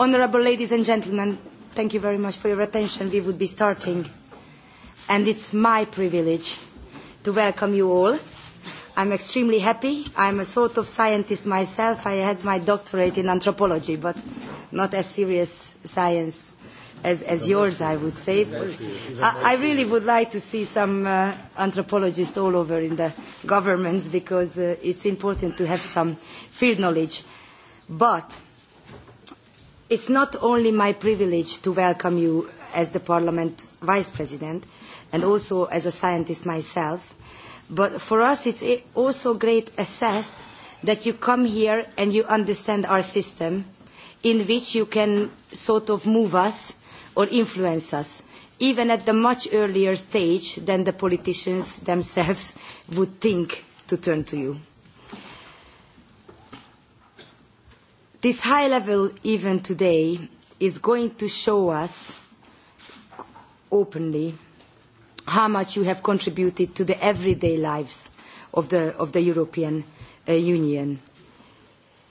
Honourable ladies and gentlemen, thank you very much for your attention. We would be starting, and it's my privilege to welcome you all. I'm extremely happy. I'm a sort of scientist myself. I had my doctorate in anthropology, but not as serious science as yours, I would say. I really would like to see some anthropologists all over in the governments because it's important to have some field knowledge. But It's not only my privilege to welcome you as the Parliament's Vice President and also as a scientist myself, but for us it's also great asset that you come here and you understand our system in which you can sort of move us or influence us, even at the much earlier stage than the politicians themselves would think to turn to you. This high level event today is going to show us openly how much you have contributed to the everyday lives of the European Union.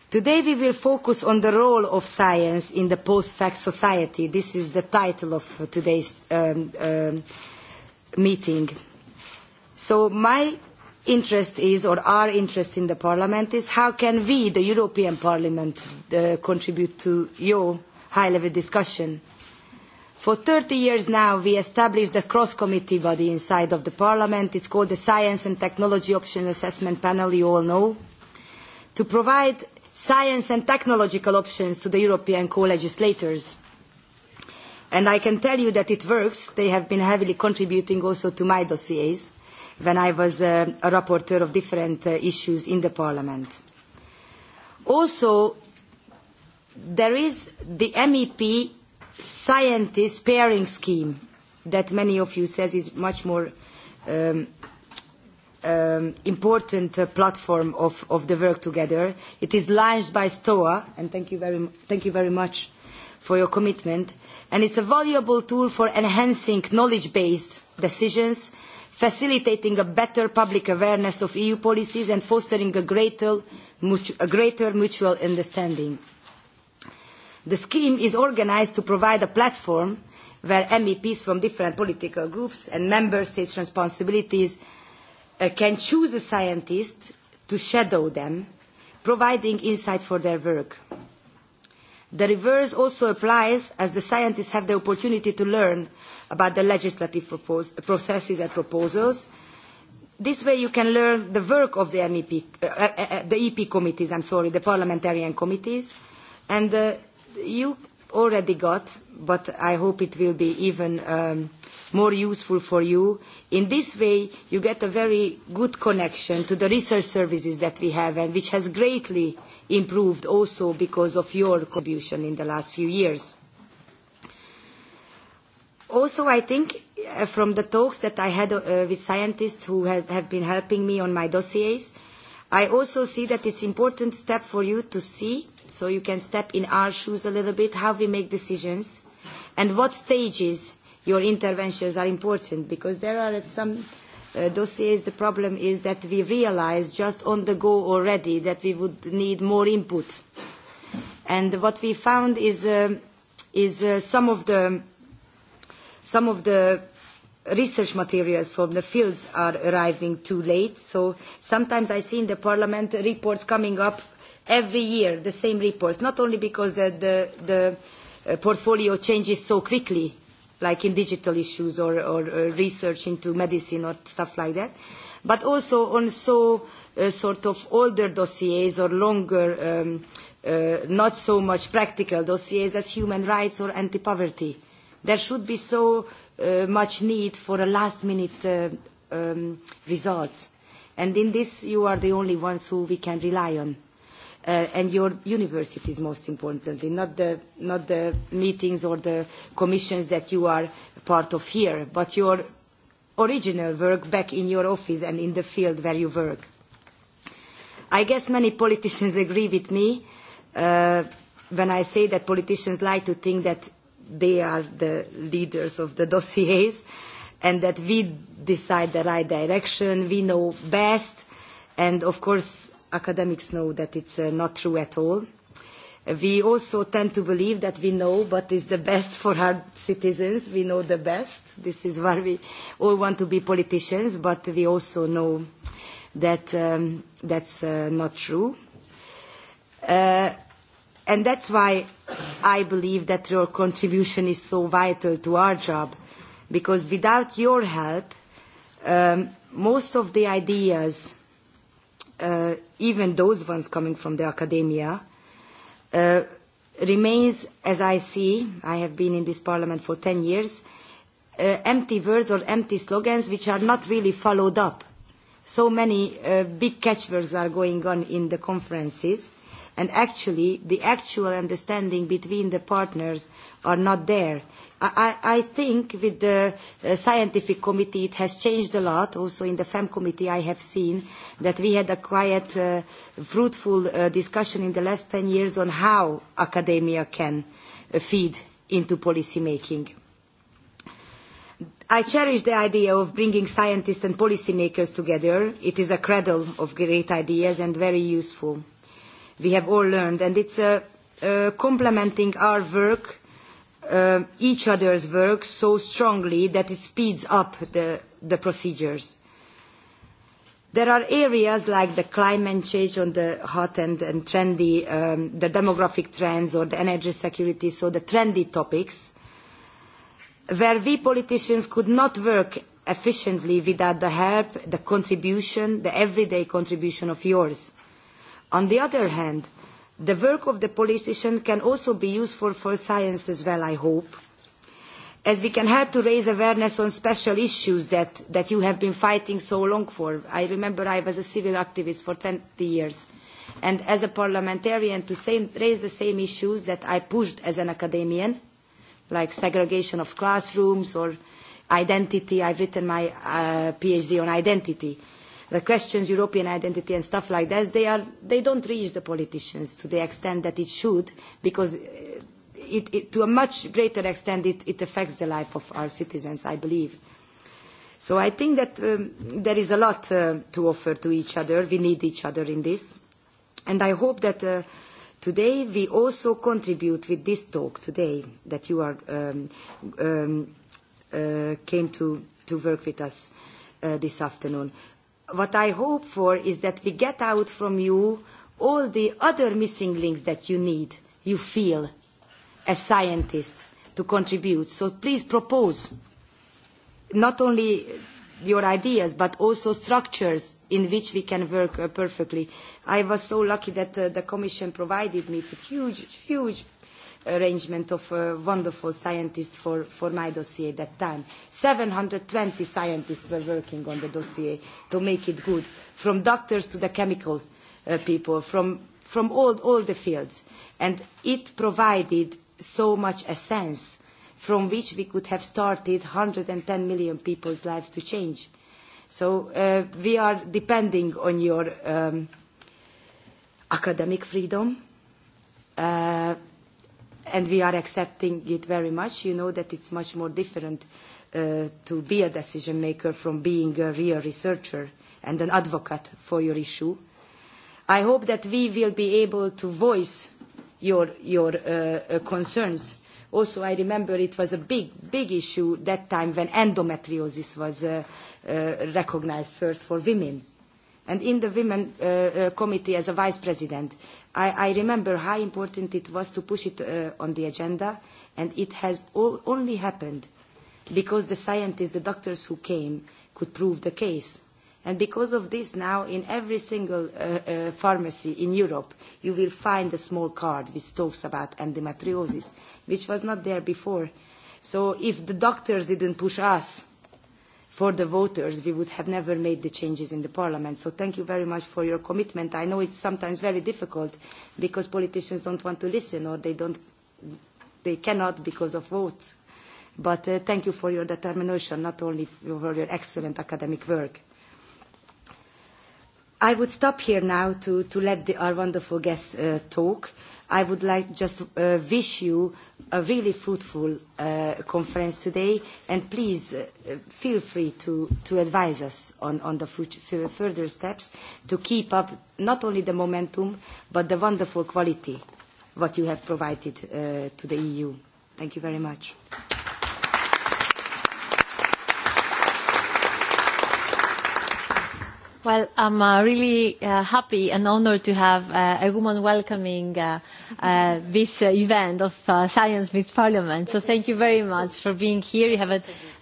Today we will focus on the role of science in the post-fact society. This is the title of today's meeting. So my interest is or our interest in the parliament is how can we the european parliament contribute to your high level discussion for 30 years now we established a cross committee body inside of the parliament it's called the science and technology option assessment panel you all know to provide science and technological options to the european co legislators and i can tell you that it works they have been heavily contributing also to my dossiers when I was a rapporteur of different issues in the Parliament. Also, there is the MEP scientist pairing scheme that many of you says is much more important platform of the work together. It is launched by STOA, and thank you very much for your commitment, and it's a valuable tool for enhancing knowledge-based decisions facilitating a better public awareness of EU policies and fostering a greater mutual understanding. The scheme is organised to provide a platform where MEPs from different political groups and member states' responsibilities can choose a scientist to shadow them, providing insight for their work. The reverse also applies as the scientists have the opportunity to learn about the legislative processes and proposals. This way you can learn the work of the EP committees, I'm sorry, the parliamentarian committees, and you already got, but I hope it will be even more useful for you. In this way, you get a very good connection to the research services that we have and which has greatly improved also because of your contribution in the last few years. Also, I think from the talks that I had with scientists who have been helping me on my dossiers, I also see that it's important step for you to see, so you can step in our shoes a little bit, how we make decisions and what stages your interventions are important, because there are some dossiers the problem is that we realize just on the go already that we would need more input. And what we found is some of the Some of the research materials from the fields are arriving too late, so sometimes I see in the Parliament reports coming up every year, the same reports, not only because the portfolio changes so quickly, like in digital issues or research into medicine or stuff like that, but also on so sort of older dossiers or longer, not so much practical dossiers as human rights or anti-poverty there should be so much need for a last minute results and in this you are the only ones who we can rely on and your universities most importantly not the not the meetings or the commissions that you are part of here but your original work back in your office and in the field where you work i guess many politicians agree with me when i say that politicians like to think that they are the leaders of the dossiers and that we decide the right direction, we know best, and of course academics know that it's not true at all. We also tend to believe that we know what is the best for our citizens, we know the best. This is why we all want to be politicians, but we also know that that's not true. And that's why I believe that your contribution is so vital to our job, because without your help, most of the ideas, even those ones coming from the academia, remains, as I see, I have been in this parliament for 10 years, empty words or empty slogans which are not really followed up. So many big catchwords are going on in the conferences and actually the actual understanding between the partners are not there. I think with the scientific committee it has changed a lot. Also in the FEM committee I have seen that we had a quite fruitful discussion in the last 10 years on how academia can feed into policy making. I cherish the idea of bringing scientists and policymakers together. It is a cradle of great ideas and very useful we have all learned, and it's complementing our work, each other's work, so strongly that it speeds up the procedures. There are areas like the climate change on the hot and trendy, the demographic trends or the energy security, so the trendy topics, where we politicians could not work efficiently without the help, the contribution, the everyday contribution of yours. On the other hand, the work of the politician can also be useful for science as well, I hope, as we can help to raise awareness on special issues that you have been fighting so long for. I remember I was a civil activist for 20 years, and as a parliamentarian to raise the same issues that I pushed as an academician, like segregation of classrooms or identity. I've written my PhD on identity the questions European identity and stuff like that, they are they don't reach the politicians to the extent that it should, because to a much greater extent it affects the life of our citizens, I believe. So I think that there is a lot to offer to each other. We need each other in this, and I hope that. Today we also contribute with this talk today that you are came to to work with us this afternoon what I hope for is that we get out from you all the other missing links that you need, you feel, as scientists, to contribute. So please propose not only your ideas, but also structures in which we can work perfectly. I was so lucky that the Commission provided me with huge, huge arrangement of a wonderful scientists for for my dossier at that time. 720 scientists were working on the dossier to make it good, from doctors to the chemical people, from from all all the fields, and it provided so much a sense from which we could have started 110 million people's lives to change. So we are depending on your academic freedom and we are accepting it very much. You know that it's much more different to be a decision maker from being a real researcher and an advocate for your issue. I hope that we will be able to voice your concerns. Also, I remember it was a big, big issue that time when endometriosis was recognized first for women. And in the Women Committee as a Vice President, I remember how important it was to push it on the agenda, and it has only happened because the scientists, the doctors who came, could prove the case. And because of this, now in every single pharmacy in Europe, you will find a small card which talks about endometriosis, which was not there before. So if the doctors didn't push us, for the voters, we would have never made the changes in the Parliament. So thank you very much for your commitment. I know it's sometimes very difficult because politicians don't want to listen or they don't, they cannot because of votes. But thank you for your determination, not only for your excellent academic work. I would stop here now to to let our wonderful guests talk. I would like just wish you a really fruitful conference today, and please feel free to to advise us on the further steps to keep up not only the momentum, but the wonderful quality what you have provided to the EU. Thank you very much. Well, I'm really happy and honored to have a woman welcoming this event of Science Meets Parliament. So thank you very much for being here. You have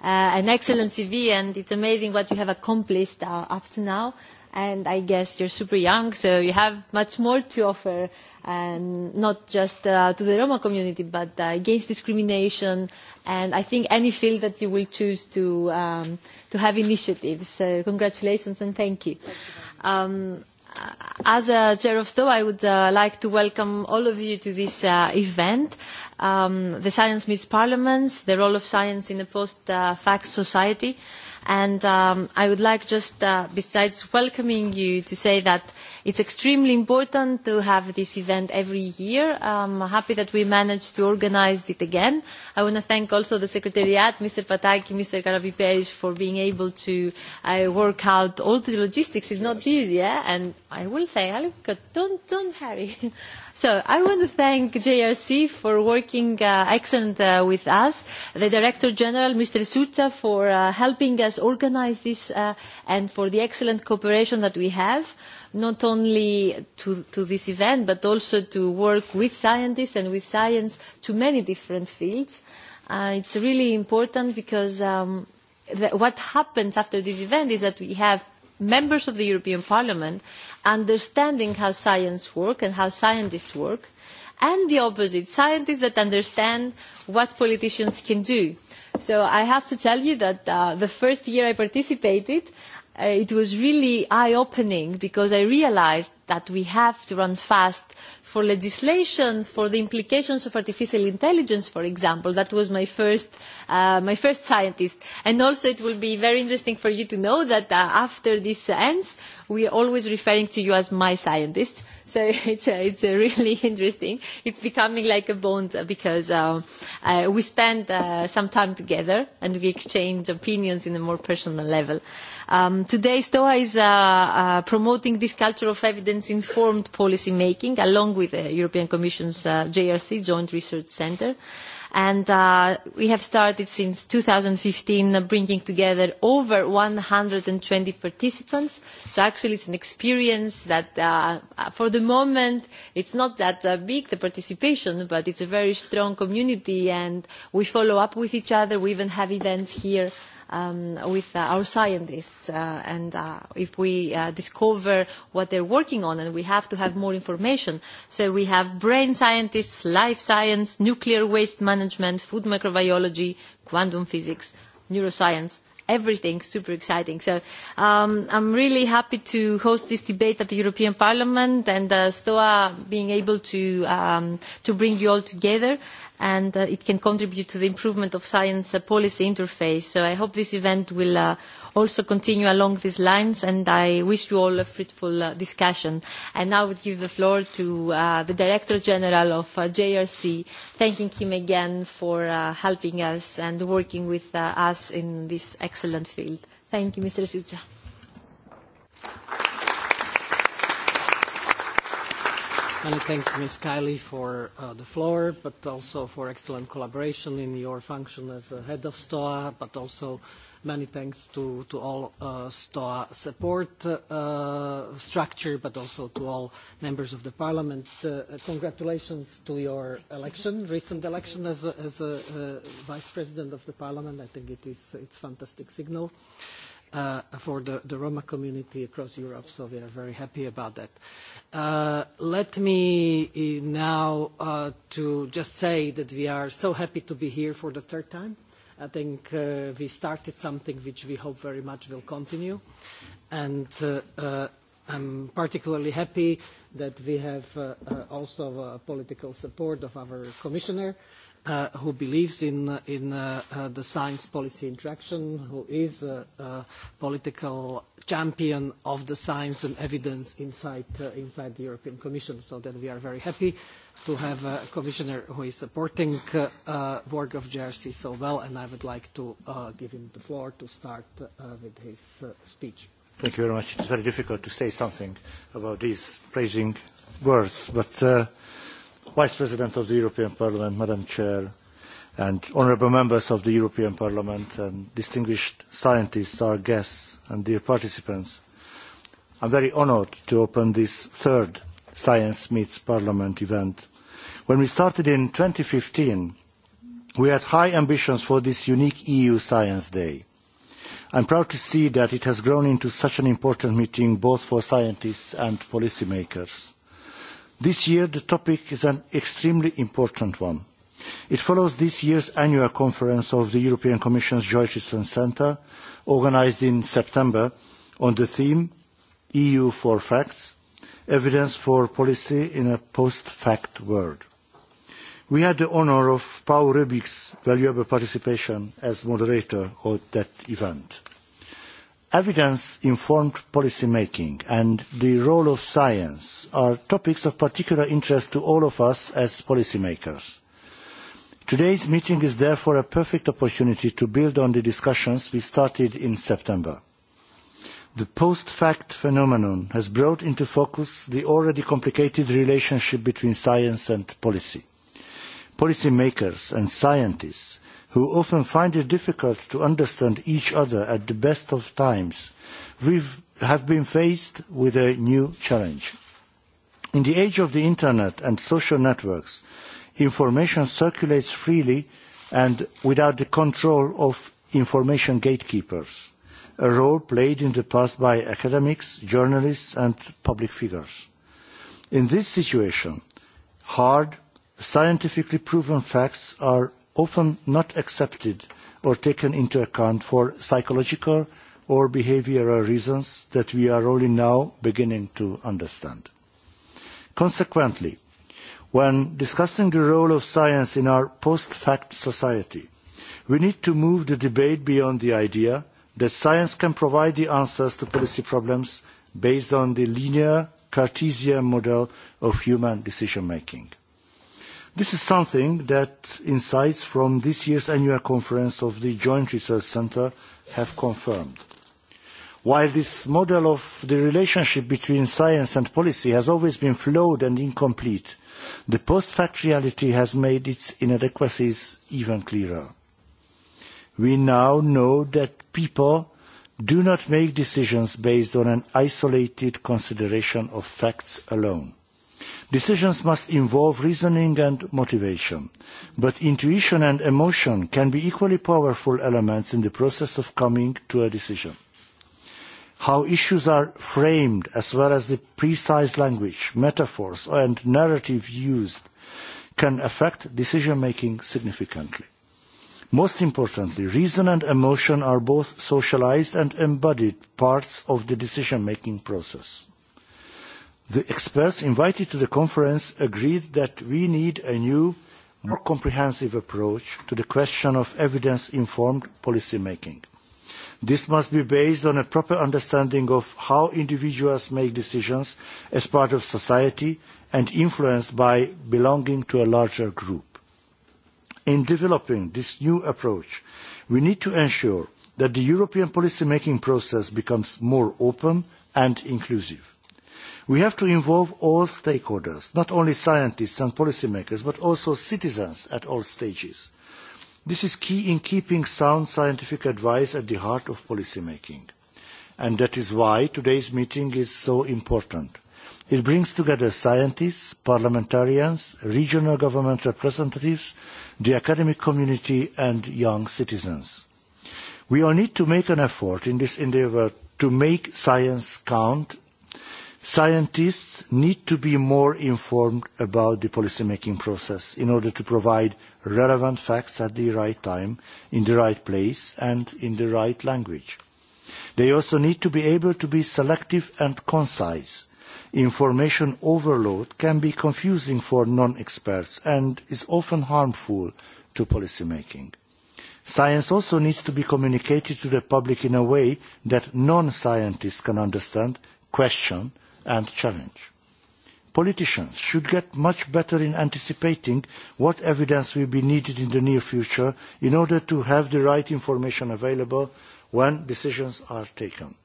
an excellent CV, and it's amazing what you have accomplished up to now and I guess you're super young, so you have much more to offer, not just to the Roma community, but against discrimination, and I think any field that you will choose to to have initiatives. So congratulations and thank you. As a chair of STO, I would like to welcome all of you to this event, the Science Meets Parliaments, the role of science in a post-fact society. And I would like just, besides welcoming you, to say that It's extremely important to have this event every year. I'm happy that we managed to organize it again. I want to thank also the Secretariat, Mr. Pataki, Mr. Peris for being able to work out all the logistics. It's not easy, yeah? And I will say, don't, don't hurry. So I want to thank JRC for working excellent with us, the Director General, Mr. Suta, for helping us organize this and for the excellent cooperation that we have not only to this event but also to work with scientists and with science to many different fields. It's really important because what happens after this event is that we have members of the European Parliament understanding how science works and how scientists work and the opposite, scientists that understand what politicians can do. So I have to tell you that the first year I participated, it was really eye-opening because I realised that we have to run fast for legislation, for the implications of artificial intelligence, for example. That was my first, my first scientist. And also it will be very interesting for you to know that after this ends, we are always referring to you as my scientist So it's it's really interesting. It's becoming like a bond because we spend some time together and we exchange opinions in a more personal level. Today, STOA is promoting this culture of evidence-informed policy making along with the European Commission's JRC, Joint Research Centre and we have started since 2015 bringing together over 120 participants. So actually it's an experience that for the moment it's not that big, the participation, but it's a very strong community and we follow up with each other. We even have events here with our scientists. And if we discover what they're working on, and we have to have more information. So we have brain scientists, life science, nuclear waste management, food microbiology, quantum physics, neuroscience everything super exciting. So I'm really happy to host this debate at the European Parliament and STOA being able to bring you all together and it can contribute to the improvement of science policy interface. So I hope this event will also continue along these lines, and I wish you all a fruitful discussion. And now I would give the floor to the Director General of JRC, thanking him again for helping us and working with us in this excellent field. Thank you, Mr. Sucha. Many thanks, Ms. Kiley, for the floor, but also for excellent collaboration in your function as the head of STOA, but also many thanks to all STOA support structure, but also to all members of the Parliament. Congratulations to your election, recent election as Vice President of the Parliament. I think it is it's fantastic signal for the Roma community across Europe, so we are very happy about that. Let me now to just say that we are so happy to be here for the third time. I think we started something which we hope very much will continue, and I'm particularly happy that we have also political support of our commissioner who believes in in the science policy interaction, who is a political champion of the science and evidence inside inside the European Commission. So that we are very happy to have a commissioner who is supporting work of JRC so well, and I would like to give him the floor to start with his speech. Thank you very much. It's very difficult to say something about these praising words, but Vice President of the European Parliament, Madam Chair, and honourable members of the European Parliament and distinguished scientists, our guests and dear participants, I am very honoured to open this third Science Meets Parliament event. When we started in 2015, we had high ambitions for this unique EU Science Day. I am proud to see that it has grown into such an important meeting both for scientists and policymakers. This year the topic is an extremely important one. It follows this year's annual conference of the European Commission's Research Centre, organised in September, on the theme EU for Facts, evidence for policy in a post-fact world. We had the honour of Paul Rubik's valuable participation as moderator of that event evidence-informed policymaking and the role of science are topics of particular interest to all of us as policymakers. Today's meeting is therefore a perfect opportunity to build on the discussions we started in September. The post-fact phenomenon has brought into focus the already complicated relationship between science and policy. Policymakers and scientists who often find it difficult to understand each other at the best of times, we have been faced with a new challenge. In the age of the Internet and social networks, information circulates freely and without the control of information gatekeepers, a role played in the past by academics, journalists and public figures. In this situation, hard, scientifically proven facts are often not accepted or taken into account for psychological or behavioural reasons that we are only now beginning to understand. Consequently, when discussing the role of science in our post-fact society, we need to move the debate beyond the idea that science can provide the answers to policy problems based on the linear Cartesian model of human decision-making. This is something that insights from this year's annual conference of the Joint Research Centre have confirmed. While this model of the relationship between science and policy has always been flawed and incomplete, the post-fact reality has made its inadequacies even clearer. We now know that people do not make decisions based on an isolated consideration of facts alone. Decisions must involve reasoning and motivation, but intuition and emotion can be equally powerful elements in the process of coming to a decision. How issues are framed, as well as the precise language, metaphors and narrative used, can affect decision making significantly. Most importantly, reason and emotion are both socialized and embodied parts of the decision making process. The experts invited to the conference agreed that we need a new, more comprehensive approach to the question of evidence-informed policy making. This must be based on a proper understanding of how individuals make decisions as part of society and influenced by belonging to a larger group. In developing this new approach, we need to ensure that the European policy making process becomes more open and inclusive. We have to involve all stakeholders, not only scientists and policymakers, but also citizens at all stages. This is key in keeping sound scientific advice at the heart of policymaking. And that is why today's meeting is so important. It brings together scientists, parliamentarians, regional government representatives, the academic community and young citizens. We all need to make an effort in this endeavour to make science count Scientists need to be more informed about the policy making process in order to provide relevant facts at the right time, in the right place and in the right language. They also need to be able to be selective and concise. Information overload can be confusing for non-experts and is often harmful to policymaking. Science also needs to be communicated to the public in a way that non-scientists can understand, question and challenge. Politicians should get much better in anticipating what evidence will be needed in the near future in order to have the right information available when decisions are taken.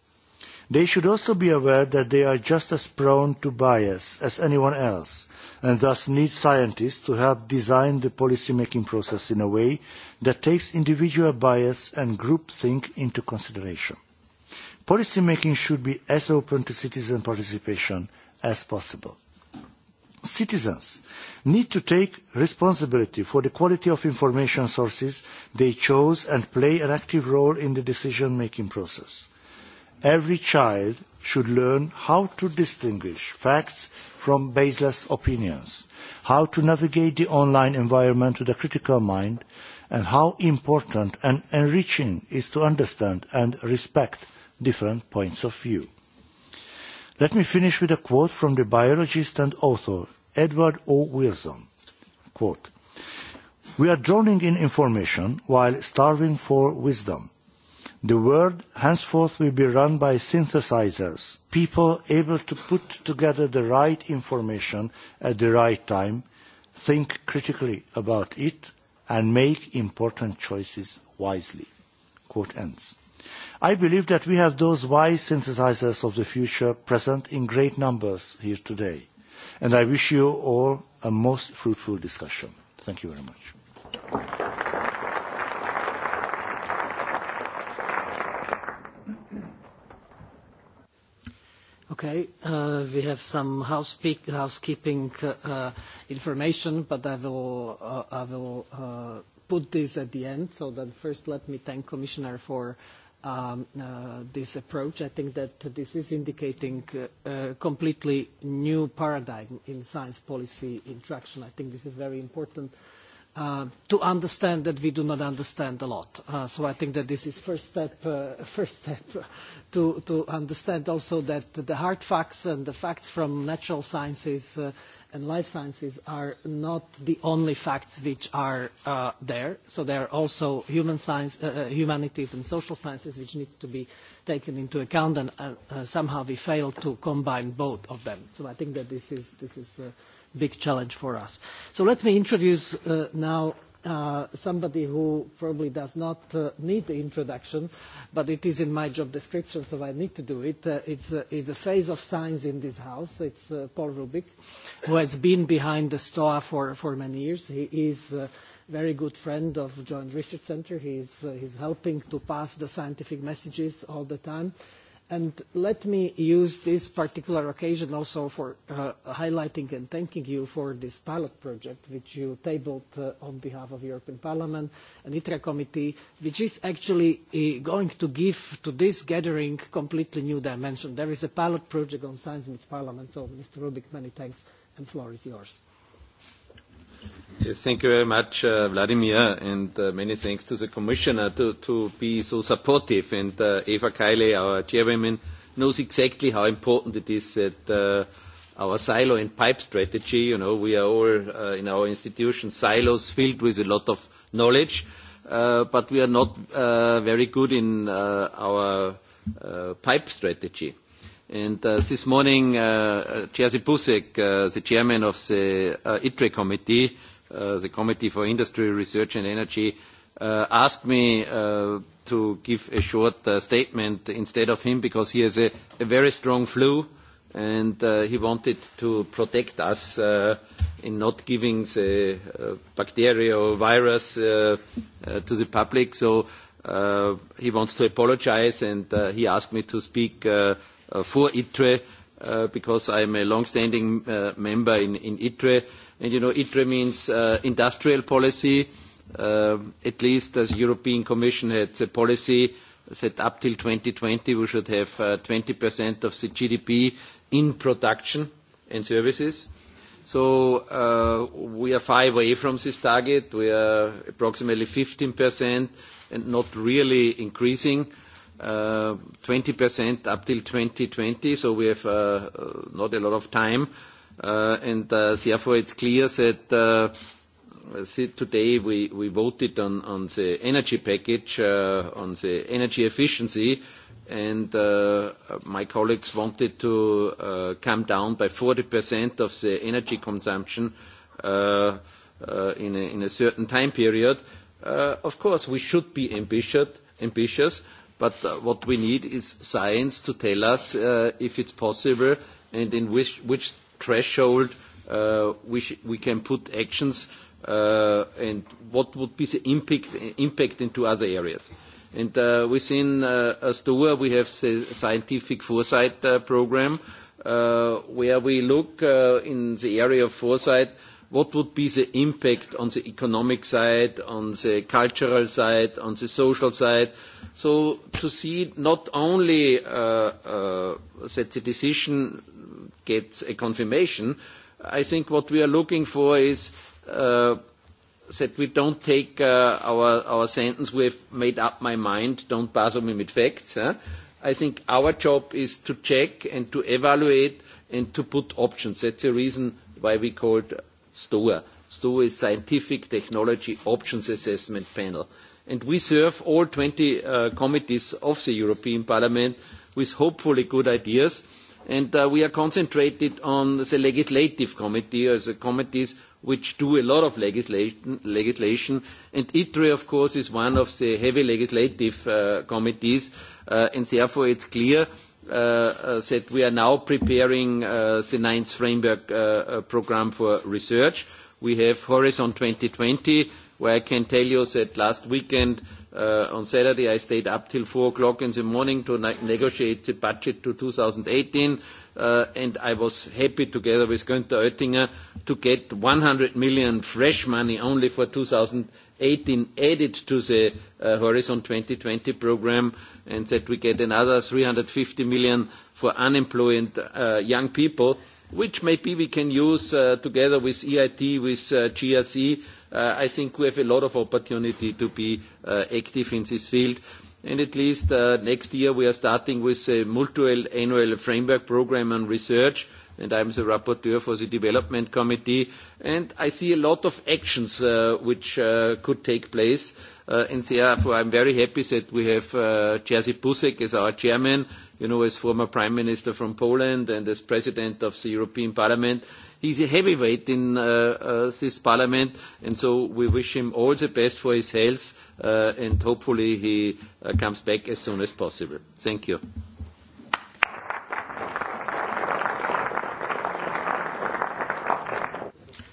They should also be aware that they are just as prone to bias as anyone else and thus need scientists to help design the policy making process in a way that takes individual bias and group into consideration. Policy making should be as open to citizen participation as possible. Citizens need to take responsibility for the quality of information sources they chose and play an active role in the decision-making process. Every child should learn how to distinguish facts from baseless opinions, how to navigate the online environment with a critical mind, and how important and enriching is to understand and respect different points of view. Let me finish with a quote from the biologist and author Edward O. Wilson. We are drowning in information while starving for wisdom. The world henceforth will be run by synthesizers, people able to put together the right information at the right time, think critically about it, and make important choices wisely. Quote ends. I believe that we have those wise synthesizers of the future present in great numbers here today, and I wish you all a most fruitful discussion. Thank you very much. Okay, we have some housekeeping information, but I will put this at the end. So then first let me thank Commissioner for this approach. I think that this is indicating a completely new paradigm in science policy interaction. I think this is very important to understand that we do not understand a lot. So I think that this is first step, first step to understand also that the hard facts and the facts from natural sciences and life sciences are not the only facts which are there. So there are also human science, humanities and social sciences which needs to be taken into account, and somehow we fail to combine both of them. So I think that this is this is a big challenge for us. So let me introduce now somebody who probably does not need the introduction, but it is in my job description, so I need to do it. It's a phase of science in this house. It's Paul Rubik, who has been behind the STOA for many years. He is a very good friend of Joint Research Center. He is helping to pass the scientific messages all the time. And let me use this particular occasion also for highlighting and thanking you for this pilot project which you tabled on behalf of the European Parliament and ITRE Committee, which is actually going to give to this gathering a completely new dimension. There is a pilot project on science in its Parliament, so Mr. Rubik, many thanks, and the floor is yours. Thank you very much, Vladimir, and many thanks to the Commissioner to be so supportive. And Eva Kiley, our chairwoman, knows exactly how important it is that our silo and pipe strategy, you know, we are all in our institution silos filled with a lot of knowledge, but we are not very good in our pipe strategy. And this morning, Jerzy uh, the chairman of the ITRE committee, the Committee for Industry, Research and Energy, asked me to give a short statement instead of him because he has a very strong flu and he wanted to protect us in not giving the bacteria or virus to the public. So he wants to apologize and he asked me to speak for ITRE because I am a long-standing member in ITRE And, you know, ITRE means industrial policy. At least as European Commission had a policy that up till 2020 we should have 20% of the GDP in production and services. So we are far away from this target. We are approximately 15% and not really increasing. 20% up till 2020, so we have not a lot of time and therefore it's clear that today we voted on the energy package on the energy efficiency and my colleagues wanted to come down by 40% of the energy consumption in a certain time period of course we should be ambitious but what we need is science to tell us if it's possible and in which threshold which we can put actions and what would be the impact into other areas. And within STOA we have the scientific foresight program where we look in the area of foresight what would be the impact on the economic side, on the cultural side, on the social side. So to see not only that the decision Gets a confirmation. I think what we are looking for is that we don't take our sentence, we have made up my mind, don't bother me with facts. I think our job is to check and to evaluate and to put options. That's the reason why we call it STOA. STOA is Scientific Technology Options Assessment Panel. And we serve all 20 committees of the European Parliament with hopefully good ideas and we are concentrated on the legislative committee as committees which do a lot of legislation and itre of course is one of the heavy legislative committees and therefore it's clear that we are now preparing the ninth framework programme for research we have horizon 2020 where i can tell you that last weekend On Saturday, I stayed up till 4 o'clock in the morning to negotiate the budget to 2018, and I was happy, together with Günther Oettinger, to get 100 million fresh money only for 2018 added to the Horizon 2020 program, and that we get another 350 million for unemployed young people, which maybe we can use together with EIT, with GSE. I think we have a lot of opportunity to be active in this field. And at least next year we are starting with a multi-annual framework program on research, and I am the rapporteur for the Development Committee. And I see a lot of actions which could take place, and therefore I'm very happy that we have Jerzy Buzek as our chairman, you know, as former Prime Minister from Poland and as President of the European Parliament He is a heavyweight in this parliament, and so we wish him all the best for his health, and hopefully he comes back as soon as possible. Thank you.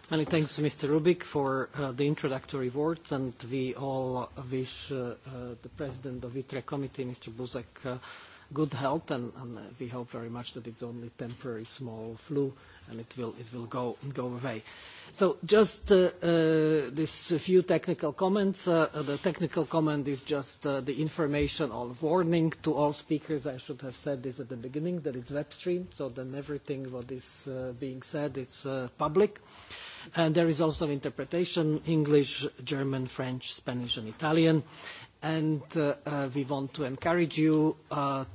Many thanks, Mr. Rubik, for the introductory words, and we all wish the President of ITRE Committee, Mr. Buzek, good health, and we hope very much that it's only temporary small flu and it will it will go go away. So just this few technical comments. The technical comment is just the information or warning to all speakers. I should have said this at the beginning, that it's web stream, so then everything what is being said, it's public. And there is also interpretation, English, German, French, Spanish, and Italian. And we want to encourage you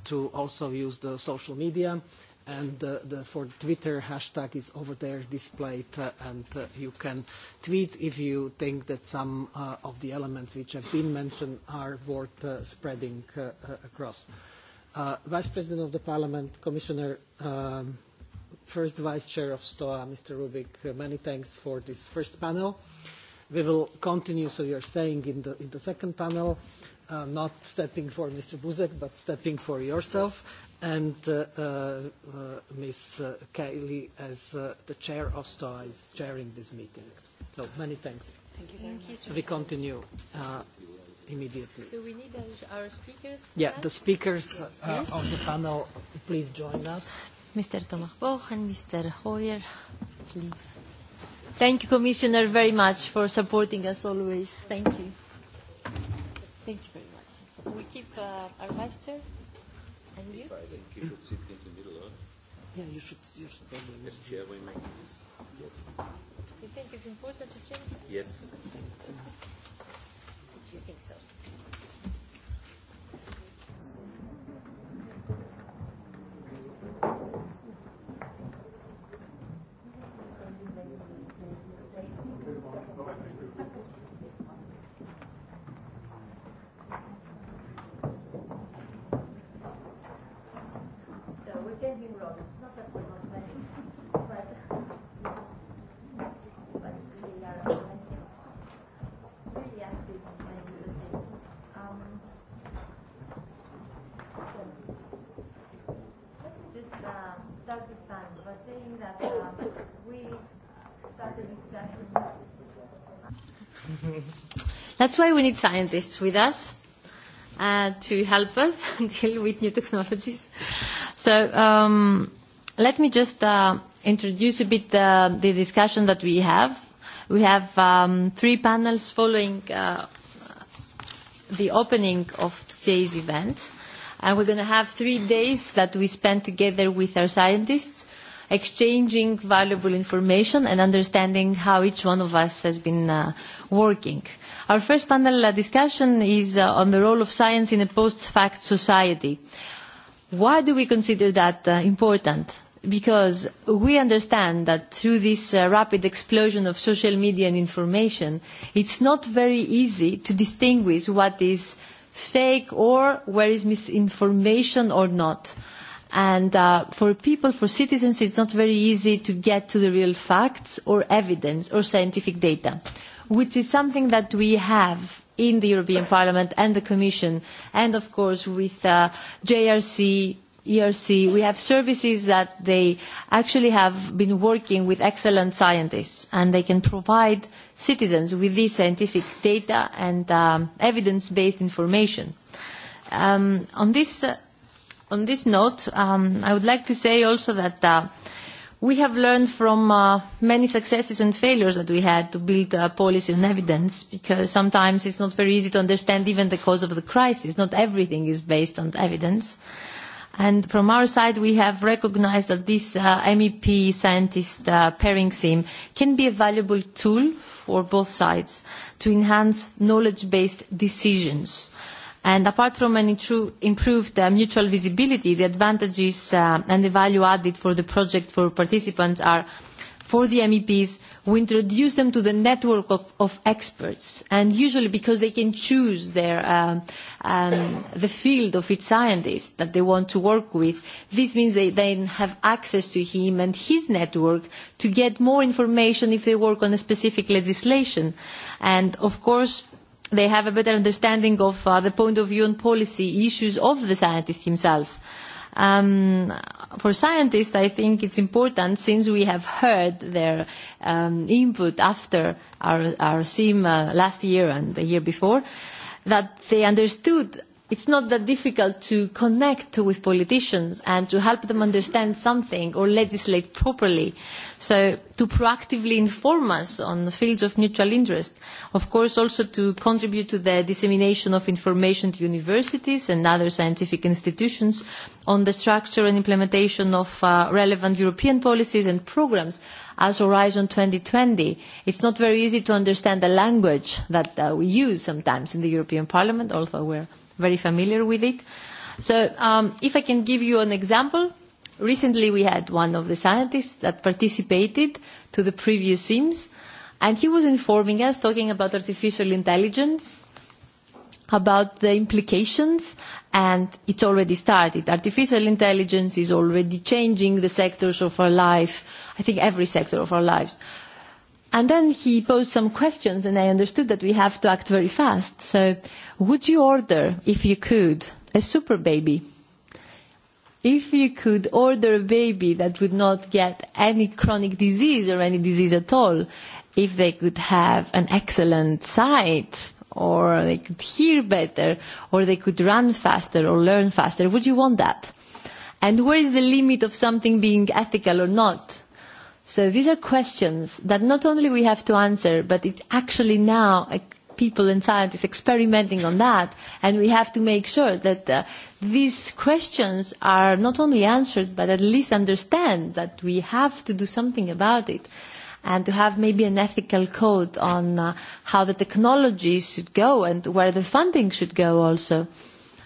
to also use the social media and the for Twitter hashtag is over there displayed, and you can tweet if you think that some of the elements which have been mentioned are worth spreading across. Vice President of the Parliament, Commissioner, First Vice Chair of STOA, Mr. Rubik, many thanks for this first panel. We will continue, so you're staying in the second panel, not stepping for Mr. Buzek, but stepping for yourself and Ms. Kelly as the chair of STOA is chairing this meeting. So many thanks. Thank you very We continue immediately. So we need our speakers. Yeah, the speakers of the panel, please join us. Mr. Boch and Mr. Hoyer, please. Thank you, Commissioner, very much for supporting us always. Thank you. Thank you very much. We keep our vice you? I think you should sit in the middle, huh? Yeah, you should. You should. Yes, this Yes. You think it's important to change? Yes. You think so? That's why we need scientists with us to help us deal with new technologies. So let me just introduce a bit the discussion that we have. We have three panels following the opening of today's event. And we're going to have three days that we spend together with our scientists exchanging valuable information and understanding how each one of us has been working. Our first panel discussion is on the role of science in a post-fact society. Why do we consider that important? Because we understand that through this rapid explosion of social media and information, it's not very easy to distinguish what is fake or where is misinformation or not. And for people, for citizens, it's not very easy to get to the real facts or evidence or scientific data, which is something that we have in the European Parliament and the Commission, and of course with JRC, ERC. We have services that they actually have been working with excellent scientists, and they can provide citizens with this scientific data and evidence-based information. On this On this note, I would like to say also that we have learned from many successes and failures that we had to build a policy on evidence, because sometimes it's not very easy to understand even the cause of the crisis. Not everything is based on evidence. And from our side, we have recognized that this MEP scientist pairing scheme can be a valuable tool for both sides to enhance knowledge-based decisions apart from an improved mutual visibility, the advantages and the value added for the project for participants are for the MEPs, we introduce them to the network of experts, and usually because they can choose the field of each scientist that they want to work with. This means they then have access to him and his network to get more information if they work on a specific legislation. And, of course, they have a better understanding of the point of view and policy issues of the scientist himself. For scientists, I think it's important, since we have heard their input after our SIM last year and the year before, that they understood it's not that difficult to connect with politicians and to help them understand something or legislate properly. So to proactively inform us on the fields of mutual interest. Of course, also to contribute to the dissemination of information to universities and other scientific institutions on the structure and implementation of relevant European policies and programs as Horizon 2020. It's not very easy to understand the language that we use sometimes in the European Parliament, although we're very familiar with it. So if I can give you an example, recently we had one of the scientists that participated to the previous SIMS, and he was informing us, talking about artificial intelligence, about the implications, and it's already started. Artificial intelligence is already changing the sectors of our life, I think every sector of our lives. And then he posed some questions, and I understood that we have to act very fast. So Would you order, if you could, a super baby? If you could order a baby that would not get any chronic disease or any disease at all, if they could have an excellent sight, or they could hear better, or they could run faster or learn faster, would you want that? And where is the limit of something being ethical or not? So these are questions that not only we have to answer, but it's actually now people and scientists experimenting on that, and we have to make sure that these questions are not only answered, but at least understand that we have to do something about it, and to have maybe an ethical code on how the technology should go and where the funding should go also,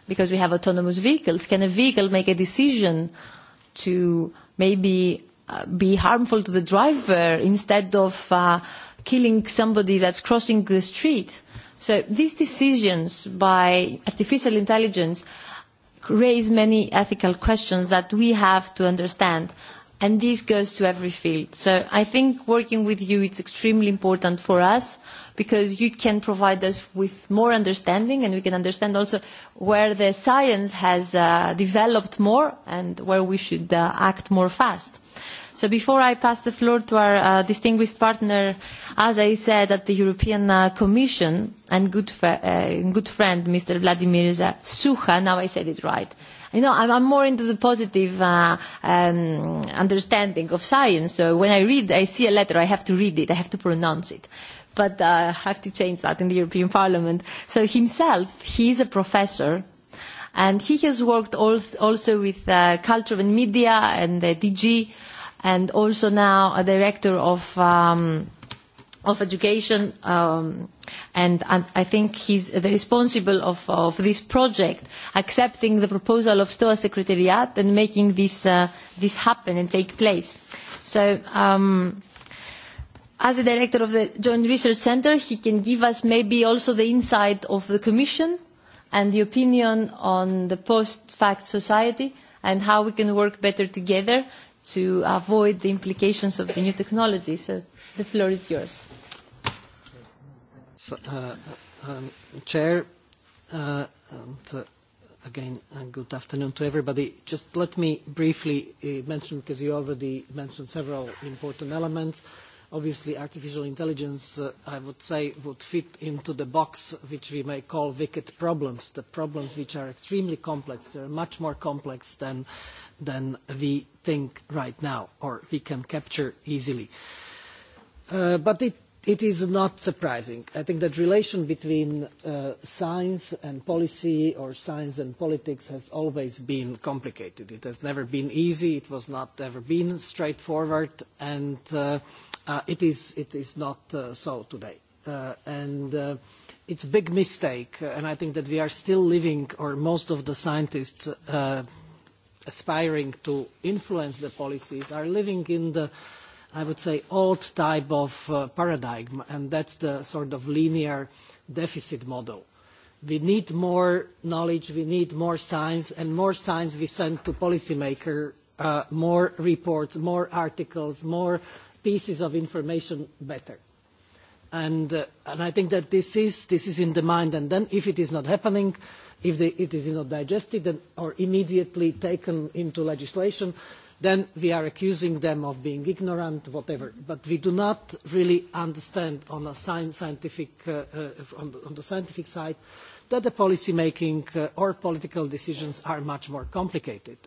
because we have autonomous vehicles. Can a vehicle make a decision to maybe be harmful to the driver instead of killing somebody that's crossing the street. So these decisions by artificial intelligence raise many ethical questions that we have to understand. And this goes to every field. So I think working with you is extremely important for us because you can provide us with more understanding and we can understand also where the science has developed more and where we should act more fast. So before I pass the floor to our distinguished partner, as I said, at the European Commission and good friend, Mr. Vladimir Sucha, now I said it right. You know, I'm more into the positive understanding of science. So when I read, I see a letter, I have to read it, I have to pronounce it. But I have to change that in the European Parliament. So himself, he is a professor, and he has worked also with culture and media and the DG and also now a director of of education and I think he's the responsible of this project, accepting the proposal of STOA Secretariat and making this this happen and take place. So as the director of the Joint Research Centre, he can give us maybe also the insight of the Commission and the opinion on the post-fact society and how we can work better together to avoid the implications of the new technology. So the floor is yours. Chair, again, good afternoon to everybody. Just let me briefly mention, because you already mentioned several important elements. Obviously, artificial intelligence, I would say, would fit into the box which we may call wicked problems, the problems which are extremely complex. They are much more complex than than we think right now or we can capture easily. But it is not surprising. I think that relation between science and policy or science and politics has always been complicated. It has never been easy. It was not ever been straightforward, and it is not so today. And it's a big mistake, and I think that we are still living, or most of the scientists aspiring to influence the policies are living in the, I would say, old type of paradigm, and that's the sort of linear deficit model. We need more knowledge, we need more science, and more science we send to policymakers, more reports, more articles, more pieces of information, better. And I think that this is in the mind, and then if it is not happening, if it is not digested or immediately taken into legislation, then we are accusing them of being ignorant, whatever. But we do not really understand on the scientific side that the policy making or political decisions are much more complicated.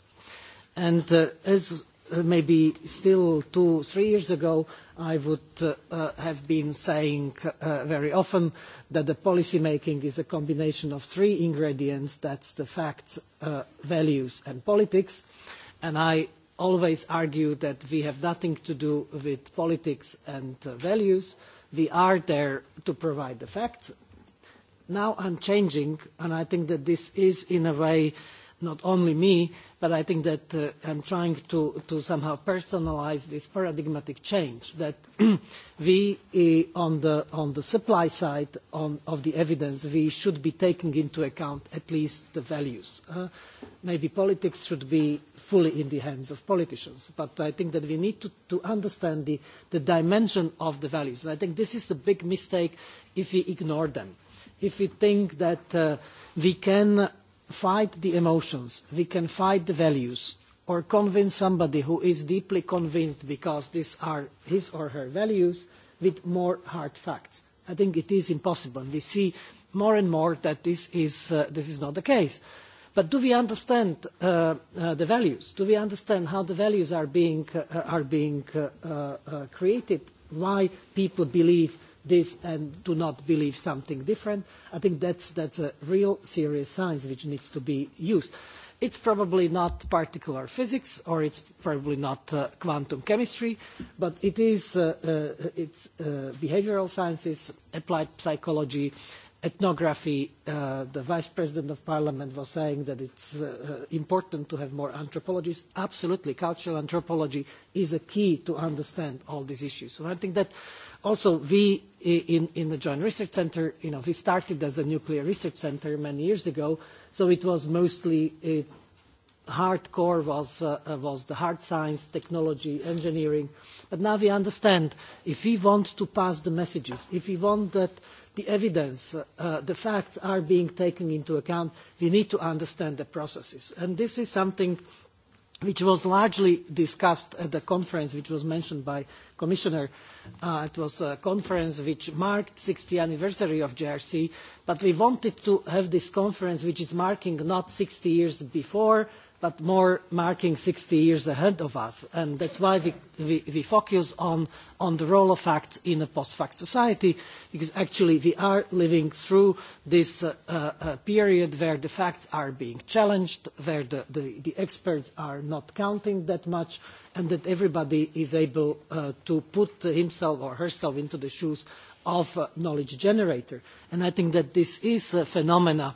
And as maybe still two, three years ago, I would have been saying very often that the policy making is a combination of three ingredients that's the facts values and politics and i always argue that we have nothing to do with politics and values we are there to provide the facts now i'm changing and i think that this is in a way not only me, but I think that I am trying to somehow personalize this paradigmatic change that we, on the supply side of the evidence, we should be taking into account at least the values. Maybe politics should be fully in the hands of politicians, but I think that we need to understand the dimension of the values. I think this is a big mistake if we ignore them, if we think that we can fight the emotions, we can fight the values, or convince somebody who is deeply convinced because these are his or her values with more hard facts. I think it is impossible. We see more and more that this is not the case. But do we understand the values? Do we understand how the values are being created? Why people believe this and do not believe something different. I think that's a real serious science which needs to be used. It's probably not particular physics or it's probably not quantum chemistry, but it is it's behavioral sciences, applied psychology, ethnography. The Vice President of Parliament was saying that it's important to have more anthropologists. Absolutely, cultural anthropology is a key to understand all these issues. So I think that Also, we in the Joint Research Center, you know, we started as a nuclear research center many years ago, so it was mostly hardcore was the hard science, technology, engineering. But now we understand if we want to pass the messages, if we want that the evidence, the facts are being taken into account, we need to understand the processes. And this is something which was largely discussed at the conference which was mentioned by Commissioner. It was a conference which marked the 60th anniversary of JRC, but we wanted to have this conference which is marking not 60 years before, but more marking 60 years ahead of us. And that's why we focus on the role of facts in a post-fact society, because actually we are living through this period where the facts are being challenged, where the experts are not counting that much, and that everybody is able to put himself or herself into the shoes of a knowledge generator. And I think that this is a phenomenon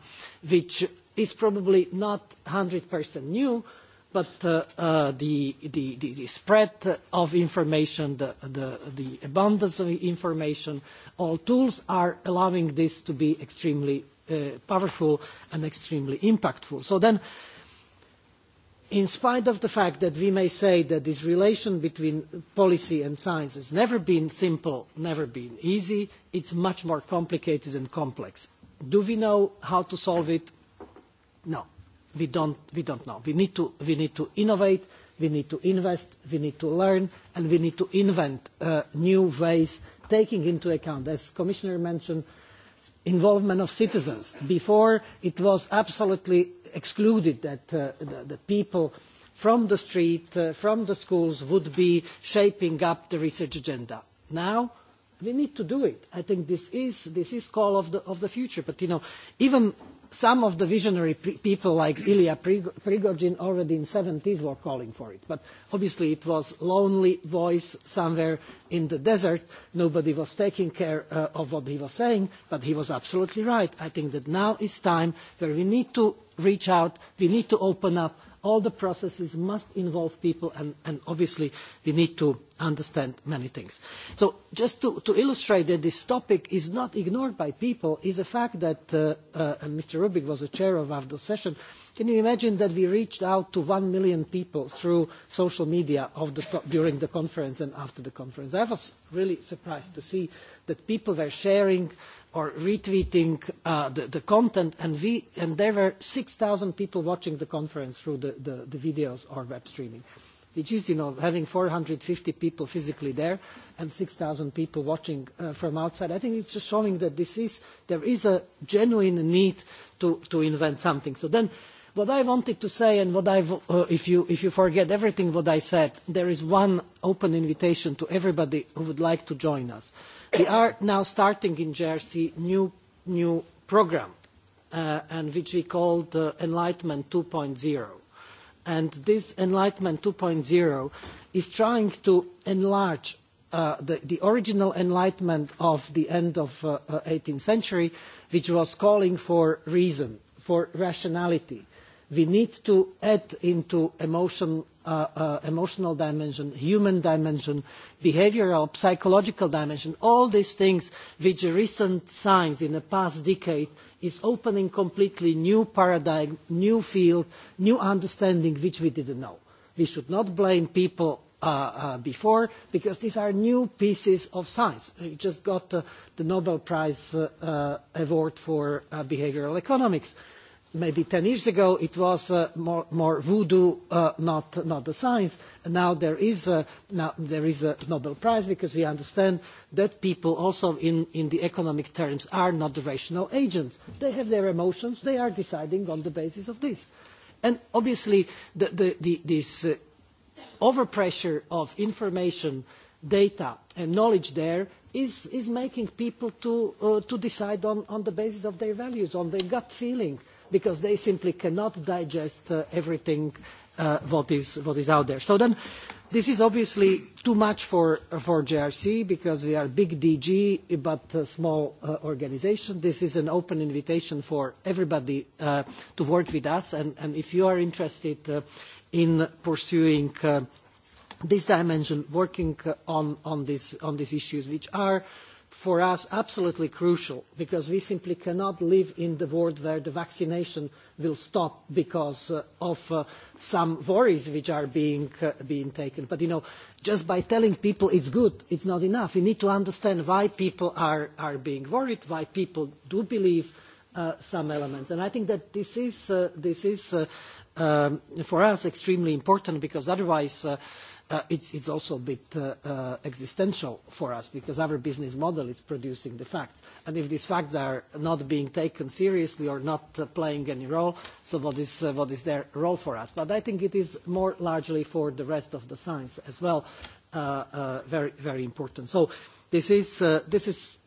which is probably not 100% new, but the spread of information, the abundance of information, all tools are allowing this to be extremely powerful and extremely impactful. So then, in spite of the fact that we may say that this relation between policy and science has never been simple, never been easy, it's much more complicated and complex. Do we know how to solve it? No, we don't know. We need to we need to innovate, we need to invest, we need to learn, and we need to invent new ways, taking into account, as Commissioner mentioned, involvement of citizens. Before, it was absolutely excluded that the people from the street, from the schools, would be shaping up the research agenda. Now, we need to do it. I think this is the call of the future. But, you know, even Some of the visionary people like Ilya Prigogine already in the 70s were calling for it. But obviously it was a lonely voice somewhere in the desert. Nobody was taking care of what he was saying, but he was absolutely right. I think that now is time where we need to reach out, we need to open up, all the processes must involve people and obviously we need to understand many things. So just to illustrate that this topic is not ignored by people is the fact that Mr. Rubik was the chair of AFDO session. Can you imagine that we reached out to one million people through social media during the conference and after the conference? I was really surprised to see that people were sharing or retweeting the content, and there were 6,000 people watching the conference through the videos or web streaming, which is, you know, having 450 people physically there and 6,000 people watching from outside. I think it's just showing that this is there is a genuine need to invent something. So then, what I wanted to say, and what if you forget everything what I said, there is one open invitation to everybody who would like to join us. We are now starting in Jersey new new programme, and which we call the Enlightenment 2.0. And this Enlightenment 2.0 is trying to enlarge the original Enlightenment of the end of 18th century, which was calling for reason, for rationality we need to add into emotional dimension, human dimension, behavioral, psychological dimension, all these things which recent science in the past decade is opening completely new paradigm, new field, new understanding which we didn't know. We should not blame people before because these are new pieces of science. We just got the Nobel Prize award for behavioral economics maybe 10 years ago it was more voodoo, not the science. Now there is a Nobel Prize because we understand that people also in the economic terms are not the rational agents. They have their emotions. They are deciding on the basis of this. And obviously this overpressure of information, data and knowledge there is making people to decide on the basis of their values, on their gut feeling because they simply cannot digest everything what is out there. So then this is obviously too much for JRC because we are a big DG but a small organization. This is an open invitation for everybody to work with us and if you are interested in pursuing this dimension, working on these issues which are for us absolutely crucial because we simply cannot live in the world where the vaccination will stop because of some worries which are being being taken. But, you know, just by telling people it's good, it's not enough. We need to understand why people are being worried, why people do believe some elements. And I think that this is, for us, extremely important because otherwise it's also a bit existential for us because our business model is producing the facts. And if these facts are not being taken seriously or not playing any role, so what is their role for us? But I think it is more largely for the rest of the science as well very, very important. So this is a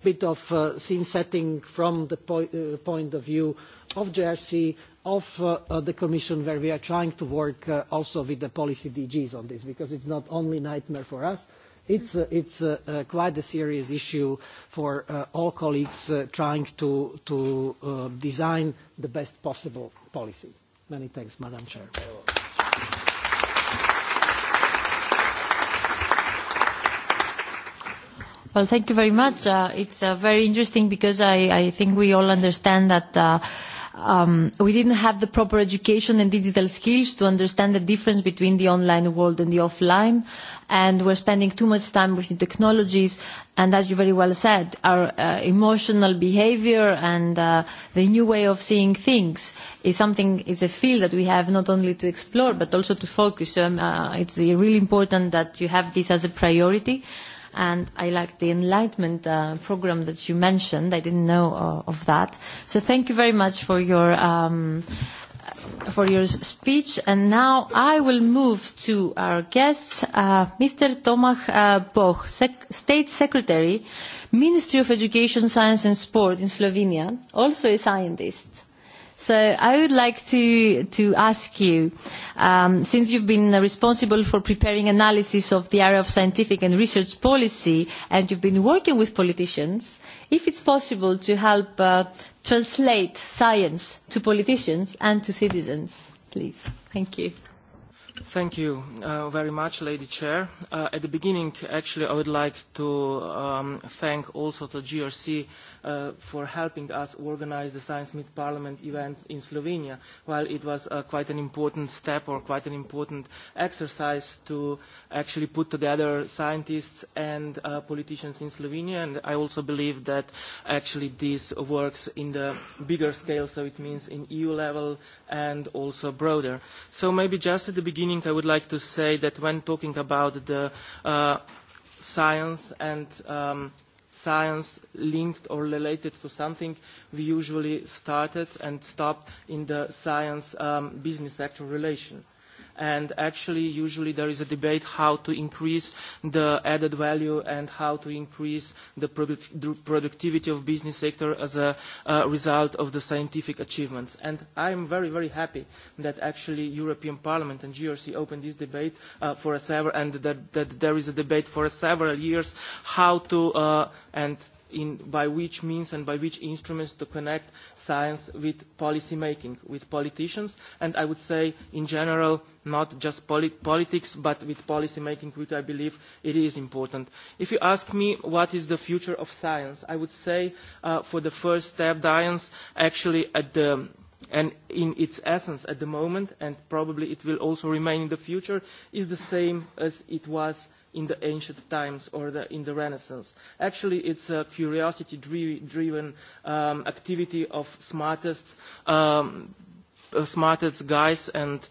bit of scene setting from the point of view of JRC of the Commission where we are trying to work also with the policy DGs on this because it's not only a nightmare for us, it's quite a serious issue for all colleagues trying to design the best possible policy. Many thanks, Madam Chair. Well, thank you very much. It's very interesting because I think we all understand that We didn't have the proper education and digital skills to understand the difference between the online world and the offline, and we're spending too much time with the technologies. And as you very well said, our emotional behavior and the new way of seeing things is something, is a field that we have not only to explore but also to focus. It's really important that you have this as a priority and I like the Enlightenment program that you mentioned. I didn't know of that. So thank you very much for your for your speech. And now I will move to our guest, Mr. Tomach Boch, State Secretary, Ministry of Education, Science and Sport in Slovenia, also a scientist. So I would like to to ask you, since you've been responsible for preparing analysis of the area of scientific and research policy, and you've been working with politicians, if it's possible to help translate science to politicians and to citizens, please. Thank you. Thank you very much, Lady Chair. At the beginning, actually, I would like to thank also the GRC for helping us organize the Science Meet Parliament event in Slovenia, while it was quite an important step or quite an important exercise to actually put together scientists and politicians in Slovenia. And I also believe that actually this works in the bigger scale, so it means in EU level and also broader. So maybe just at the beginning I would like to say that when talking about the science and science linked or related to something, we usually started and stopped in the science-business sector relation and actually usually there is a debate how to increase the added value and how to increase the productivity of business sector as a result of the scientific achievements. And I am very, very happy that actually European Parliament and GRC opened this debate for several, and that there is a debate for several years how to, and by which means and by which instruments to connect science with policy making, with politicians, and I would say in general not just politics but with policy making, which I believe it is important. If you ask me what is the future of science, I would say for the first step, science actually at the and in its essence at the moment, and probably it will also remain in the future, is the same as it was in the ancient times or in the Renaissance. Actually, it's a curiosity-driven activity of smartest smartest guys and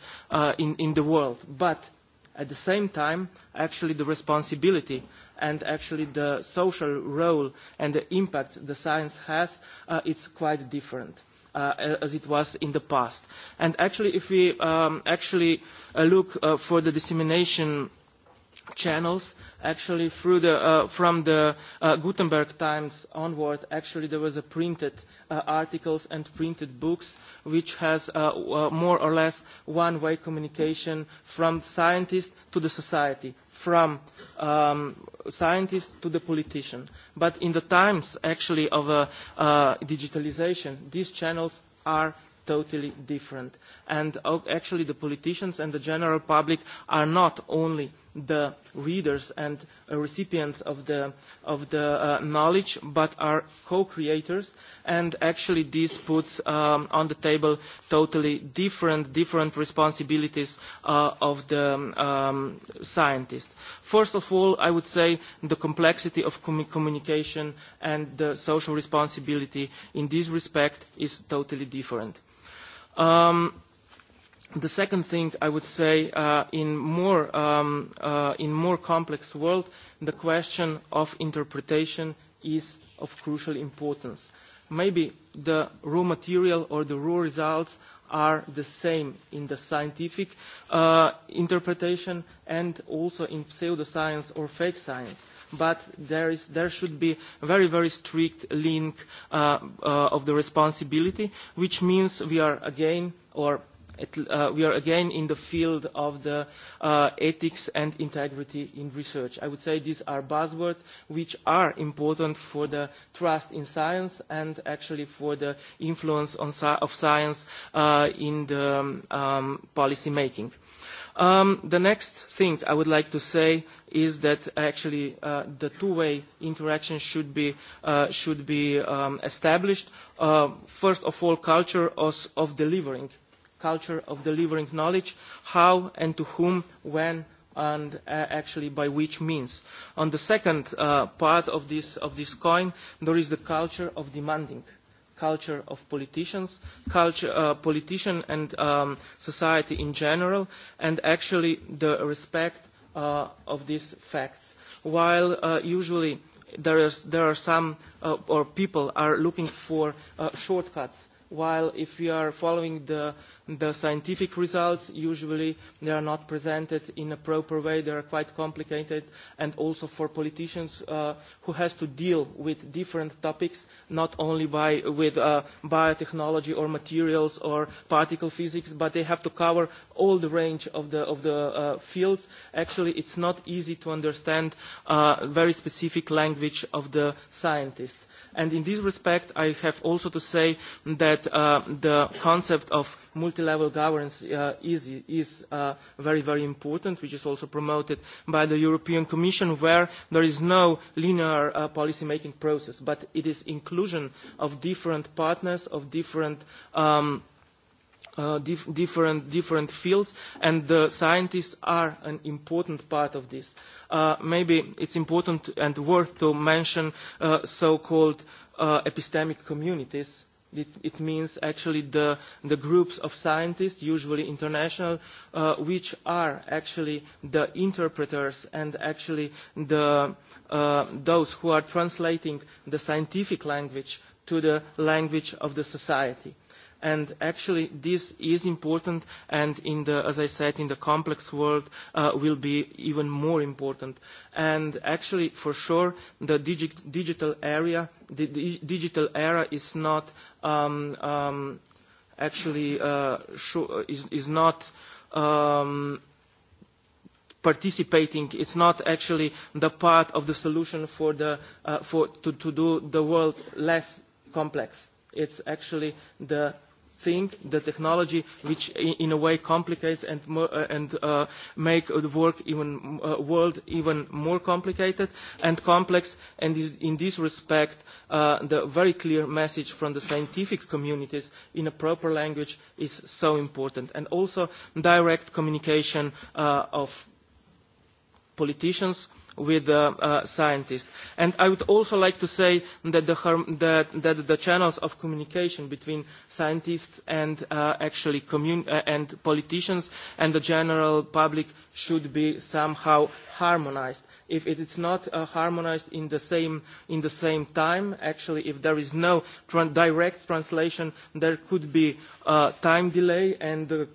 in the world. But at the same time, actually the responsibility and actually the social role and the impact the science has, it's quite different as it was in the past. And actually, if we actually look for the dissemination channels actually from the Gutenberg times onward actually there was a printed articles and printed books which has more or less one way communication from scientist to the society from scientists to the politician but in the times actually of digitalization these channels are totally different and actually the politicians and the general public are not only the readers and recipients of the of the knowledge, but are co-creators. And actually this puts on the table totally different responsibilities of the scientists. First of all, I would say the complexity of communication and the social responsibility in this respect is totally different. The second thing I would say in more in more complex world, the question of interpretation is of crucial importance. Maybe the raw material or the raw results are the same in the scientific interpretation and also in pseudoscience or fake science. But there is there should be a very very strict link of the responsibility, which means we are again or we are again in the field of the ethics and integrity in research. I would say these are buzzwords which are important for the trust in science and actually for the influence of science in the policy making. The next thing I would like to say is that actually the two-way interaction should be established. First of all, culture of delivering culture of delivering knowledge, how and to whom, when and actually by which means. On the second part of this coin, there is the culture of demanding, culture of politicians, culture politician and society in general, and actually the respect of these facts. While usually there are some or people are looking for shortcuts while if we are following the scientific results, usually they are not presented in a proper way. They are quite complicated, and also for politicians who has to deal with different topics, not only with biotechnology or materials or particle physics, but they have to cover all the range of the fields. Actually, it's not easy to understand very specific language of the scientists. And in this respect, I have also to say that the concept of multi-level governance is very, very important, which is also promoted by the European Commission, where there is no linear policy-making process, but it is inclusion of different partners, of different different different fields and the scientists are an important part of this maybe it's important and worth to mention so called epistemic communities it means actually the the groups of scientists usually international which are actually the interpreters and actually the those who are translating the scientific language to the language of the society and actually this is important and in the as i said in the complex world will be even more important and actually for sure the digital area the digital era is not actually is not participating it's not actually the part of the solution for the for to do the world less complex it's actually the thing, the technology which in a way complicates and and make the work even world even more complicated and complex. And in this respect, the very clear message from the scientific communities in a proper language is so important. And also direct communication of politicians with scientists. And I would also like to say that the channels of communication between scientists and actually and politicians and the general public should be somehow harmonized. If it is not harmonized in the same time, actually, if there is no direct translation, there could be a time delay and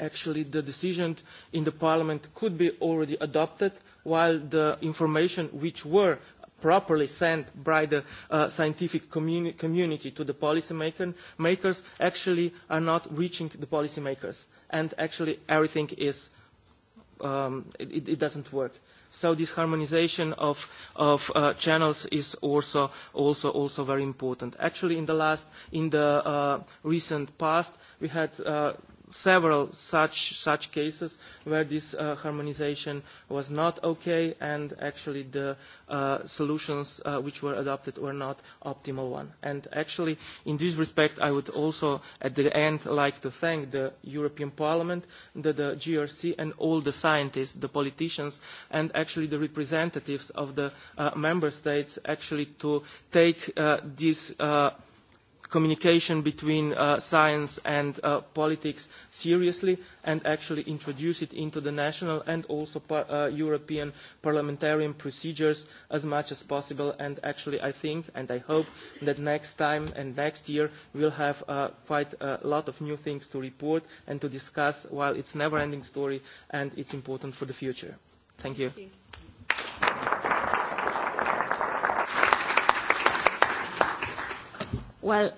actually the decision in the Parliament could be already adopted while the information which were properly sent by the scientific community to the makers actually are not reaching the policymakers. And actually everything is, it doesn't work. So this harmonization of channels is also also very important. Actually in the last, in the recent past we had several such such cases where this harmonization was not okay and actually the solutions which were adopted were not optimal one and actually in this respect i would also at the end like to thank the european parliament the grc and all the scientists the politicians and actually the representatives of the member states actually to take this communication between science and politics seriously and actually introduce it into the national and also European parliamentarian procedures as much as possible. And actually, I think and I hope that next time and next year we'll have quite a lot of new things to report and to discuss while it's a never-ending story and it's important for the future. Thank you. Well,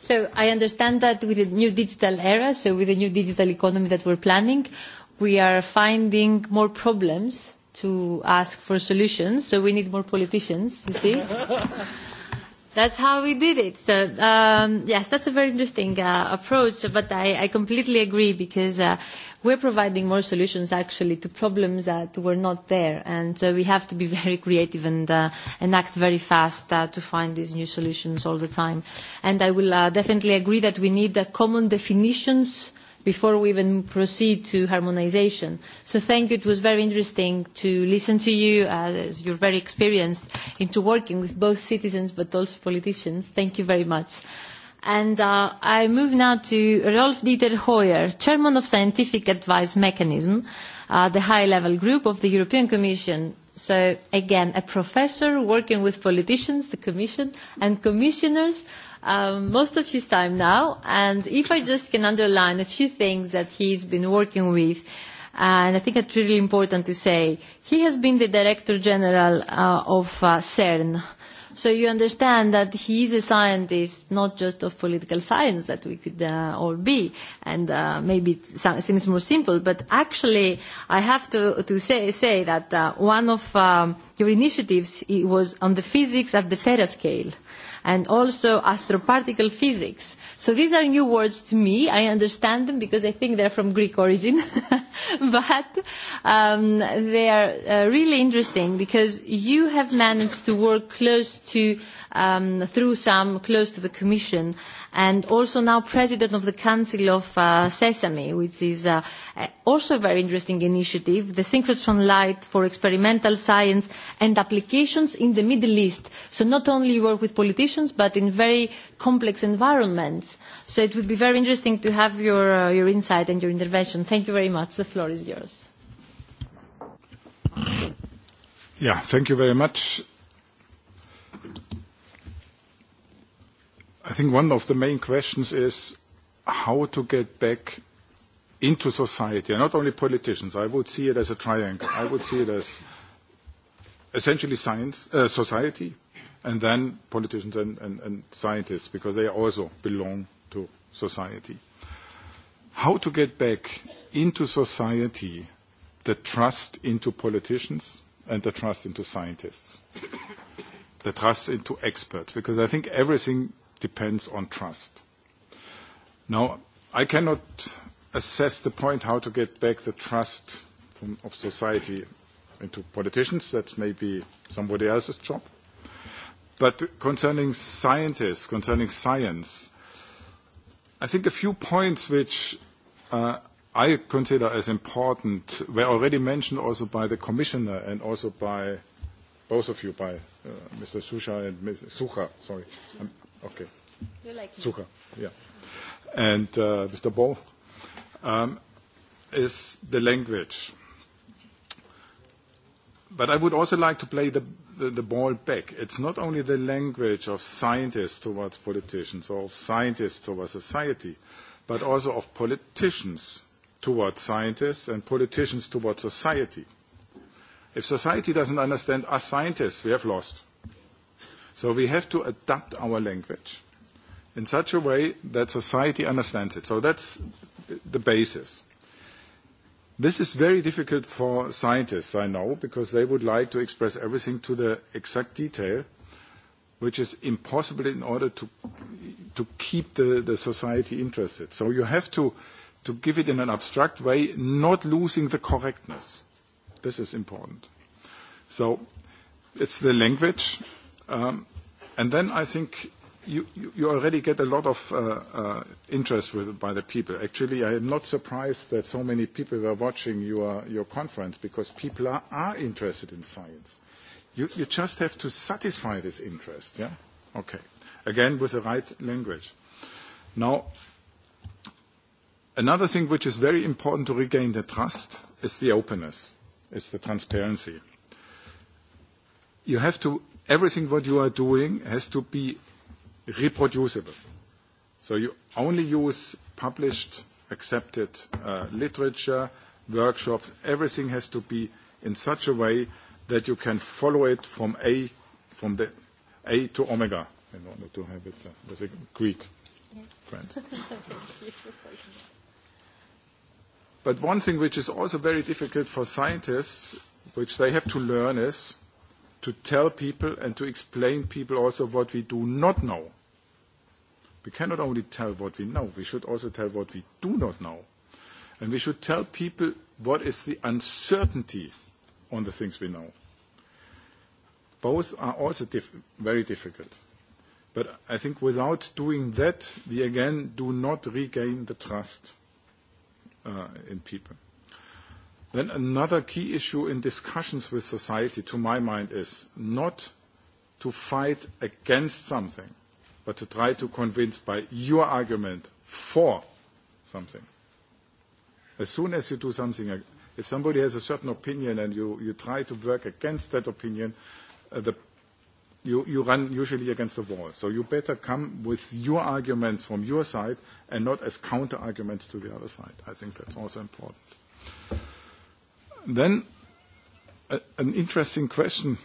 so I understand that with the new digital era, so with the new digital economy that we're planning, we are finding more problems to ask for solutions. So we need more politicians, you see. That's how we did it. So yes, that's a very interesting approach, but I completely agree because we're providing more solutions actually to problems that were not there. And we have to be very creative and act very fast to find these new solutions all the time. And I will definitely agree that we need common definitions before we even proceed to harmonisation. So thank you. It was very interesting to listen to you as you're very experienced into working with both citizens but also politicians. Thank you very much. And I move now to Rolf Dieter Hoyer, Chairman of Scientific Advice Mechanism, the high-level group of the European Commission. So, again, a professor working with politicians, the Commission, and commissioners most of his time now. And if I just can underline a few things that he's been working with, and I think it's really important to say, he has been the Director General of CERN So you understand that he is a scientist, not just of political science that we could all be. And maybe it seems more simple, but actually I have to to say say that one of your initiatives was on the physics at the scale and also astroparticle physics. So these are new words to me. I understand them because I think they're from Greek origin. But they are really interesting because you have managed to work close to, through some, close to the Commission and also now president of the Council of Sesame, which is also a very interesting initiative, the synchrotron light for experimental science and applications in the Middle East. So not only work with politicians, but in very complex environments. So it would be very interesting to have your your insight and your intervention. Thank you very much. The floor is yours. Yeah, thank you very much. I think one of the main questions is how to get back into society, and not only politicians. I would see it as a triangle. I would see it as essentially science, society, and then politicians and scientists, because they also belong to society. How to get back into society the trust into politicians and the trust into scientists, the trust into experts, because I think everything depends on trust. Now, I cannot assess the point how to get back the trust of society into politicians. That may be somebody else's job. But concerning scientists, concerning science, I think a few points which I consider as important were already mentioned also by the Commissioner and also by both of you, by Mr. Sucha and Ms. Sucha. Sorry, Okay. Super. Yeah. And Mr. Bo is the language. But I would also like to play the the ball back. It's not only the language of scientists towards politicians or of scientists towards society, but also of politicians towards scientists and politicians towards society. If society doesn't understand us scientists, we have lost. So we have to adapt our language in such a way that society understands it. So that's the basis. This is very difficult for scientists, I know, because they would like to express everything to the exact detail, which is impossible in order to to keep the the society interested. So you have to to give it in an abstract way, not losing the correctness. This is important. So it's the language And then I think you already get a lot of interest by the people. Actually, I am not surprised that so many people were watching your your conference because people are are interested in science. You just have to satisfy this interest. Yeah? Okay. Again, with the right language. Now, another thing which is very important to regain the trust is the openness, is the transparency. You have to everything what you are doing has to be reproducible. So you only use published, accepted literature, workshops. Everything has to be in such a way that you can follow it from A, from the A to omega. In order to have it with a Greek friend. But one thing which is also very difficult for scientists, which they have to learn, is to tell people and to explain people also what we do not know. We cannot only tell what we know, we should also tell what we do not know. And we should tell people what is the uncertainty on the things we know. Both are also very difficult. But I think without doing that, we again do not regain the trust in people. Then another key issue in discussions with society, to my mind, is not to fight against something, but to try to convince by your argument for something. As soon as you do something, if somebody has a certain opinion and you, you try to work against that opinion, you, you run usually against the wall. So you better come with your arguments from your side and not as counter arguments to the other side. I think that's also important. Then an interesting question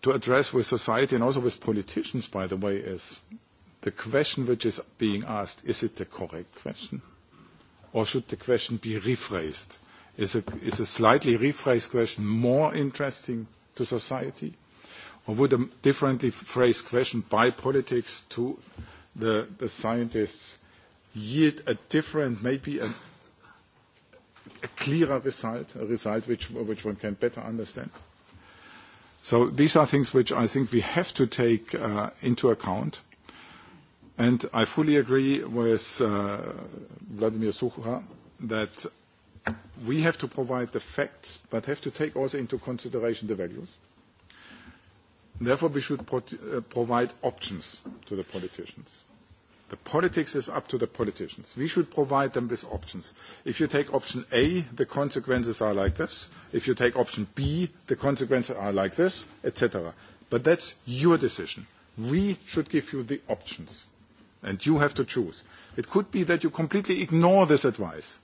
to address with society and also with politicians, by the way, is the question which is being asked, is it the correct question? Or should the question be rephrased? Is a slightly rephrased question more interesting to society? Or would a differently phrased question by politics to the scientists yield a different, maybe a a clearer result, a result which one can better understand. So these are things which I think we have to take into account. And I fully agree with Vladimir Sucha that we have to provide the facts, but have to take also into consideration the values. Therefore, we should provide options to the politicians. The politics is up to the politicians. We should provide them with options. If you take option A, the consequences are like this. If you take option B, the consequences are like this, etc. But that's your decision. We should give you the options, and you have to choose. It could be that you completely ignore this advice.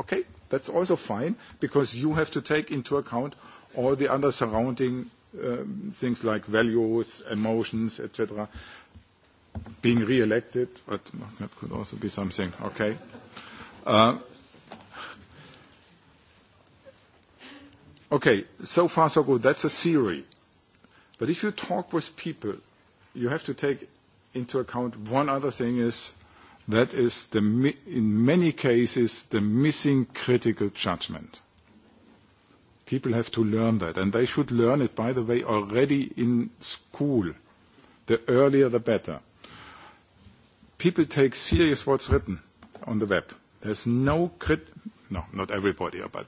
Okay, that's also fine, because you have to take into account all the other surrounding things like values, emotions, etc being re-elected, but that could also be something. Okay. Okay, so far so good. That's a theory. But if you talk with people, you have to take into account one other thing is that is the in many cases the missing critical judgment. People have to learn that, and they should learn it, by the way, already in school. The earlier the better people take serious what's written on the web. There's no crit, no, not everybody, but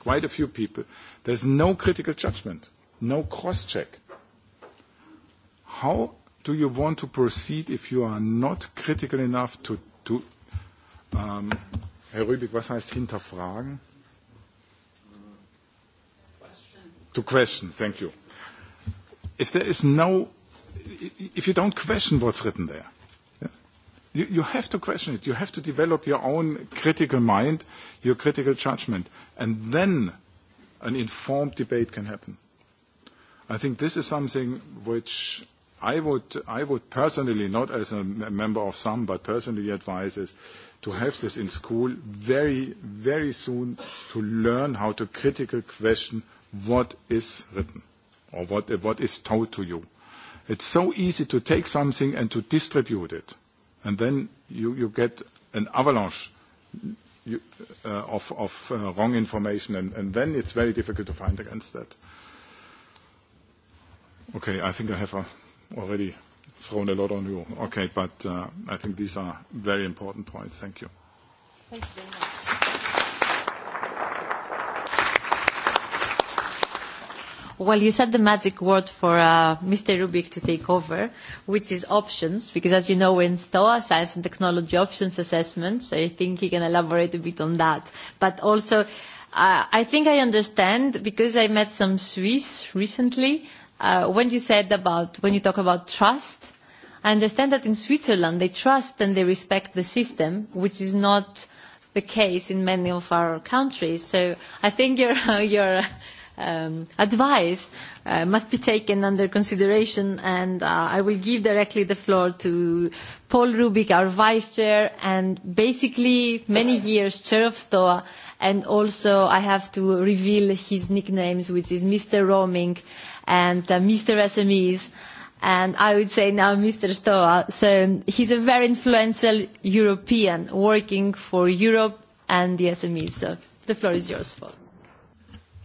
quite a few people. There's no critical judgment, no cross-check. How do you want to proceed if you are not critical enough to, to Herr Rübig, was heißt hinterfragen? To question, thank you. If there is no, if you don't question what's written there, You have to question it. You have to develop your own critical mind, your critical judgment, and then an informed debate can happen. I think this is something which I would, I would personally, not as a member of some, but personally advise is to have this in school very, very soon to learn how to critically question what is written or what, what is told to you. It's so easy to take something and to distribute it and then you get an avalanche of wrong information, and then it's very difficult to find against that. Okay, I think I have already thrown a lot on you. Okay, but I think these are very important points. Thank you. Thank you Well, you said the magic word for Mr. Rubik to take over, which is options, because as you know, we're in STOA, Science and Technology Options Assessment, so I think he can elaborate a bit on that. But also, I think I understand, because I met some Swiss recently, when you said about, when you talk about trust, I understand that in Switzerland they trust and they respect the system, which is not the case in many of our countries. So I think you're advice must be taken under consideration and I will give directly the floor to Paul Rubik, our Vice Chair and basically many years Chair of STOA and also I have to reveal his nicknames which is Mr. Roaming and Mr. SMEs and I would say now Mr. Stoa. So he's a very influential European working for Europe and the SMEs. So the floor is yours, Paul.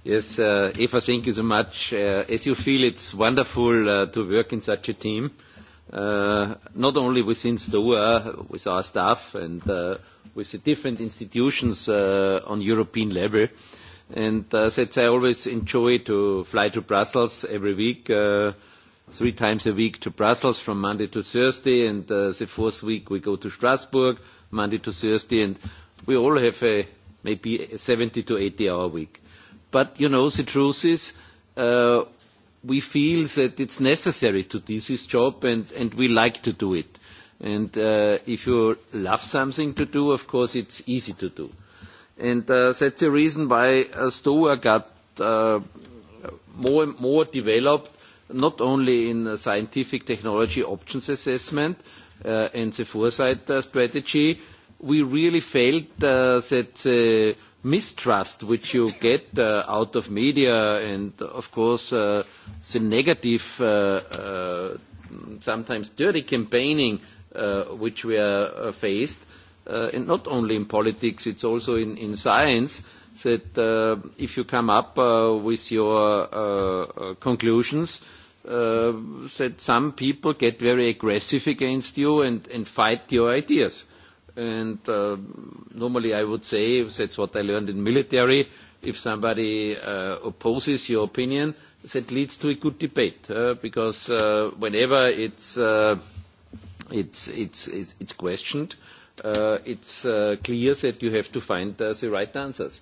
Yes, Eva, thank you so much. As you feel, it's wonderful to work in such a team, not only within STOA, with our staff and with the different institutions on European level. And since I always enjoy to fly to Brussels every week, three times a week to Brussels from Monday to Thursday, and the fourth week we go to Strasbourg, Monday to Thursday, and we all have a maybe 70 to 80 hour week But, you know, the truth is we feel that it's necessary to do this job and we like to do it. And if you love something to do, of course, it's easy to do. And that's the reason why STOA got more and more developed, not only in scientific technology options assessment and the foresight strategy. We really felt that mistrust which you get out of media and of course the negative sometimes dirty campaigning which we are faced and not only in politics it's also in science that if you come up with your conclusions that some people get very aggressive against you and fight your ideas And normally I would say, that's what I learned in military, if somebody opposes your opinion, that leads to a good debate, because whenever it's it's questioned, it's clear that you have to find the right answers.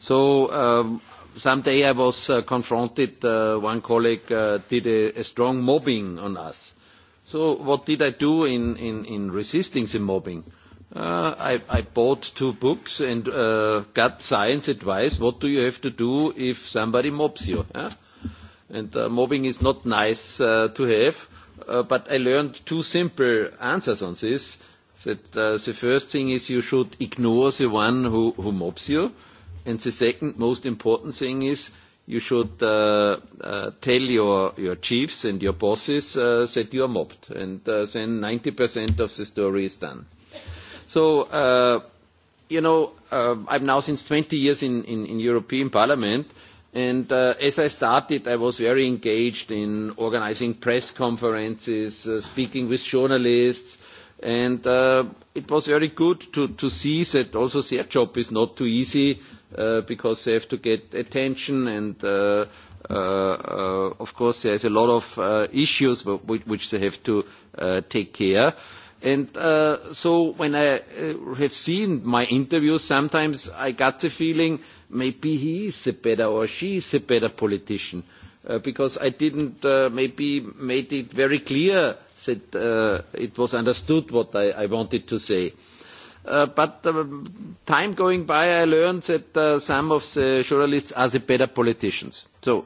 So someday I was confronted, one colleague did a strong mobbing on us. So what did I do in resisting the mobbing? I bought two books and got science advice. What do you have to do if somebody mobs you? And mobbing is not nice to have, but I learned two simple answers on this. That the first thing is you should ignore the one who mobs you, and the second most important thing is you should tell your chiefs and your bosses that you are mobbed, and then 90% of the story is done. So, you know, I'm now since 20 years in European Parliament, and as I started, I was very engaged in organizing press conferences, speaking with journalists, and it was very good to see that also their job is not too easy because they have to get attention and of course there is a lot of issues which they have to take care And so when I have seen my interviews, sometimes I got the feeling maybe he is a better or she is a better politician, because I didn't maybe made it very clear that it was understood what I wanted to say. But time going by, I learned that some of the journalists are the better politicians. So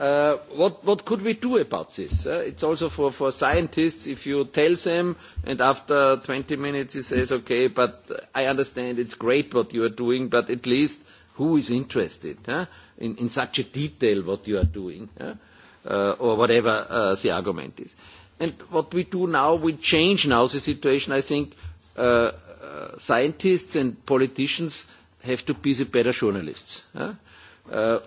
What could we do about this? It's also for scientists. If you tell them, and after 20 minutes he says, "Okay, but I understand it's great what you are doing, but at least who is interested in such a detail what you are doing, or whatever the argument is." And what we do now, we change now the situation. I think scientists and politicians have to be the better journalists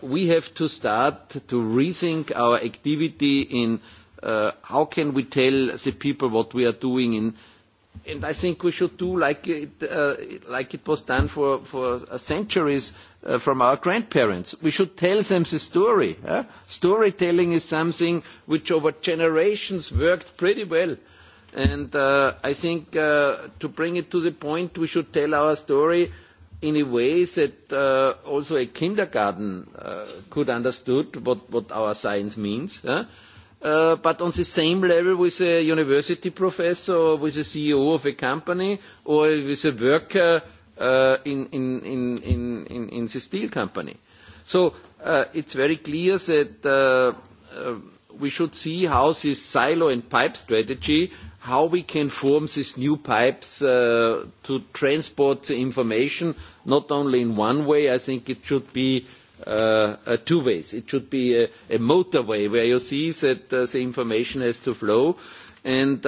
we have to start to rethink our activity in how can we tell the people what we are doing in and I think we should do like it was done for centuries from our grandparents. We should tell them the story. Storytelling is something which over generations worked pretty well. And I think to bring it to the point, we should tell our story in a way that also a kindergarten could understood what what our science means but on the same level with a university professor with a ceo of a company or with a worker in in in in the steel company so it's very clear that we should see how this silo and pipe strategy how we can form these new pipes to transport the information, not only in one way. I think it should be two ways. It should be a motorway where you see that the information has to flow. And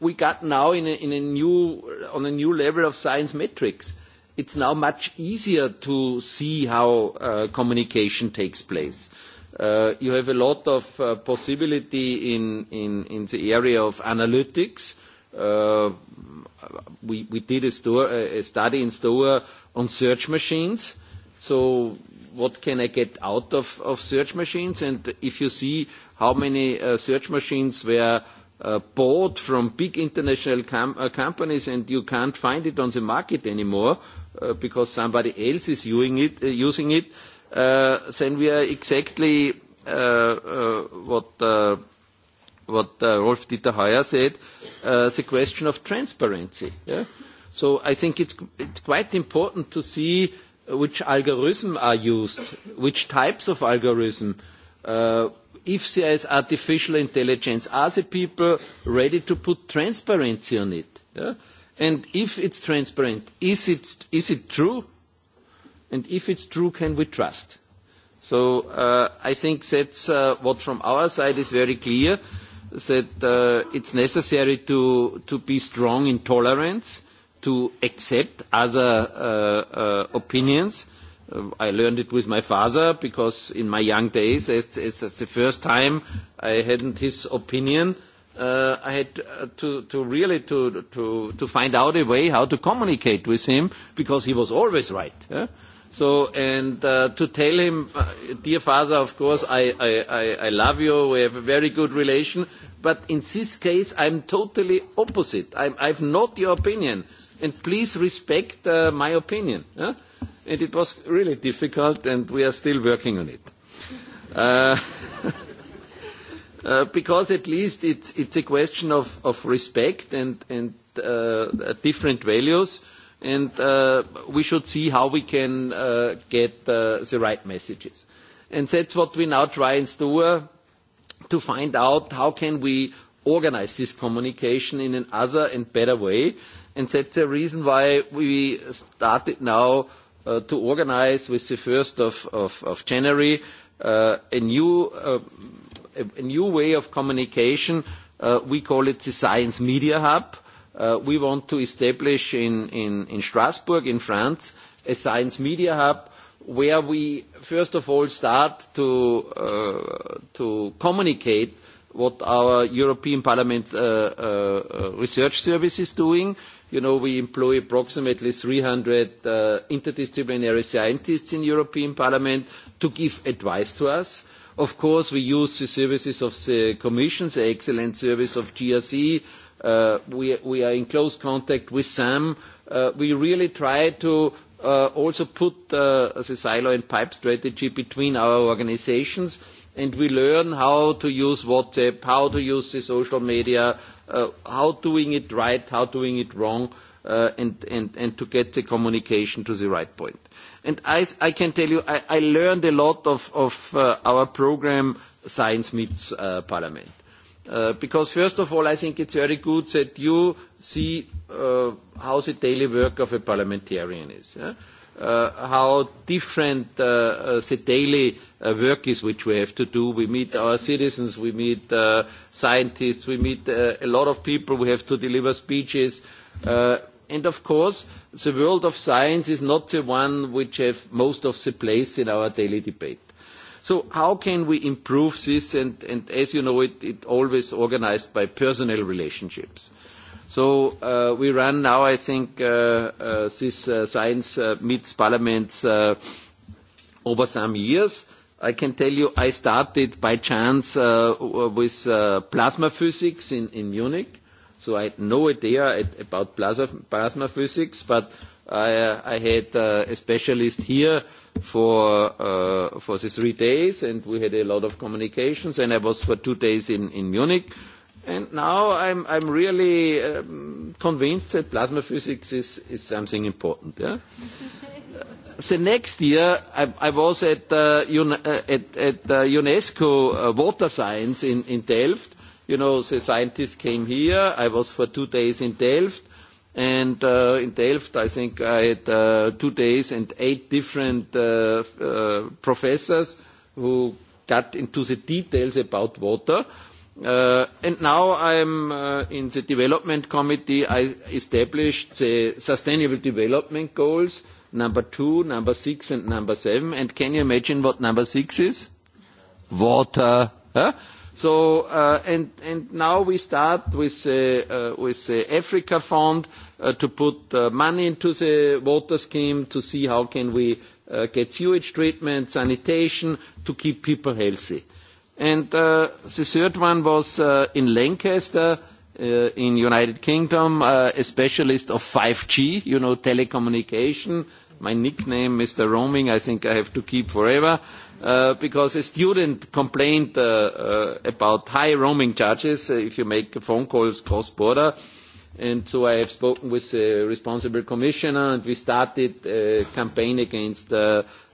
we got now in a new on a new level of science metrics. It's now much easier to see how communication takes place. You have a lot of possibility in the area of analytics. We did a study in store on search machines. So what can I get out of search machines? And if you see how many search machines were bought from big international companies and you can't find it on the market anymore because somebody else is using it, then we are exactly what what Rolf Dieter Heuer said, the question of transparency. So I think it's quite important to see which algorithms are used, which types of algorithm. If there is artificial intelligence, are the people ready to put transparency on it? And if it's transparent, is it true? and if it's true, can we trust? So I think that's what from our side is very clear, that it's necessary to be strong in tolerance, to accept other opinions. I learned it with my father because in my young days, as the first time I hadn't his opinion. I had to really to find out a way how to communicate with him because he was always right. So and to tell him, dear father, of course I I I love you, we have a very good relation, but in this case I'm totally opposite. I've not your opinion, and please respect my opinion. And it was really difficult, and we are still working on it, because at least it's it's a question of of respect and and different values and we should see how we can get the right messages. And that's what we now try in do to find out how can we organize this communication in another and better way. And that's the reason why we started now to organize with the 1st of January a new way of communication. We call it the Science Media Hub We want to establish in Strasbourg, in France, a science media hub where we first of all start to communicate what our European Parliament research service is doing. You know, we employ approximately 300 interdisciplinary scientists in European Parliament to give advice to us. Of course, we use the services of the Commission, the excellent service of GRC We are in close contact with them. We really try to also put the silo and pipe strategy between our organizations, and we learn how to use WhatsApp, how to use the social media, how doing it right, how doing it wrong, and to get the communication to the right point. And I can tell you, I learned a lot of our program Science Meets Parliament. Because first of all, I think it's very good that you see how the daily work of a parliamentarian is, how different the daily work is which we have to do. We meet our citizens, we meet scientists, we meet a lot of people. We have to deliver speeches, and of course, the world of science is not the one which has most of the place in our daily debate. So how can we improve this? And as you know, it always organized by personal relationships. So we run now, I think, this science meets parliaments over some years. I can tell you I started by chance with plasma physics in Munich. So I had no idea about plasma physics, but I had a specialist here for for the three days and we had a lot of communications and I was for two days in in Munich and now I'm I'm really convinced that plasma physics is is something important. The next year I was at UNESCO Water Science in Delft. You know the scientists came here. I was for two days in Delft And in Delft, I think I had two days and eight different professors who got into the details about water. And now I'm in the development committee. I established the sustainable development goals, number two, number six, and number seven. And can you imagine what number six is? Water. So, and now we start with the Africa Fund to put money into the water scheme to see how can we get sewage treatment, sanitation to keep people healthy. And the third one was in Lancaster, in United Kingdom, a specialist of 5G, you know, telecommunication. My nickname, Mr. Roaming, I think I have to keep forever, because a student complained about high roaming charges if you make phone calls cross-border And so I have spoken with the responsible commissioner and we started a campaign against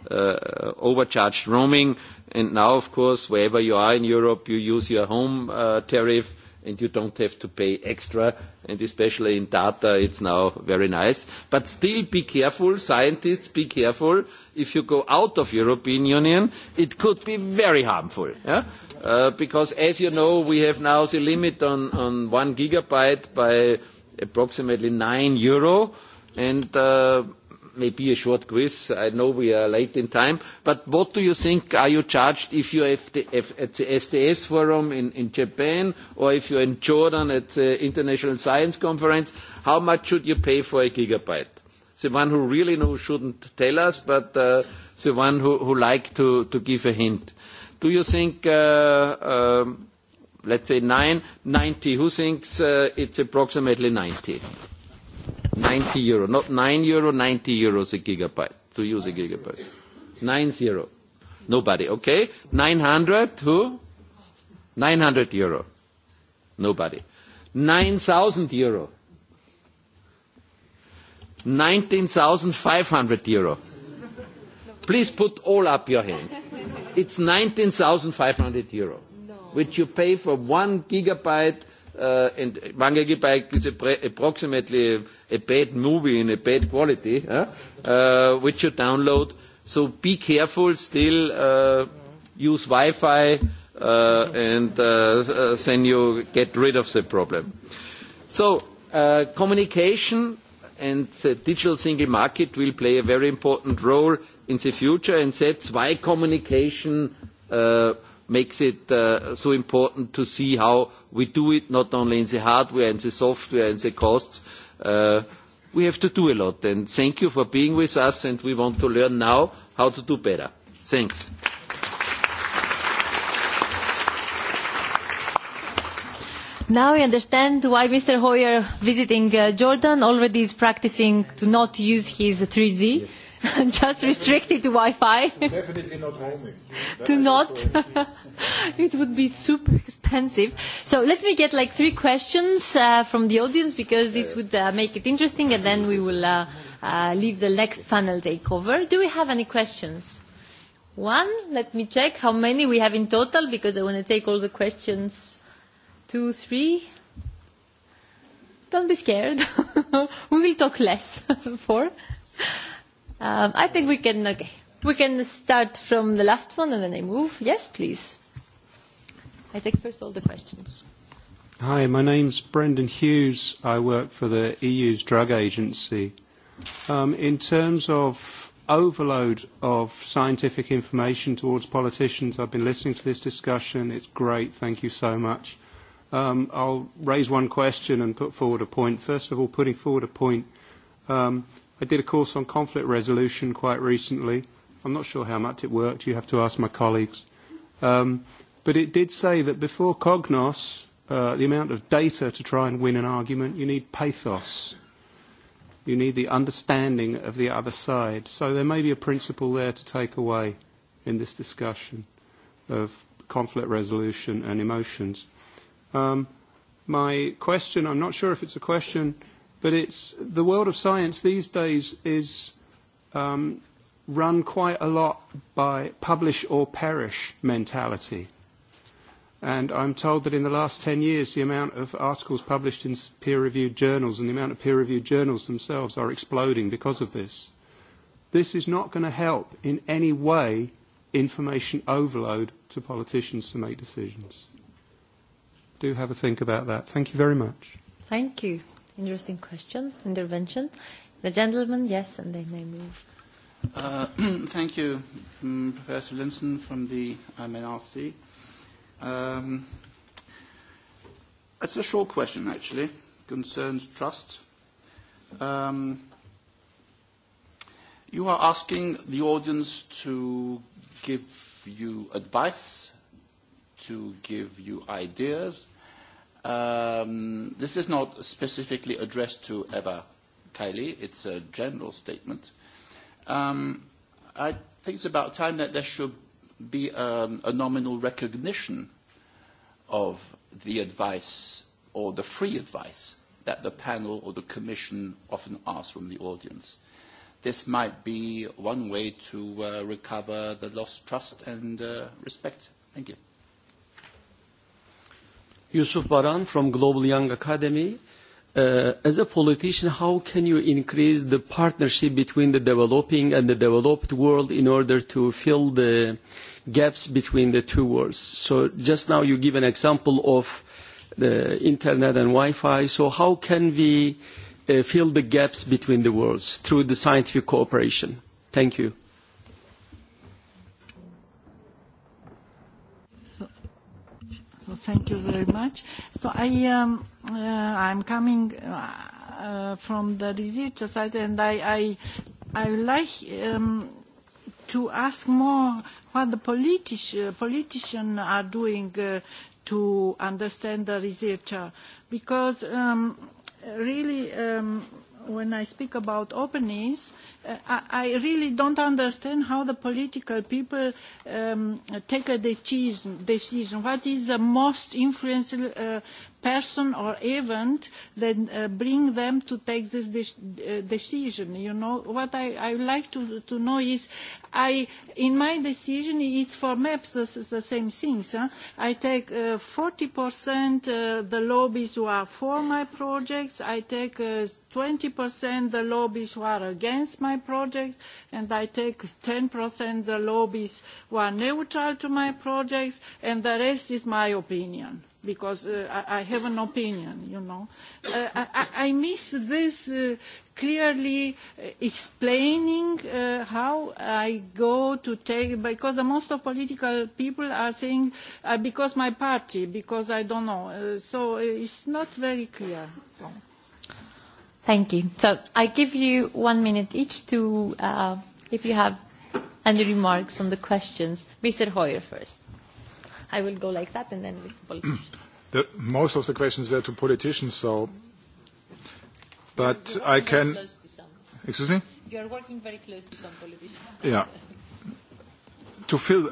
overcharged roaming. And now, of course, wherever you are in Europe, you use your home tariff and you don't have to pay extra. And especially in data, it's now very nice. But still be careful, scientists, be careful. If you go out of European Union, it could be very harmful because as you know we have now the limit on one gigabyte by approximately 9 euro and maybe a short quiz I know we are late in time but what do you think are you charged if you at the STS forum in Japan or if you are in Jordan at the International Science Conference how much should you pay for a gigabyte? The one who really knows shouldn't tell us but the one who like to give a hint Do you think, let's say, 9, 90? Who thinks it's approximately 90? 90 euro, not 9 euro, 90 euros a gigabyte, to use a gigabyte. 90. Nobody, okay. 900, who? 900 euro. Nobody. 9,000 euro. 19,500 euro. Please put all up your hands. It's 19,500 euros, which you pay for one gigabyte. And one gigabyte is approximately a bad movie in a bad quality, which you download. So be careful. Still use Wi-Fi, and then you get rid of the problem. So communication and the digital single market will play a very important role in the future, and that's why communication makes it so important to see how we do it, not only in the hardware and the software and the costs. We have to do a lot, and thank you for being with us, and we want to learn now how to do better. Thanks. Now I understand why Mr. Hoyer, visiting Jordan, already is practicing to not use his 3G, and just restrict it to Wi-Fi. Definitely not roaming. To not. It would be super expensive. So let me get like three questions from the audience because this would make it interesting, and then we will leave the next panel takeover. Do we have any questions? One. Let me check how many we have in total because I want to take all the questions two, three. Don't be scared. We will talk less. Four. I think we can. Okay, we can start from the last one and then I move. Yes, please. I take first all the questions. Hi, my name's Brendan Hughes. I work for the EU's drug agency. In terms of overload of scientific information towards politicians, I've been listening to this discussion. It's great. Thank you so much. I'll raise one question and put forward a point. First of all, putting forward a point, I did a course on conflict resolution quite recently. I'm not sure how much it worked. You have to ask my colleagues. But it did say that before cognos, the amount of data to try and win an argument, you need pathos. You need the understanding of the other side. So there may be a principle there to take away in this discussion of conflict resolution and emotions. My question, I'm not sure if it's a question, but it's the world of science these days is run quite a lot by publish or perish mentality. And I'm told that in the last 10 years, the amount of articles published in peer-reviewed journals and the amount of peer-reviewed journals themselves are exploding because of this. This is not going to help in any way information overload to politicians to make decisions do have a think about that. Thank you very much. Thank you. Interesting question, intervention. The gentleman, yes, and then they move. Thank you, Professor Linson from the MNRC. Um, it's a short question, actually, concerns trust. Um, you are asking the audience to give you advice, to give you ideas, This is not specifically addressed to Eva Kaili. It's a general statement. I think it's about time that there should be a nominal recognition of the advice or the free advice that the panel or the commission often asks from the audience. This might be one way to recover the lost trust and respect. Thank you. Yusuf Baran from Global Young Academy. As a politician, how can you increase the partnership between the developing and the developed world in order to fill the gaps between the two worlds? So just now you give an example of the internet and Wi-Fi. So how can we fill the gaps between the worlds through the scientific cooperation? Thank you. Thank you very much. So I I'm coming from the research side and I I would like to ask more what the politicians are doing to understand the researcher because really when I speak about openness, I really don't understand how the political people take a decision. What is the most influential person or event that bring them to take this decision. You know, what I would like to know is, I in my decision, it's for MEPs the same things. I take 40% the lobbies who are for my projects, I take 20% the lobbies who are against my projects, and I take 10% the lobbies who are neutral to my projects, and the rest is my opinion because I have an opinion, you know. I miss this clearly explaining how I go to take, because the most of political people are saying, because my party, because I don't know. So it's not very clear. Thank you. So I give you one minute each to, if you have any remarks on the questions. Mr. Hoyer first. I will go like that and then with the politicians. Most of the questions were to politicians, so. But I can. Excuse me? You are working very close to some politicians. Yeah. To fill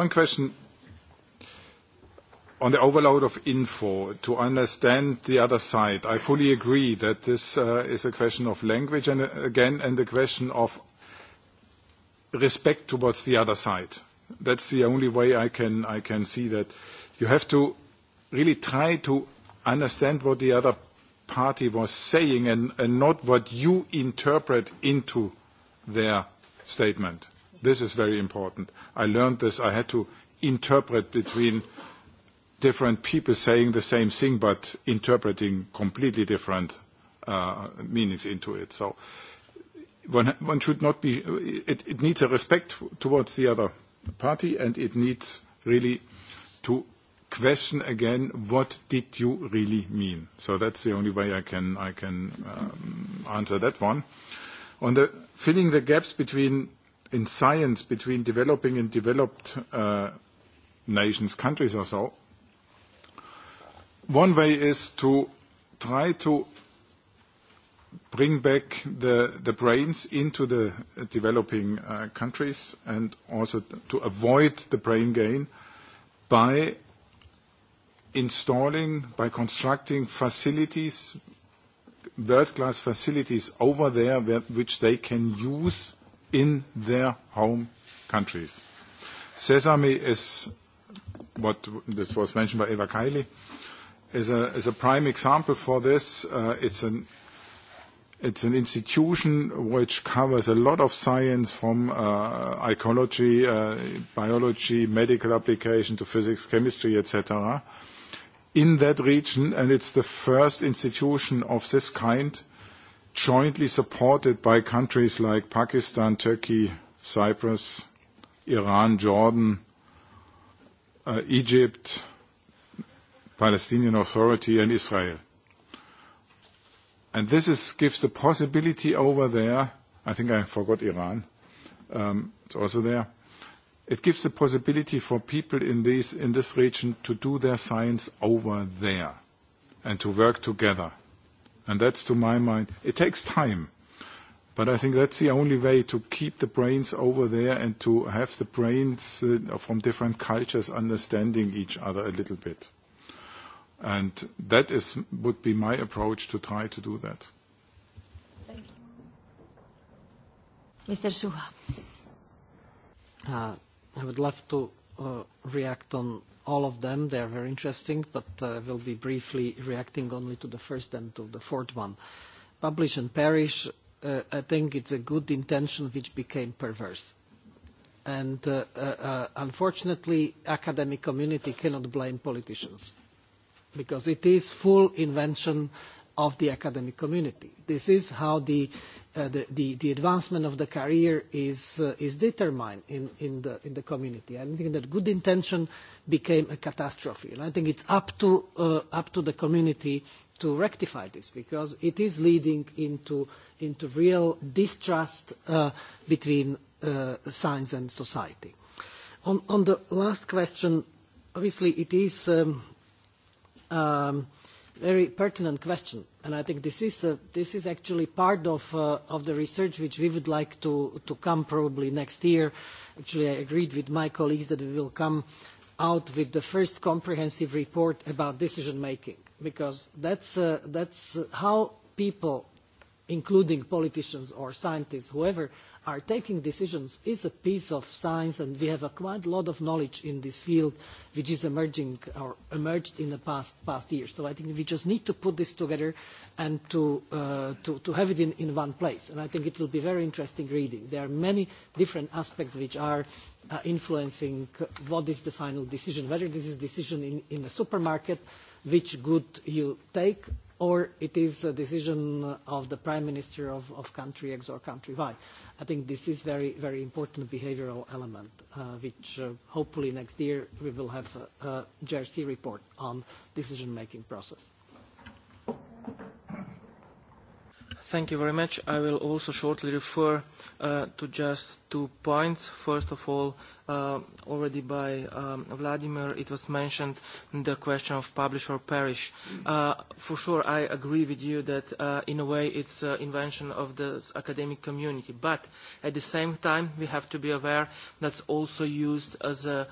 one question on the overload of info, to understand the other side, I fully agree that this is a question of language and again, and the question of respect towards the other side. That's the only way I can I can see that. You have to really try to understand what the other party was saying and not what you interpret into their statement. This is very important. I learned this. I had to interpret between different people saying the same thing but interpreting completely different meanings into it. So one one should not be. It needs a respect towards the other party, and it needs really to question again what did you really mean. So that's the only way I can I can answer that one. On the filling the gaps between in science between developing and developed nations, countries or so. One way is to try to bring back the brains into the developing countries and also to avoid the brain gain by installing, by constructing facilities, world-class facilities over there which they can use in their home countries. Sesame is what this was mentioned by Eva Kaili, is a prime example for this. It's an It's an institution which covers a lot of science from ecology, biology, medical application to physics, chemistry, etc. in that region, and it's the first institution of this kind jointly supported by countries like Pakistan, Turkey, Cyprus, Iran, Jordan, Egypt, Palestinian Authority, and Israel. And this gives the possibility over there, I think I forgot Iran, it's also there. It gives the possibility for people in this region to do their science over there and to work together. And that's, to my mind, it takes time. But I think that's the only way to keep the brains over there and to have the brains from different cultures understanding each other a little bit that would be my approach to try to do that. Thank you. Mr. Suha. I would love to react on all of them. They are very interesting, but I will be briefly reacting only to the first and to the fourth one. Publish and perish, I think it's a good intention which became perverse. And unfortunately, academic community cannot blame politicians because it is full invention of the academic community. This is how the advancement of the career is determined in the community. I think that good intention became a catastrophe. I think it's up to the community to rectify this because it is leading into real distrust between science and society. On the last question, obviously it is A very pertinent question, and I think this is actually part of the research which we would like to come probably next year. Actually, I agreed with my colleagues that we will come out with the first comprehensive report about decision-making, because that's how people, including politicians or scientists, whoever, are taking decisions is a piece of science and we have quite a lot of knowledge in this field which is emerging or emerged in the past years. So I think we just need to put this together and to have it in one place. And I think it will be very interesting reading. There are many different aspects which are influencing what is the final decision, whether this is a decision in the supermarket, which good you take, or it is a decision of the Prime Minister of country X or country Y. I think this is very, very important behavioral element, which hopefully next year we will have a Jersey report on decision-making process. Thank you very much. I will also shortly refer to just two points. First of all, already by Vladimir. It was mentioned the question of publish or perish. For sure, I agree with you that in a way it's an invention of the academic community. But at the same time, we have to be aware that's also used as a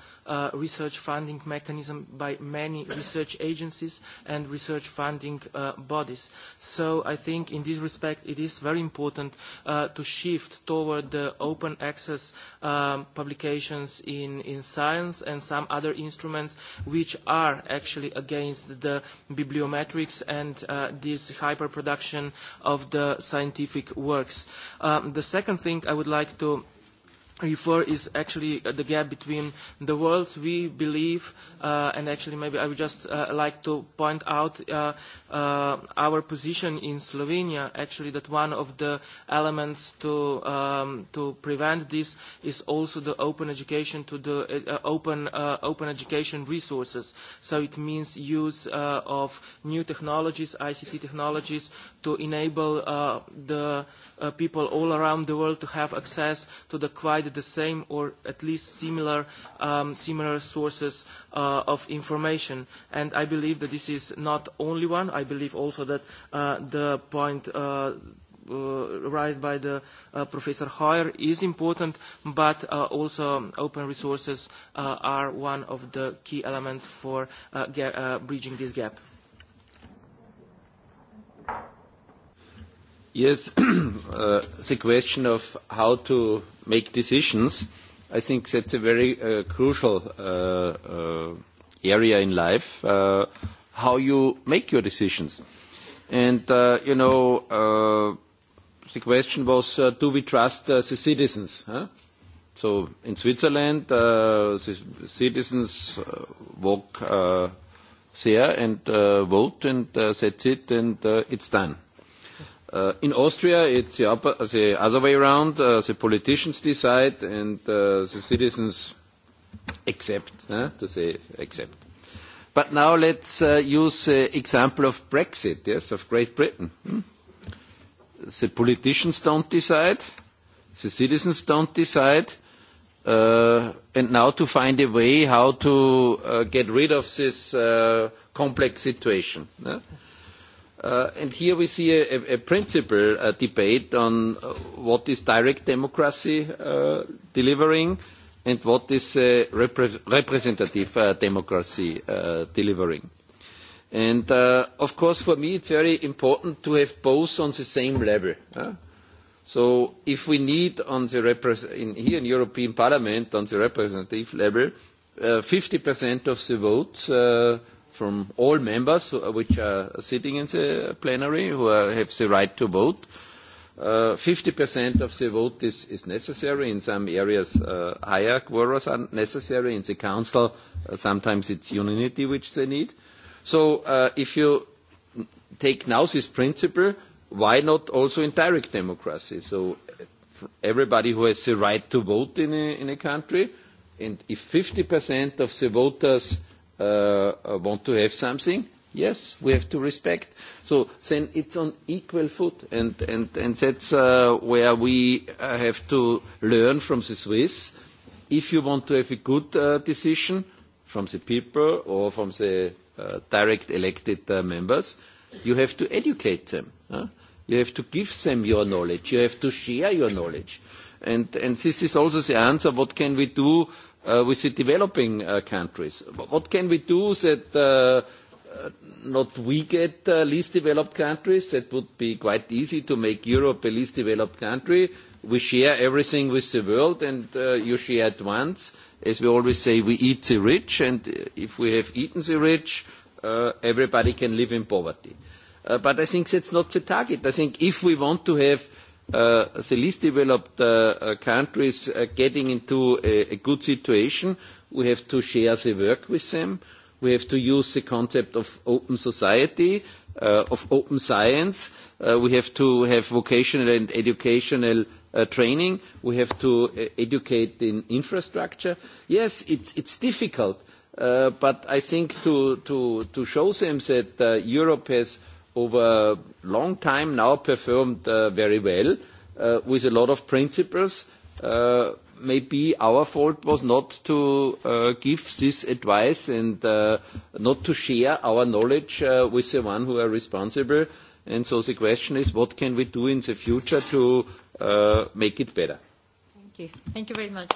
research funding mechanism by many research agencies and research funding bodies. So I think in this respect, it is very important to shift toward the open access publications in science and some other instruments which are actually against the bibliometrics and this hyperproduction of the scientific works. The second thing I would like to refer is actually the gap between the worlds we believe and actually maybe I would just like to point out our position in Slovenia actually that one of the elements to to prevent this is also the open education to the open open education resources so it means use of new technologies ICT technologies to enable the people all around the world to have access to the quite the same or at least similar sources of information. And I believe that this is not only one. I believe also that the point raised by the Professor Hoyer is important, but also open resources are one of the key elements for bridging this gap. Yes, the question of how to make decisions, I think that's a very crucial area in life, how you make your decisions. And, you know, the question was, do we trust the citizens? So in Switzerland, the citizens walk there and vote, and that's it, and it's done. In Austria, it's the other way around. The politicians decide and the citizens accept, to say accept. But now let's use the example of Brexit, yes, of Great Britain. The politicians don't decide, the citizens don't decide, and now to find a way how to get rid of this complex situation. And here we see a principal debate on what is direct democracy delivering and what is representative democracy delivering. And of course for me it's very important to have both on the same level. So if we need on the here in European Parliament on the representative level 50% of the votes from all members which are sitting in the plenary who have the right to vote. 50% of the vote is necessary. In some areas, higher quorums are necessary. In the Council, sometimes it's unanimity which they need. So if you take now this principle, why not also in direct democracy? So everybody who has the right to vote in a country, and if 50% of the voters want to have something, yes, we have to respect. So then it's on equal foot, and that's where we have to learn from the Swiss. If you want to have a good decision from the people or from the direct elected members, you have to educate them. You have to give them your knowledge. You have to share your knowledge. And this is also the answer, what can we do with the developing countries? What can we do that not we get least developed countries? That would be quite easy to make Europe a least developed country. We share everything with the world and you share at once. As we always say, we eat the rich and if we have eaten the rich, everybody can live in poverty. But I think that's not the target. I think if we want to have the least developed countries getting into a good situation. We have to share the work with them. We have to use the concept of open society, of open science. We have to have vocational and educational training. We have to educate in infrastructure. Yes, it's difficult, but I think to show them that Europe has over a long time now performed very well with a lot of principles. Maybe our fault was not to give this advice and not to share our knowledge with the one who are responsible. And so the question is, what can we do in the future to make it better? Thank you. Thank you very much.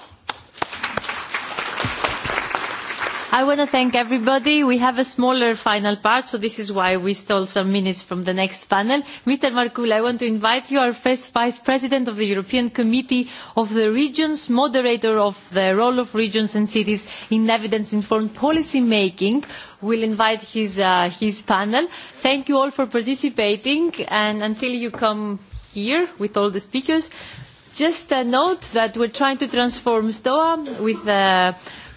I want to thank everybody. We have a smaller final part, so this is why we stole some minutes from the next panel. Mr. Markula, I want to invite you, our first Vice President of the European Committee of the Regions, moderator of the role of regions and cities in evidence-informed policy making. will invite his panel. Thank you all for participating, and until you come here with all the speakers, just a note that we're trying to transform STOA with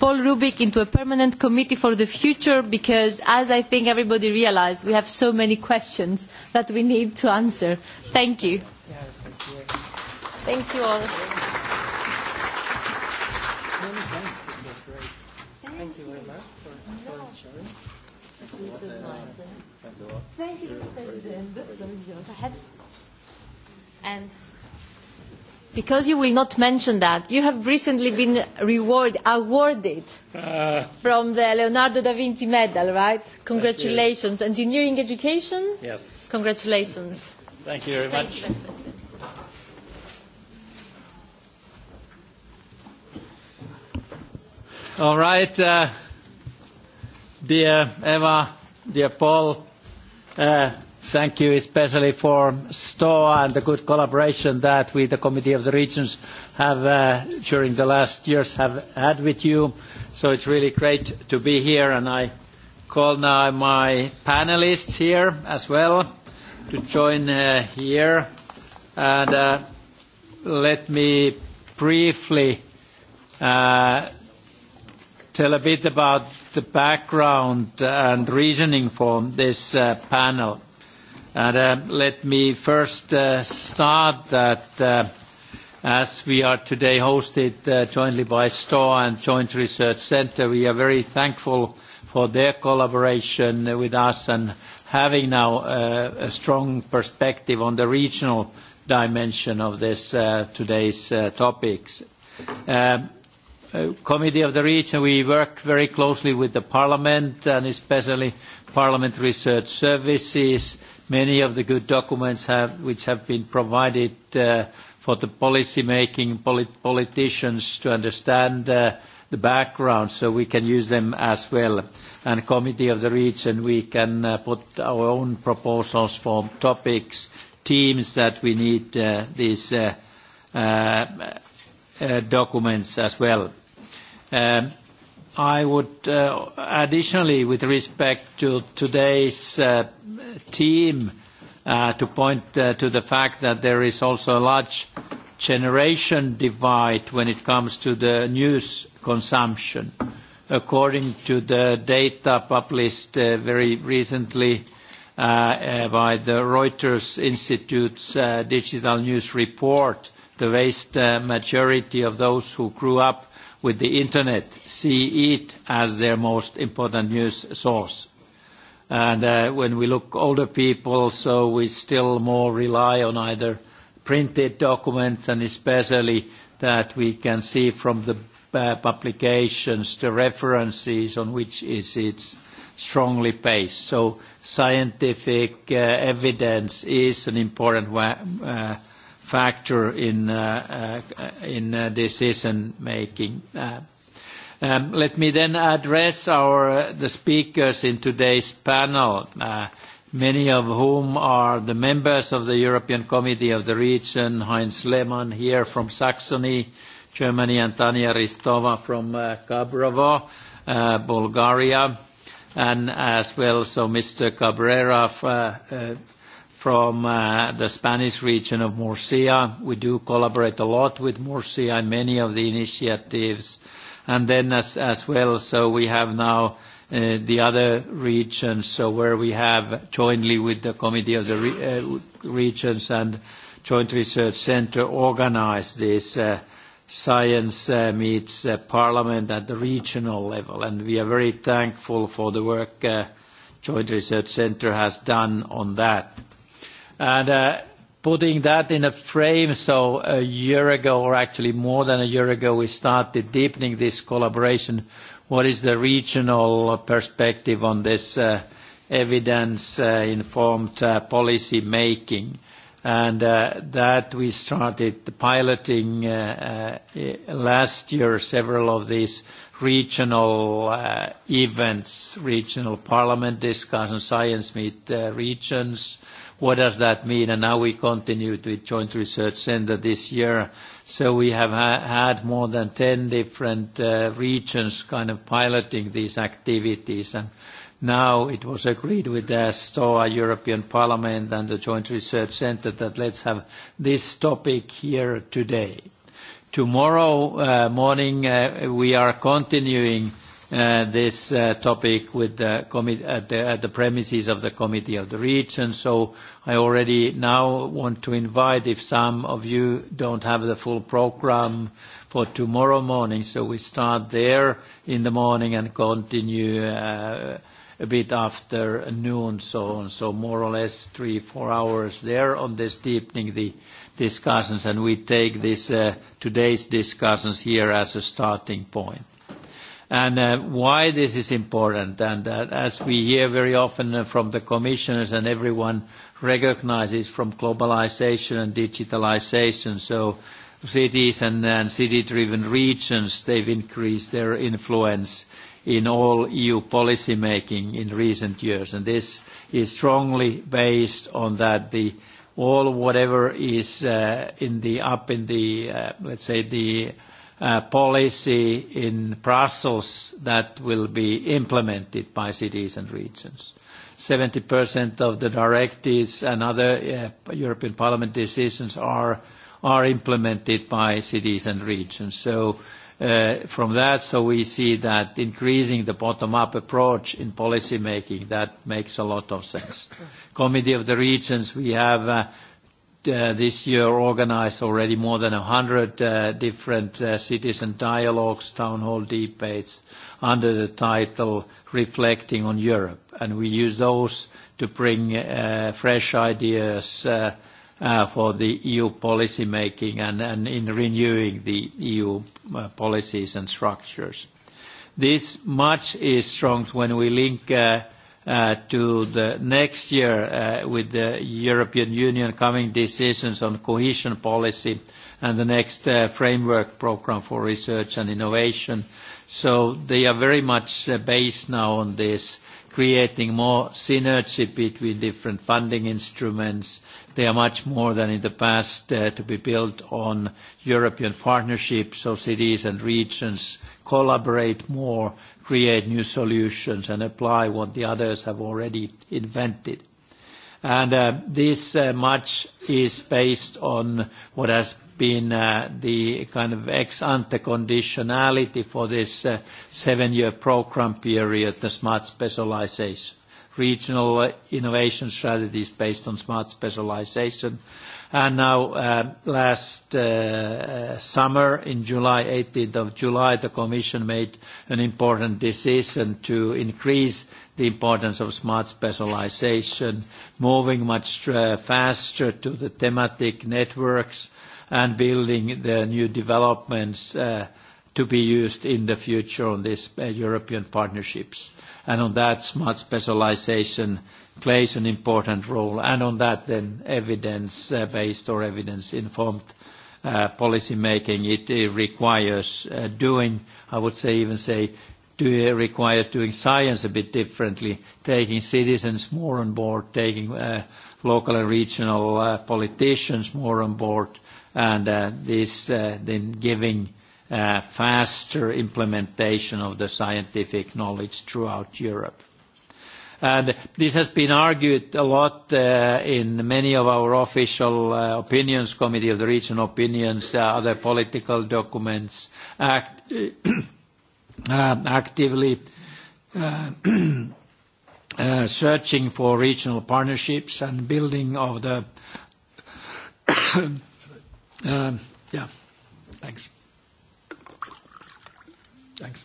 Paul Rubik into a permanent committee for the future because, as I think everybody realized, we have so many questions that we need to answer. Thank you. Thank you all. Thank you because you will not mention that, you have recently been reward awarded from the Leonardo da Vinci Medal, right? Congratulations. Engineering education? Yes. Congratulations. Thank you very much. All right, dear Eva, dear Paul. Thank you especially for STOA and the good collaboration that we, the Committee of the Regions, have during the last years have had with you. So it's really great to be here and I call now my panelists here as well to join here. And let me briefly tell a bit about the background and reasoning for this panel let me first start that as we are today hosted jointly by STOA and Joint Research Centre, we are very thankful for their collaboration with us and having now a strong perspective on the regional dimension of this today's topics. Committee of the Region, we work very closely with the Parliament and especially Parliament Research Services Many of the good documents which have been provided for the policy-making politicians to understand the background, so we can use them as well. And Committee of the Region, we can put our own proposals for topics, teams that we need these documents as well. I would additionally, with respect to today's team, to point to the fact that there is also a large generation divide when it comes to the news consumption. According to the data published very recently by the Reuters Institute's digital news report, the vast majority of those who grew up with the Internet see it as their most important news source. And when we look older people, so we still more rely on either printed documents and especially that we can see from the publications the references on which is it's strongly based. So scientific evidence is an important factor in decision-making. Let me then address the speakers in today's panel, many of whom are the members of the European Committee of the Region, Heinz Lehmann here from Saxony, Germany, and Tania Ristova from Kabrovo, Bulgaria, and as well so Mr. Cabrera from the Spanish region of Murcia. We do collaborate a lot with Murcia in many of the initiatives. And then as well, so we have now the other regions, so where we have jointly with the Committee of the Regions and Joint Research Centre organized this science meets parliament at the regional level. And we are very thankful for the work Joint Research Centre has done on that. And putting that in a frame, so a year ago, or actually more than a year ago, we started deepening this collaboration. What is the regional perspective on this evidence-informed policy making? And that we started piloting last year, several of these regional events, regional parliament discussions, science meet regions. What does that mean? And now we continue with Joint Research Center this year. So we have had more than 10 different regions kind of piloting these activities. And now it was agreed with the STOA, European Parliament, and the Joint Research Center that let's have this topic here today. Tomorrow morning we are continuing this topic with the at the premises of the Committee of the Region, so I already now want to invite, if some of you don't have the full program for tomorrow morning, so we start there in the morning and continue a bit after noon, so more or less three, four hours there on this deepening the discussions, and we take this today's discussions here as a starting point. And why this is important, and as we hear very often from the commissioners and everyone recognizes from globalization and digitalization, so cities and city-driven regions, they've increased their influence in all EU policymaking in recent years. And this is strongly based on that the all whatever is up in the, let's say, the policy in Brussels that will be implemented by cities and regions. 70% of the directives and other European Parliament decisions are implemented by cities and regions. So from that, so we see that increasing the bottom-up approach in policy making, that makes a lot of sense. Committee of the Regions, we have this year organized already more than 100 different citizen dialogues, town hall debates under the title Reflecting on Europe. And we use those to bring fresh ideas for the EU policy making and in renewing the EU policies and structures. This much is strong when we link to the next year with the European Union coming decisions on cohesion policy and the next framework program for research and innovation. So they are very much based now on this creating more synergy between different funding instruments. They are much more than in the past to be built on European partnerships, so cities and regions collaborate more, create new solutions, and apply what the others have already invented. And this much is based on what has been the kind of ex ante conditionality for this seven-year program period, the smart specialization. Regional innovation strategies based on smart specialization. And now last summer, in July, 18th of July, the Commission made an important decision to increase the importance of smart specialization, moving much faster to the thematic networks and building the new developments to be used in the future on these European partnerships. And on that, smart specialization plays an important role. And on that, then, evidence-based or evidence-informed policy making, it requires doing, I would say, even say, requires doing science a bit differently, taking citizens more on board, taking local and regional politicians more on board, and this then giving faster implementation of the scientific knowledge throughout Europe. And this has been argued a lot in many of our official opinions, Committee of the Region opinions, other political documents, actively searching for regional partnerships and building of the Yeah. Thanks. Thanks.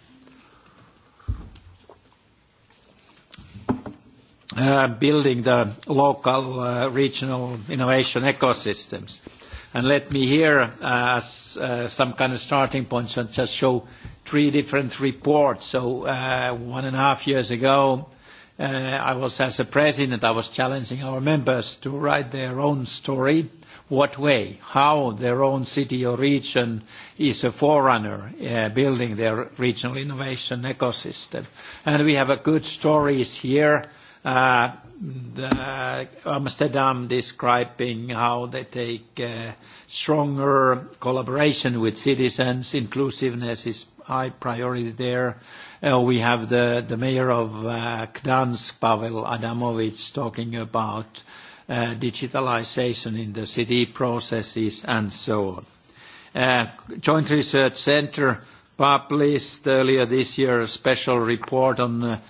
Building the local regional innovation ecosystems. And let me here, as some kind of starting points, just show three different reports. So one and a half years ago, I was, as a president, I was challenging our members to write their own story what way, how their own city or region is a forerunner building their regional innovation ecosystem. And we have good stories here. Amsterdam describing how they take stronger collaboration with citizens. Inclusiveness is high priority there. We have the mayor of Gdansk, Pavel Adamovich, talking about digitalization in the city processes, and so on. Joint Research Centre published earlier this year a special report on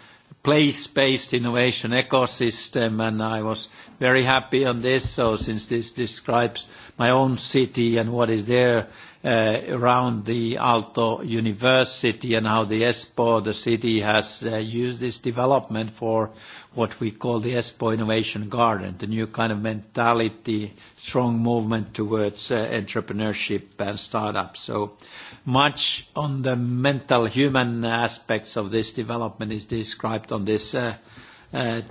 place-based innovation ecosystem, and I was very happy on this. So since this describes my own city and what is there, around the Aalto University and how the ESPO, the city, has used this development for what we call the Espoo Innovation Garden, the new kind of mentality, strong movement towards entrepreneurship and startups. So much on the mental human aspects of this development is described on this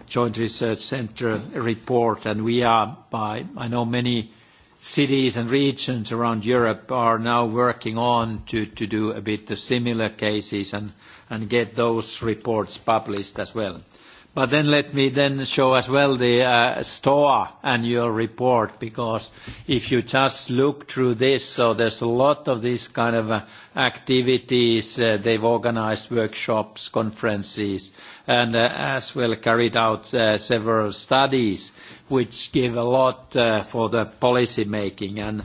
Joint Research Center report, and we are by, I know many cities and regions around Europe are now working on to do a bit the similar cases and get those reports published as well. But then let me then show as well the STOA annual report, because if you just look through this, so there's a lot of these kind of activities. They've organized workshops, conferences, and as well carried out several studies which give a lot for the policy making. And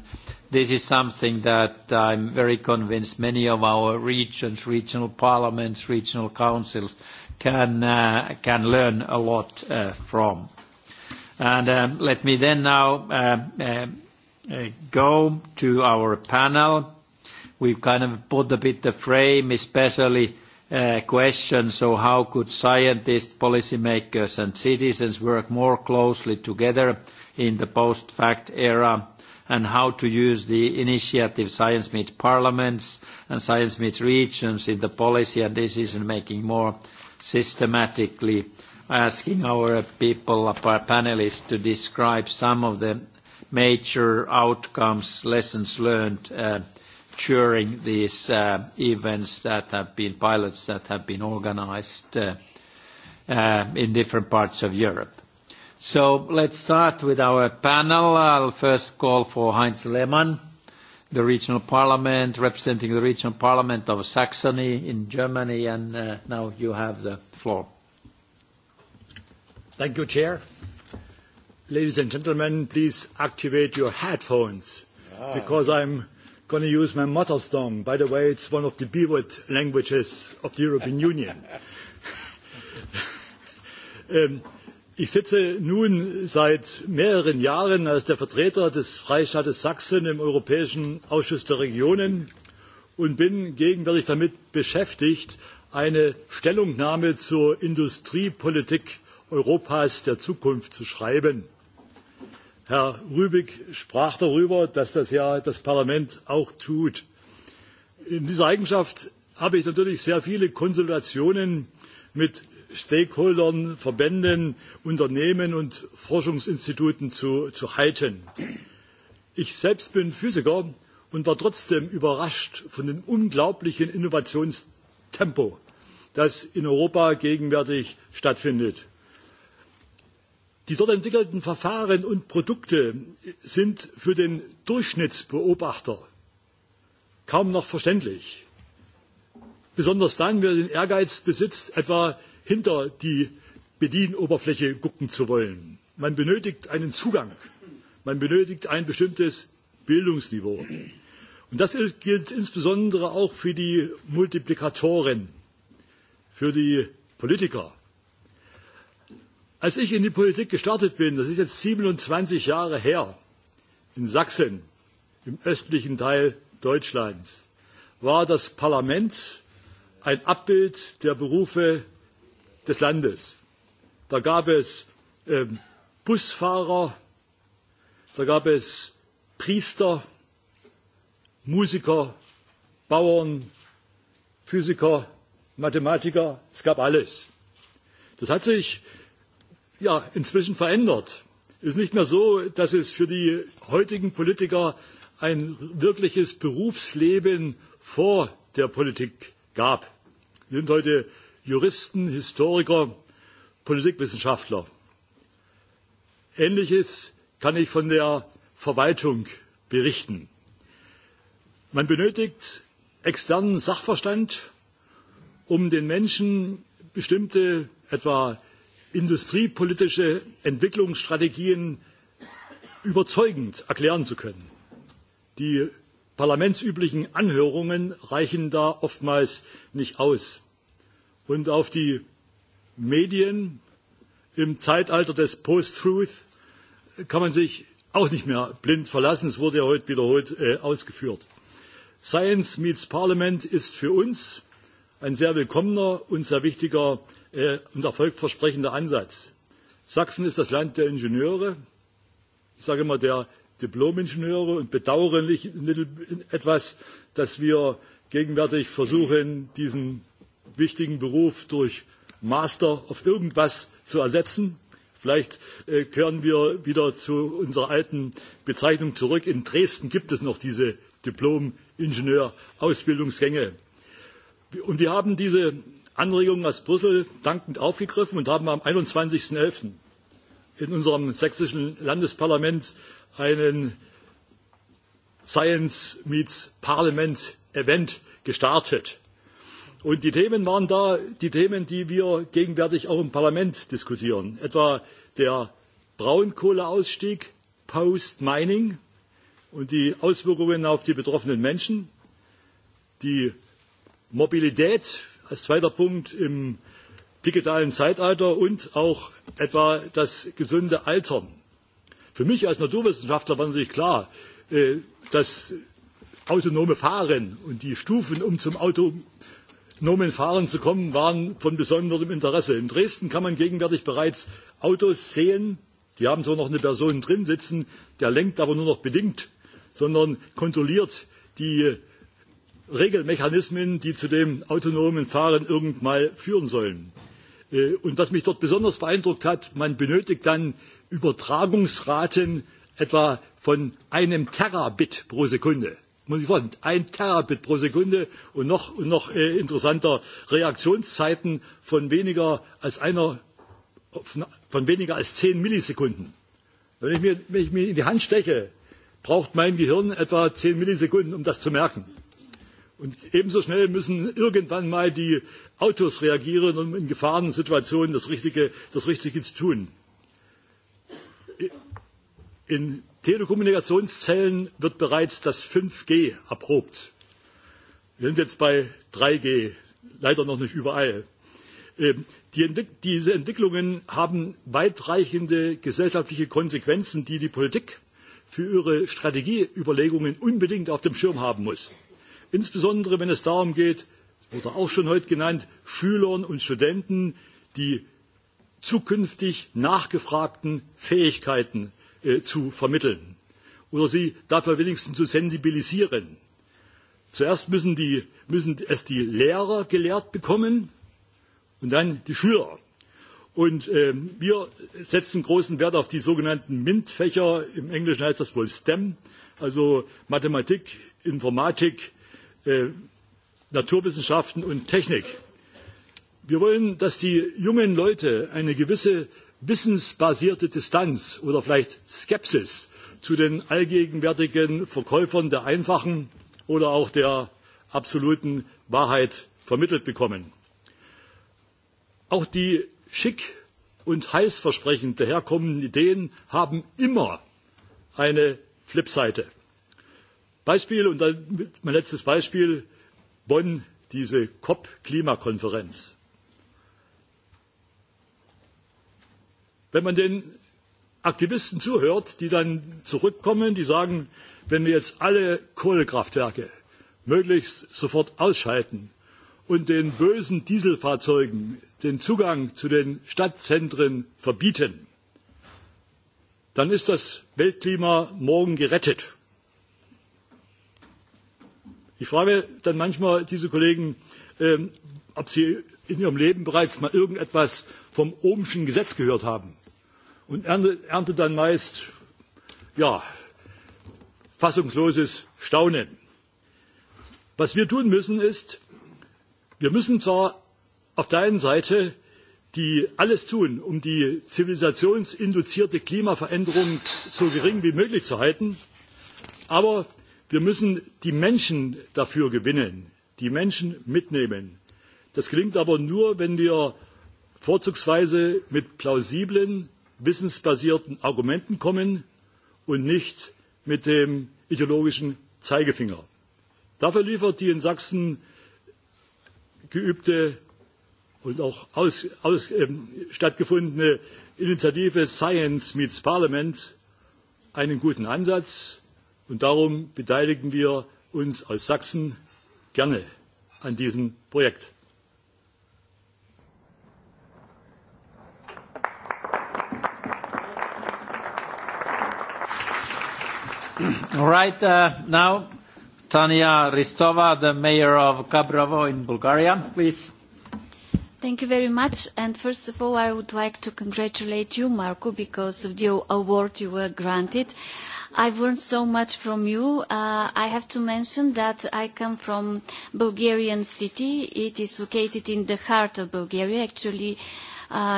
this is something that I'm very convinced many of our regions, regional parliaments, regional councils can learn a lot from. And let me then now go to our panel. We've kind of put a bit the frame, especially question, so how could scientists, policymakers and citizens work more closely together in the post-fact era, and how to use the initiative Science Meets Parliaments and Science Meets Regions in the policy and decision-making more systematically, asking our people, our panelists, to describe some of the major outcomes, lessons learned, during these events that have been pilots that have been organized in different parts of Europe. So let's start with our panel. I'll first call for Heinz Lehmann, the regional parliament, representing the regional parliament of Saxony in Germany, and now you have the floor. Thank you, Chair. Ladies and gentlemen, please activate your headphones because I'm going to use my tongue. By the way, it's one of the b languages of the European Union. Ich sitze nun seit mehreren Jahren als der Vertreter des Freistaates Sachsen im Europäischen Ausschuss der Regionen und bin gegenwärtig damit beschäftigt, eine Stellungnahme zur Industriepolitik Europas der Zukunft zu schreiben. Herr Rübig sprach darüber, dass das ja das Parlament auch tut. In dieser Eigenschaft habe ich natürlich sehr viele Konsultationen mit Stakeholdern, Verbänden, Unternehmen und Forschungsinstituten zu halten. Ich selbst bin Physiker und war trotzdem überrascht von dem unglaublichen Innovationstempo, das in Europa gegenwärtig stattfindet. Die dort entwickelten Verfahren und Produkte sind für den Durchschnittsbeobachter kaum noch verständlich, besonders dann, wer den Ehrgeiz besitzt, etwa hinter die Bedienoberfläche gucken zu wollen. Man benötigt einen Zugang, man benötigt ein bestimmtes Bildungsniveau. Und das gilt insbesondere auch für die Multiplikatoren, für die Politiker Als ich in die Politik gestartet bin, das ist jetzt 27 Jahre her, in Sachsen, im östlichen Teil Deutschlands, war das Parlament ein Abbild der Berufe des Landes. Da gab es Busfahrer, da gab es Priester, Musiker, Bauern, Physiker, Mathematiker, es gab alles. Das hat sich ja inzwischen verändert. Es ist nicht mehr so, dass es für die heutigen Politiker ein wirkliches Berufsleben vor der Politik gab. Sie sind heute Juristen, Historiker, Politikwissenschaftler. Ähnliches kann ich von der Verwaltung berichten. Man benötigt externen Sachverstand, um den Menschen bestimmte, etwa industriepolitische Entwicklungsstrategien überzeugend erklären zu können. Die parlamentsüblichen Anhörungen reichen da oftmals nicht aus. Und auf die Medien im Zeitalter des Post-Truth kann man sich auch nicht mehr blind verlassen. Es wurde ja heute wiederholt ausgeführt. Science meets Parliament ist für uns ein sehr willkommener und sehr wichtiger und erfolgversprechender Ansatz. Sachsen ist das Land der Ingenieure, ich sage immer der Diplomingenieure und bedauerlich etwas, dass wir gegenwärtig versuchen, diesen wichtigen Beruf durch Master auf irgendwas zu ersetzen. Vielleicht kehren wir wieder zu unserer alten Bezeichnung zurück. In Dresden gibt es noch diese diplom ingenieur Und wir haben diese Anregungen aus Brüssel dankend aufgegriffen und haben am 21.11. in unserem sächsischen Landesparlament einen Science Meets Parliament Event gestartet. die Themen waren da die Themen, die wir gegenwärtig auch im Parlament diskutieren, etwa der Braunkohleausstieg, Post-Mining und die Auswirkungen auf die betroffenen Menschen, die Mobilität als zweiter Punkt im digitalen Zeitalter und auch etwa das gesunde Altern. Für mich als Naturwissenschaftler war natürlich klar, das autonome Fahren und die Stufen, um zum autonomen Fahren zu kommen, waren von besonderem Interesse. In Dresden kann man gegenwärtig bereits Autos sehen, die haben zwar noch eine Person drin sitzen, der lenkt aber nur noch bedingt, sondern kontrolliert die Regelmechanismen, die zu dem autonomen Fahren irgendwann führen sollen. Und was mich dort besonders beeindruckt hat, man benötigt dann Übertragungsraten etwa von einem Terabit pro Sekunde. Ein Terabit pro Sekunde und noch interessanter Reaktionszeiten von weniger als einer, von weniger als zehn Millisekunden. Wenn ich mir in die Hand steche, braucht mein Gehirn etwa zehn Millisekunden, um das zu merken. Und ebenso schnell müssen irgendwann mal die Autos reagieren, um in Gefahrensituationen das Richtige zu tun. In Telekommunikationszellen wird bereits das 5G erprobt. Wir sind jetzt bei 3G, leider noch nicht überall. Diese Entwicklungen haben weitreichende gesellschaftliche Konsequenzen, die die Politik für ihre Strategieüberlegungen unbedingt auf dem Schirm haben muss insbesondere wenn es darum geht wurde auch schon heute genannt schülern und studenten die zukünftig nachgefragten fähigkeiten zu vermitteln oder sie dafür wenigstens zu sensibilisieren. zuerst müssen es die lehrer gelehrt bekommen und dann die schüler. wir setzen großen wert auf die sogenannten mint fächer im englischen heißt das wohl stem also mathematik informatik Naturwissenschaften und Technik. Wir wollen, dass die jungen Leute eine gewisse wissensbasierte Distanz oder vielleicht Skepsis zu den allgegenwärtigen Verkäufern der einfachen oder auch der absoluten Wahrheit vermittelt bekommen. Auch die schick und heißversprechend daherkommenden Ideen haben immer eine Flipseite. Beispiel, und dann mein letztes Beispiel, Bonn, diese COP-Klimakonferenz. Wenn man den Aktivisten zuhört, die dann zurückkommen, die sagen, wenn wir jetzt alle Kohlekraftwerke möglichst sofort ausschalten und den bösen Dieselfahrzeugen den Zugang zu den Stadtzentren verbieten, dann ist das Weltklima morgen gerettet. Ich frage dann manchmal diese Kollegen, ob sie in ihrem Leben bereits mal irgendetwas vom Ohmschen Gesetz gehört haben und ernte dann meist fassungsloses Staunen. Was wir tun müssen ist, wir müssen zwar auf der einen Seite die alles tun, um die zivilisationsinduzierte Klimaveränderung so gering wie möglich zu halten, aber Wir müssen die Menschen dafür gewinnen, die Menschen mitnehmen. Das gelingt aber nur, wenn wir vorzugsweise mit plausiblen, wissensbasierten Argumenten kommen und nicht mit dem ideologischen Zeigefinger. Dafür liefert die in Sachsen geübte und auch stattgefundene Initiative Science meets Parliament einen guten Ansatz. Und darum beteiligen wir uns aus Sachsen gerne an diesem Projekt. All right, now Tanya Ristova, the mayor of Kabrovo in Bulgaria, please. Thank you very much. And first of all, I would like to congratulate you, Marco, because of the award you were granted. I've learned so much from you. I have to mention that I come from Bulgarian city. It is located in the heart of Bulgaria. Actually,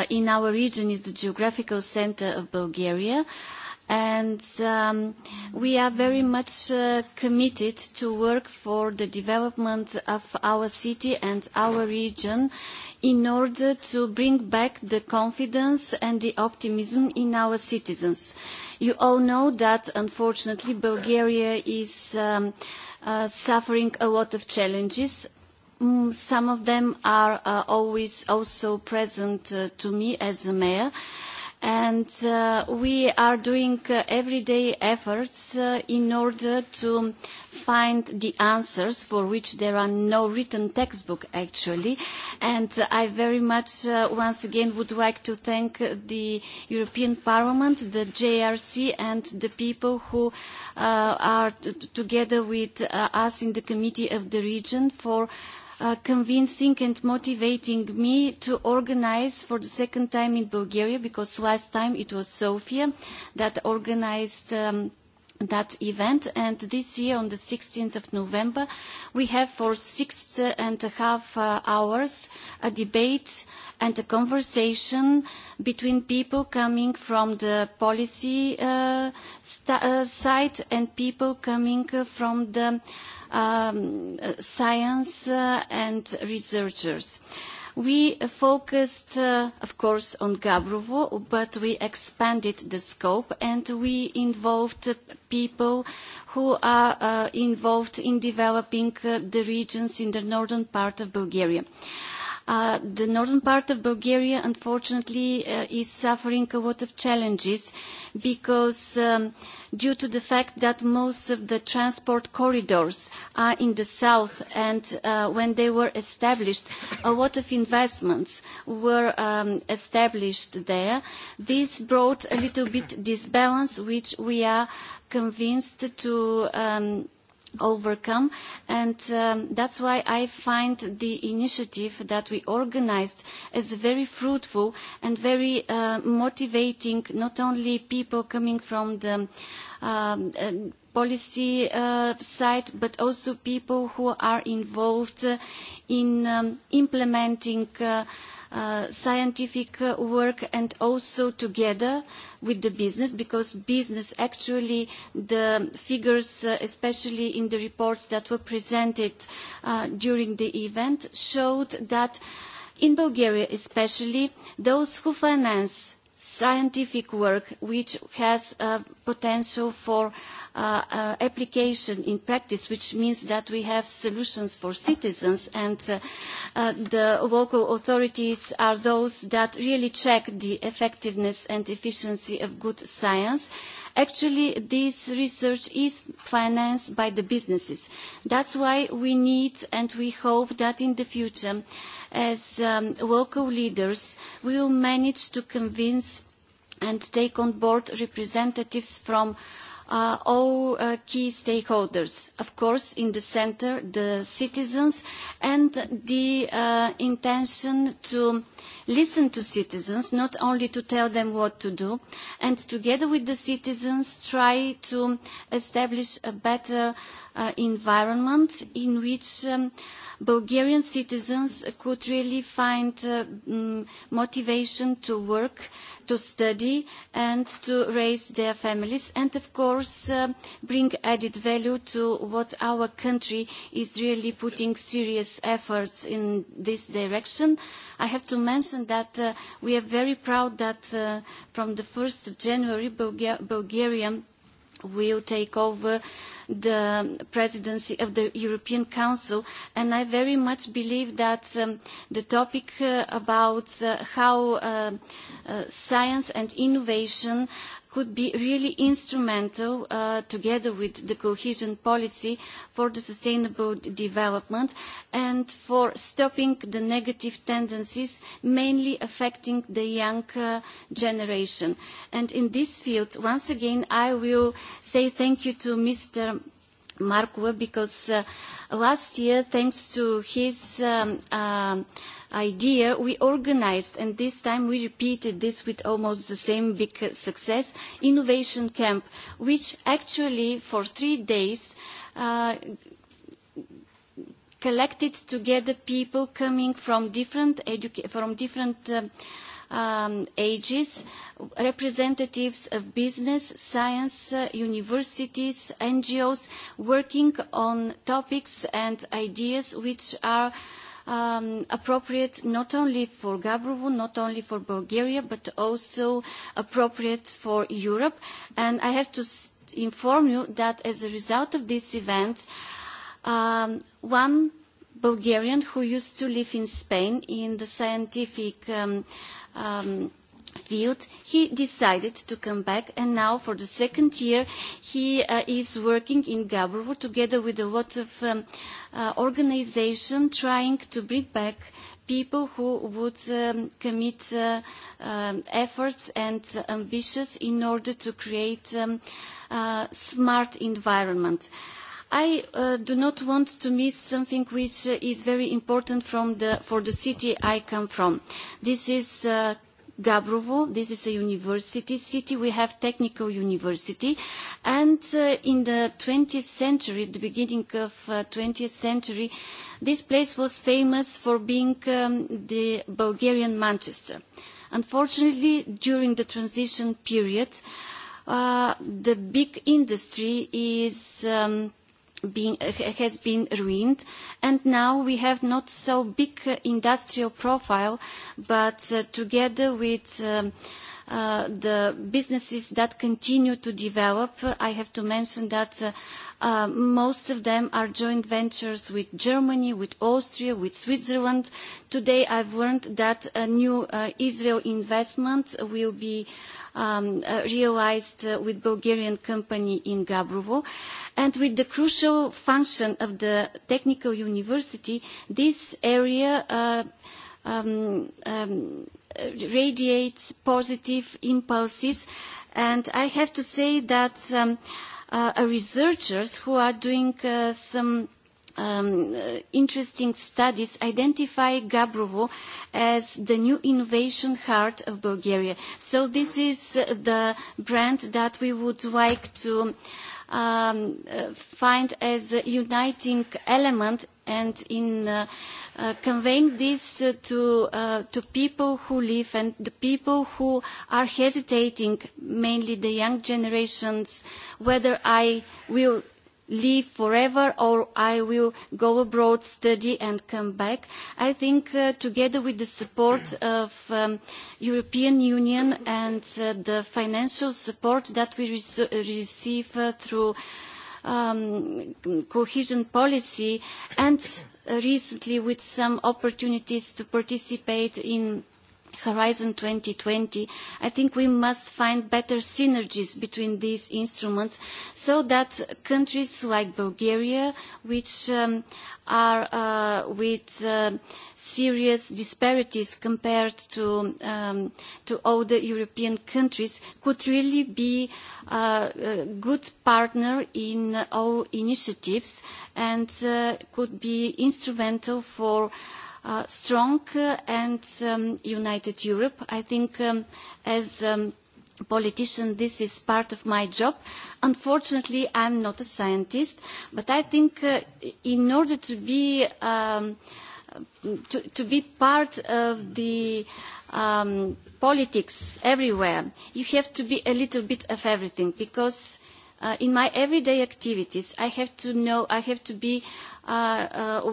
in our region is the geographical center of Bulgaria. And we are very much committed to work for the development of our city and our region in order to bring back the confidence and the optimism in our citizens. You all know that, unfortunately, Bulgaria is suffering a lot of challenges. Some of them are always also present to me as a mayor and we are doing everyday efforts in order to find the answers for which there are no written textbooks actually and I very much once again would like to thank the European Parliament, the JRC and the people who are together with us in the Committee of the Region for convincing and motivating me to organize for the second time in Bulgaria, because last time it was Sofia that organized that event. And this year, on the 16th of November, we have for six and a half hours a debate and a conversation between people coming from the policy side and people coming from the science and researchers. We focused, of course, on Gabrovo, but we expanded the scope and we involved people who are involved in developing the regions in the northern part of Bulgaria. The northern part of Bulgaria, unfortunately, is suffering a lot of challenges because due to the fact that most of the transport corridors are in the south and when they were established, a lot of investments were established there. This brought a little bit disbalance, which we are convinced to overcome and that's why i find the initiative that we organised as very fruitful and very motivating not only people coming from the policy side but also people who are involved in implementing scientific work and also together with the business because business actually the figures especially in the reports that were presented during the event showed that in Bulgaria especially those who finance scientific work which has potential for application in practice, which means that we have solutions for citizens and the local authorities are those that really check the effectiveness and efficiency of good science. Actually, this research is financed by the businesses. That's why we need and we hope that in the future, as local leaders, we will manage to convince and take on board representatives from all key stakeholders. Of course, in the center, the citizens and the intention to listen to citizens, not only to tell them what to do, and together with the citizens try to establish a better environment in which Bulgarian citizens could really find motivation to work to study and to raise their families and of course bring added value to what our country is really putting serious efforts in this direction. I have to mention that we are very proud that from the 1st of January Bulgaria will take over the presidency of the European Council, and I very much believe that the topic about how science and innovation could be really instrumental together with the cohesion policy for the sustainable development and for stopping the negative tendencies mainly affecting the young generation. And in this field, once again, I will say thank you to Mr. Markua because last year, thanks to his idea, we organized, and this time we repeated this with almost the same big success, Innovation Camp, which actually for three days collected together people coming from different ages, representatives of business, science, universities, NGOs, working on topics and ideas which are appropriate not only for Gabrovo, not only for Bulgaria, but also appropriate for Europe. And I have to inform you that as a result of this event, one Bulgarian who used to live in Spain in the scientific field, he decided to come back and now for the second year he is working in Gabrovo together with a lot of organization trying to bring back people who would commit efforts and ambitions in order to create a smart environment. I do not want to miss something which is very important for the city I come from. This is Gabrovo. This is a university city. We have technical university. And in the 20th century, the beginning of 20th century, this place was famous for being the Bulgarian Manchester. Unfortunately, during the transition period, the big industry is has been ruined and now we have not so big industrial profile but together with the businesses that continue to develop. I have to mention that most of them are joint ventures with Germany, with Austria, with Switzerland. Today I've learned that a new Israel investment will be realized with Bulgarian company in Gabrovo. And with the crucial function of the technical university, this area radiates positive impulses and I have to say that researchers who are doing some interesting studies identify Gabrovo as the new innovation heart of Bulgaria. So this is the brand that we would like to find as a uniting element and in conveying this to people who live and the people who are hesitating, mainly the young generations, whether I will live forever or I will go abroad, study and come back. I think together with the support of the European Union and the financial support that we receive through cohesion policy and recently with some opportunities to participate in Horizon 2020, I think we must find better synergies between these instruments so that countries like Bulgaria, which are with serious disparities compared to the European countries, could really be a good partner in all initiatives and could be instrumental for strong and united Europe. I think as a politician this is part of my job. Unfortunately, I am not a scientist, but I think in order to be to be part of the politics everywhere, you have to be a little bit of everything because in my everyday activities i have to know i have to be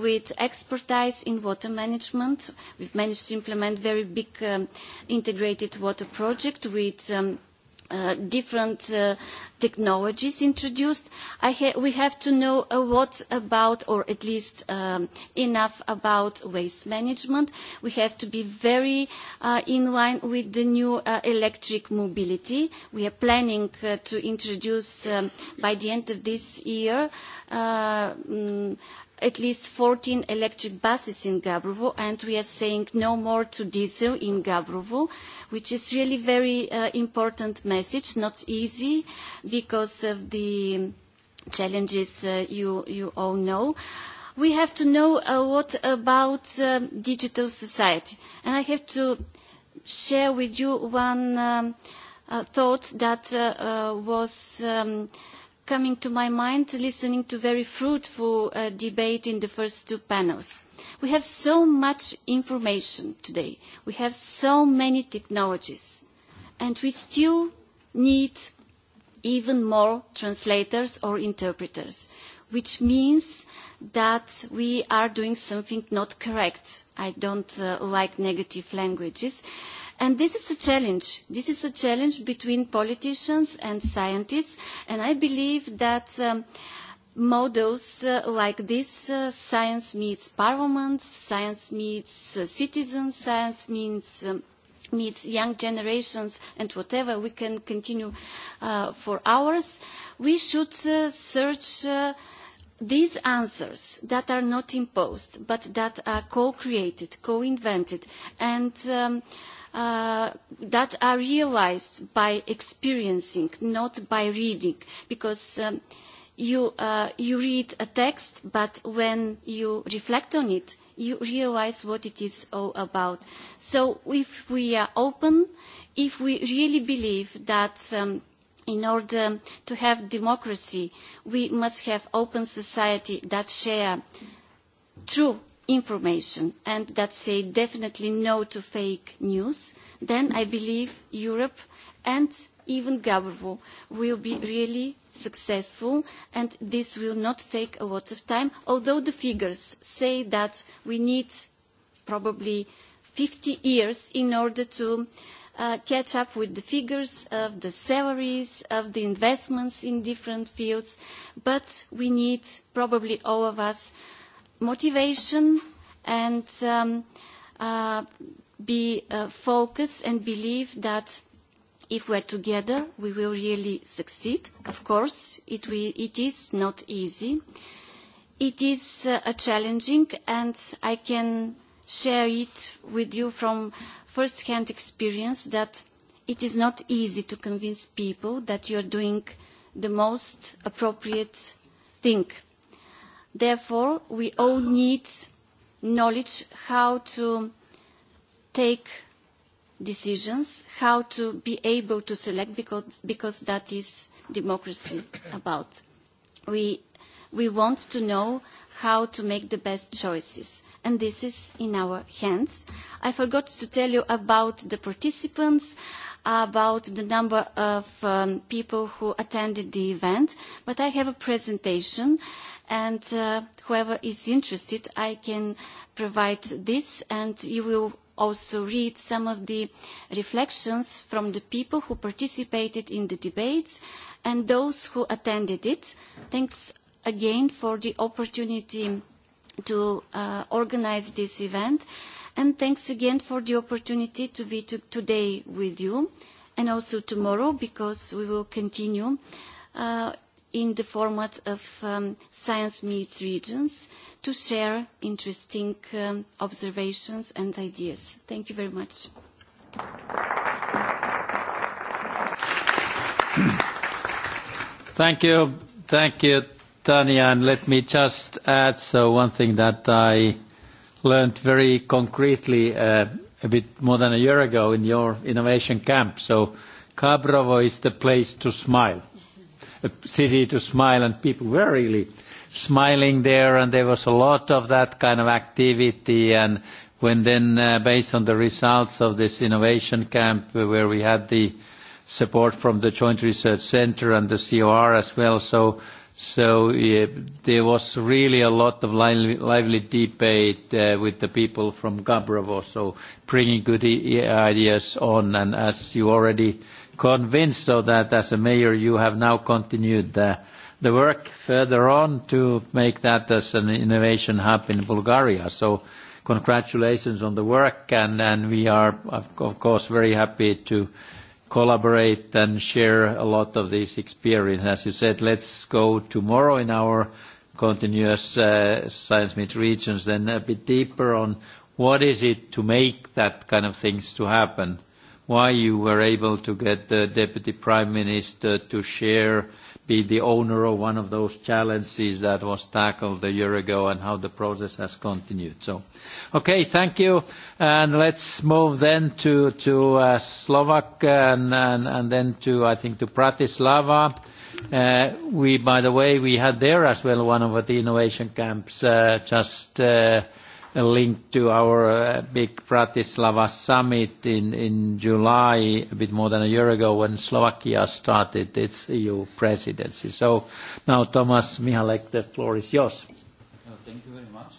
with expertise in water management we've managed to implement very big integrated water project with different technologies introduced, we have to know a lot about, or at least enough about waste management. We have to be very in line with the new electric mobility. We are planning to introduce by the end of this year at least 14 electric buses in Gabrovo, and we are saying no more to diesel in Gabrovo, which is really very important message, not easy because of the challenges you all know. We have to know a lot about digital society, and I have to share with you one thought that was coming to my mind listening to very fruitful debate in the first two panels. We have so much information today. We have so many technologies. And we still need even more translators or interpreters, which means that we are doing something not correct. I don't like negative languages. And this is a challenge. This is a challenge between politicians and scientists. And I believe that models like this, science meets parliaments, science meets citizens, science meets young generations and whatever we can continue for hours we should search these answers that are not imposed but that are co-created co-invented and that are realized by experiencing, not by reading, because you read a text, but when you reflect on it, you realize what it is all about. So if we are open, if we really believe that in order to have democracy, we must have open society that share true information and that say definitely no to fake news, then I believe Europe and even Gabavo will be really successful and this will not take a lot of time, although the figures say that we need probably 50 years in order to catch up with the figures of the salaries, of the investments in different fields, but we need probably all of us motivation and be focused and believe that if we are together we will really succeed. Of course, it is not easy. It is challenging and I can share it with you from first-hand experience that it is not easy to convince people that you are doing the most appropriate thing Therefore, we all need knowledge how to take decisions, how to be able to select, because that is democracy about. We want to know how to make the best choices, and this is in our hands. I forgot to tell you about the participants, about the number of people who attended the event, but I have a presentation and whoever is interested I can provide this and you will also read some of the reflections from the people who participated in the debates and those who attended it. Thanks again for the opportunity to organize this event and thanks again for the opportunity to be today with you and also tomorrow because we will continue in the format of science Meets regions to share interesting observations and ideas. Thank you very much. Thank you. Thank you, Tania. And let me just add so one thing that I learned very concretely a bit more than a year ago in your innovation camp. So Kabrovo is the place to smile The city to smile and people were really smiling there and there was a lot of that kind of activity and when then based on the results of this innovation camp where we had the support from the Joint Research Center and the COR as well so so there was really a lot of lively debate with the people from Gabrovo so bringing good ideas on and as you already convinced of that as a mayor you have now continued the work further on to make that as an innovation hub in Bulgaria. So congratulations on the work and we are of course very happy to collaborate and share a lot of this experience. As you said, let's go tomorrow in our continuous science meet regions then a bit deeper on what is it to make that kind of things to happen why you were able to get the Deputy Prime Minister to share, be the owner of one of those challenges that was tackled a year ago and how the process has continued. So, okay, thank you. And let's move then to to Slovak and then to, I think, to Bratislava. We, by the way, we had there as well one of the innovation camps just link to our big Bratislava summit in July, a bit more than a year ago, when Slovakia started its EU presidency. So now, Thomas Mihalek, the floor is yours. Thank you very much.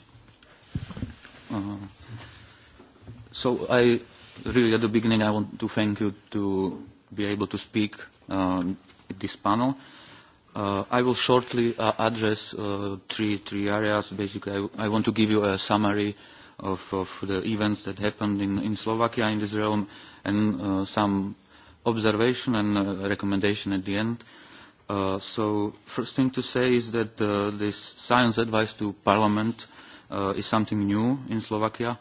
So I really, at the beginning, I want to thank you to be able to speak at this panel. I will shortly address three areas. Basically, I want to give you a summary of the events that happened in Slovakia in this realm and some observation and recommendation at the end. So first thing to say is that this science advice to Parliament is something new in Slovakia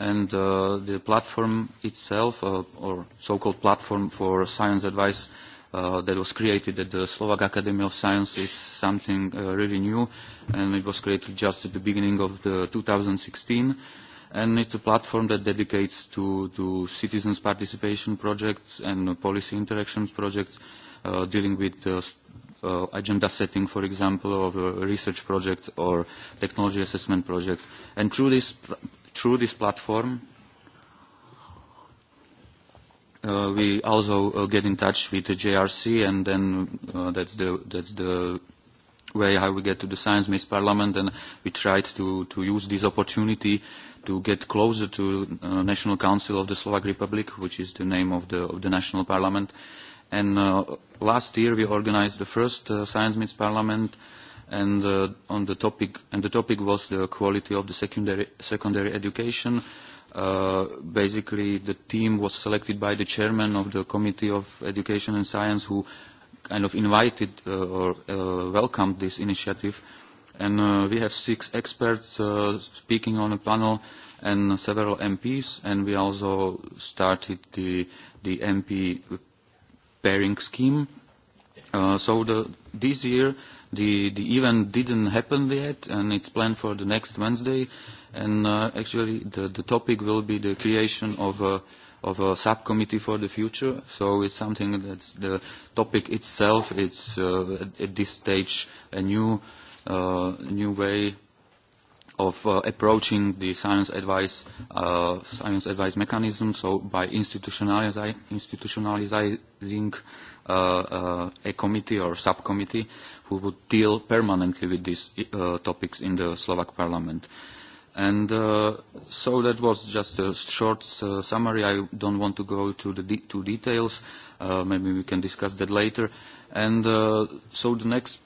and the platform itself or so-called platform for science advice that was created at the Slovak Academy of Science is something really new, and it was created just at the beginning of 2016. And it's a platform that dedicates to citizens' participation projects and policy interactions projects, dealing with agenda setting, for example, of research projects or technology assessment projects. And through this platform, we also get in touch with the JRC and then that's the that's the way how we get to the science-based parliament and we tried to to use this opportunity to get closer to National Council of the Slovak Republic, which is the name of the of the national parliament. And last year we organized the first science meets parliament and on the topic and the topic was the quality of the secondary secondary education Basically, the team was selected by the chairman of the Committee of Education and Science, who kind of invited or welcomed this initiative. And we have six experts speaking on a panel and several MPs. And we also started the the MP pairing scheme. So this year the the event didn't happen yet, and it's planned for the next Wednesday and actually the the topic will be the creation of a of a subcommittee for the future so it's something that's the topic itself it's at this stage a new new way of approaching the science advice science advice mechanism so by institutionalizing a committee or subcommittee who would deal permanently with these topics in the Slovak parliament And so that was just a short summary. I don't want to go to the to details. Maybe we can discuss that later. And so the next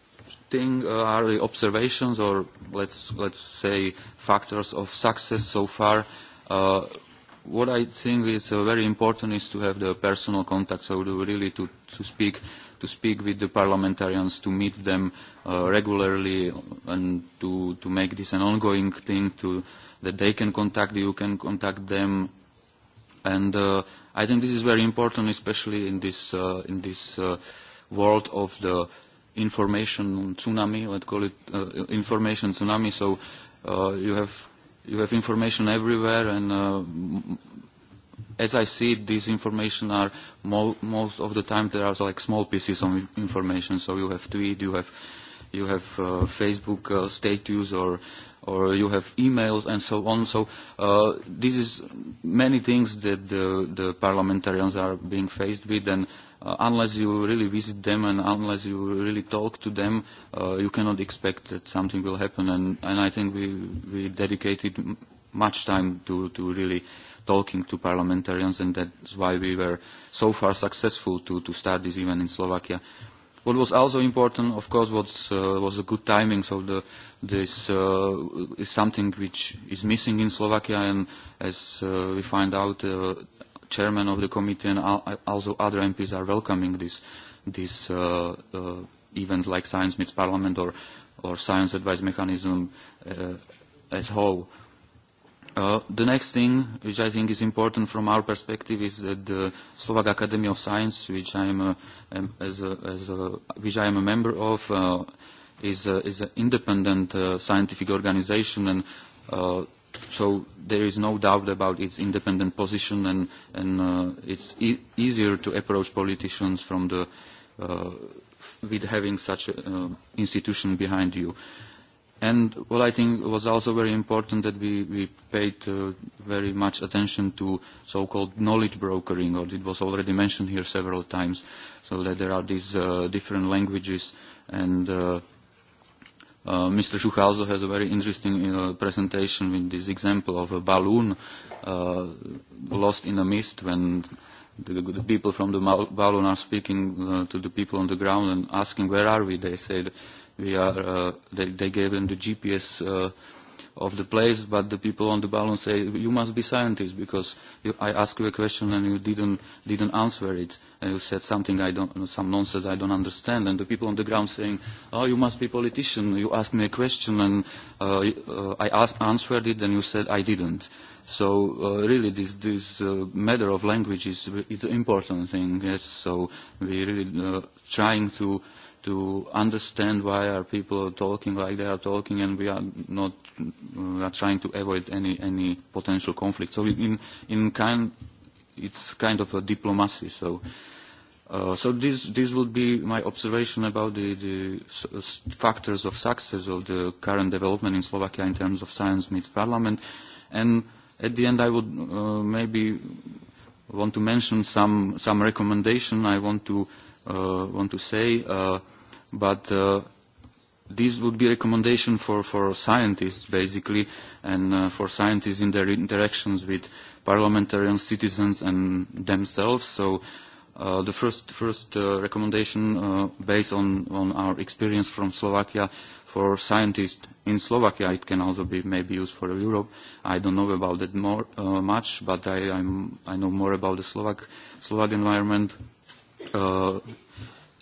thing are the observations or let's let's say factors of success so far. What I think is very important is to have the personal contact, so really to to speak to speak with the parliamentarians, to meet them regularly and to to make this an ongoing thing to that they can contact you can contact them and I think this is very important especially in this in this world of the information tsunami let's call it information tsunami so you have you have information everywhere and as I see it, this information are most of the time there are like small pieces of information. So you have tweet, you have you have Facebook status, or or you have emails and so on. So this is many things that the the parliamentarians are being faced with, and unless you really visit them and unless you really talk to them, you cannot expect that something will happen. And and I think we we dedicated much time to to really talking to parliamentarians, and that's why we were so far successful to start this event in Slovakia. What was also important, of course, was was good timing. So this is something which is missing in Slovakia, and as we find out, the chairman of the committee and also other MPs are welcoming this this events like Science Meets Parliament or or Science Advice Mechanism as whole. The next thing which I think is important from our perspective is that the Slovak Academy of Science, which I am a member of, is an independent scientific organization and so there is no doubt about its independent position and it's easier to approach politicians from the with having such an institution behind you. And what I think was also very important that we, we paid very much attention to so-called knowledge brokering, or it was already mentioned here several times, so that there are these different languages. And Mr. Schuch also has a very interesting presentation with this example of a balloon lost in a mist when the people from the balloon are speaking to the people on the ground and asking, where are we? They said we are they gave them the GPS of the place, but the people on the balloon say, you must be scientists because I asked you a question and you didn't, didn't answer it. And you said something I don't, some nonsense I don't understand. And the people on the ground saying, oh, you must be politician. You asked me a question and I asked, answered it and you said I didn't. So really this, this matter of language is an important thing. Yes? So we really trying to to understand why our people are talking like they are talking and we are not trying to avoid any any potential conflict. So in in kind it's kind of a diplomacy. So so this this would be my observation about the the factors of success of the current development in Slovakia in terms of science meets parliament. And at the end I would maybe want to mention some some recommendation I want to want to say but this would be a recommendation for for scientists basically and for scientists in their interactions with parliamentarians, citizens and themselves. So the first first recommendation based on our experience from Slovakia for scientists in Slovakia it can also be maybe used for Europe. I don't know about it more much, but I I know more about the Slovak Slovak environment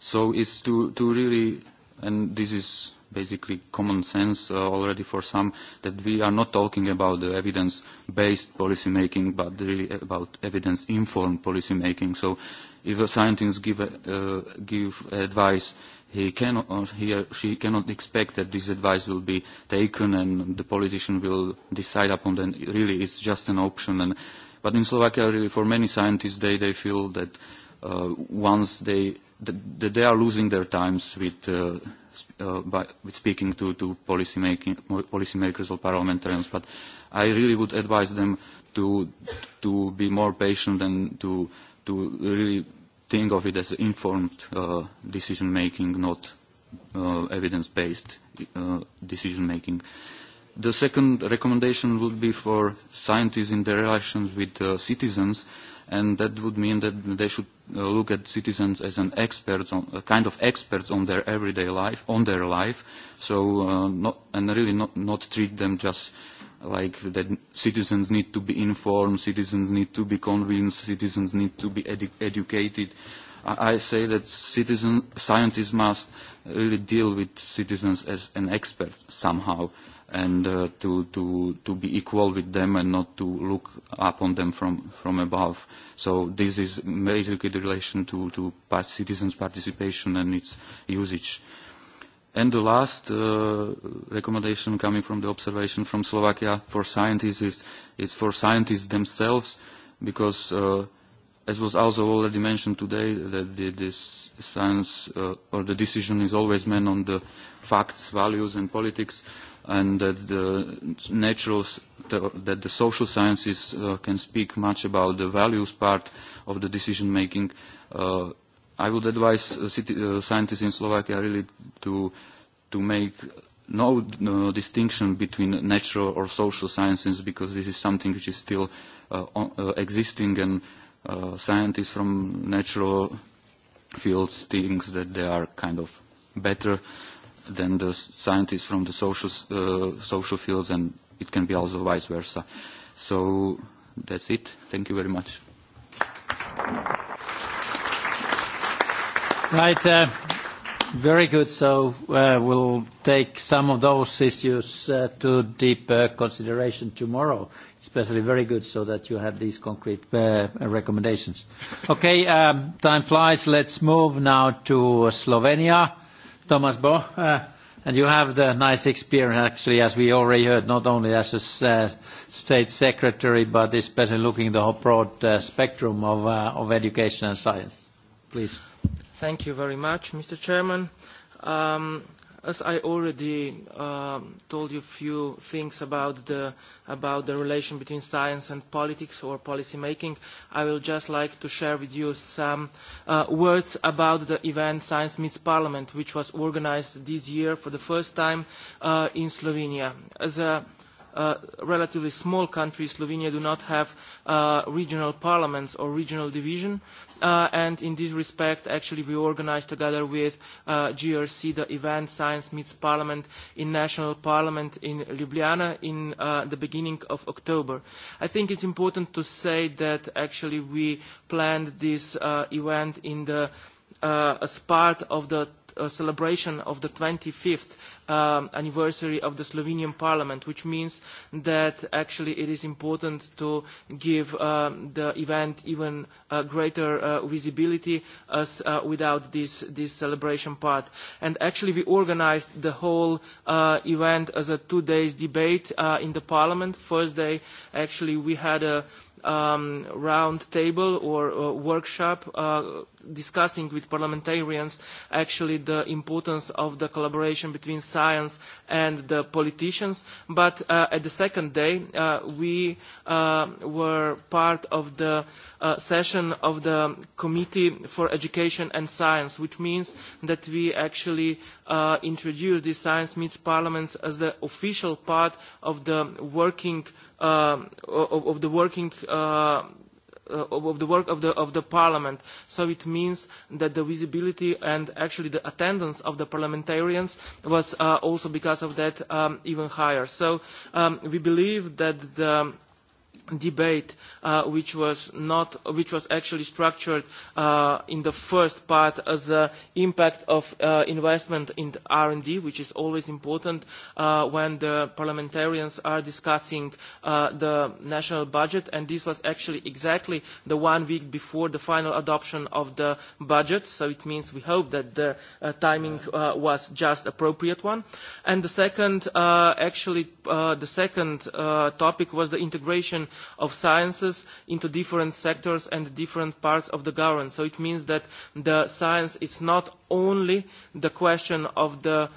So it's to really, and this is basically common sense already for some, that we are not talking about the evidence-based policy making, but really about evidence-informed policy making. So if a scientist give advice, he cannot, he or she cannot expect that this advice will be taken and the politician will decide upon it. Really, it's just an option. But in Slovakia, really, for many scientists, they feel that once they that they are losing their times with speaking to to policymakers or parliamentarians. But I really would advise them to be more patient and to really think of it as informed decision making, not evidence based decision making. The second recommendation would be for scientists in their relations with citizens, and that would mean that they should look at citizens as an experts on kind of experts on their everyday life on their life so not and really not not treat them just like that citizens need to be informed citizens need to be convinced citizens need to be educated i say that citizen scientists must really deal with citizens as an expert somehow and to to to be equal with them and not to look up on them from from above. So this is basically the relation to to citizens' participation and its usage. And the last recommendation coming from the observation from Slovakia for scientists is for scientists themselves because as was also already mentioned today, that this science or the decision is always meant on the facts, values and politics and that the natural that the social sciences can speak much about the values part of the decision making. I would advise scientists in Slovakia really to to make no distinction between natural or social sciences because this is something which is still existing and scientists from natural fields think that they are kind of better than the scientists from the social social fields, and it can be also vice versa. So that's it. Thank you very much. Right. Very good. So we'll take some of those issues to deep consideration tomorrow, especially very good so that you have these concrete recommendations. Okay, time flies. Let's move now to Slovenia. Thomas Bo, and you have the nice experience, actually, as we already heard, not only as a state secretary, but especially looking at the whole broad spectrum of education and science. Please. Thank you very much, Mr. Chairman as I already told you a few things about the relation between science and politics or policy making, I will just like to share with you some words about the event Science Meets Parliament, which was organized this year for the first time in Slovenia. As a relatively small country, Slovenia do not have regional parliaments or regional division, and in this respect actually we organised together with GRC the event Science Meets Parliament in National Parliament in Ljubljana in the beginning of October. I think it's important to say that actually we planned this event in the as part of the celebration of the 25th anniversary of the Slovenian Parliament, which means that actually it is important to give the event even greater visibility as without this celebration part. And actually we organized the whole event as a two days debate in the Parliament. First day actually we had a round table or workshop discussing with parliamentarians actually the importance of the collaboration between science and the politicians. But at the second day, we were part of the session of the Committee for Education and Science, which means that we actually introduced the Science Meets Parliaments as the official part of the working of the working of the work of the of the parliament so it means that the visibility and actually the attendance of the parliamentarians was also because of that even higher so we believe that the debate which was not which was actually structured in the first part as the impact of investment in R&D which is always important when the parliamentarians are discussing the national budget and this was actually exactly the one week before the final adoption of the budget so it means we hope that the timing was just appropriate one and the second actually the second topic was the integration of sciences into different sectors and different parts of the government. So it means that the science is not only the question of the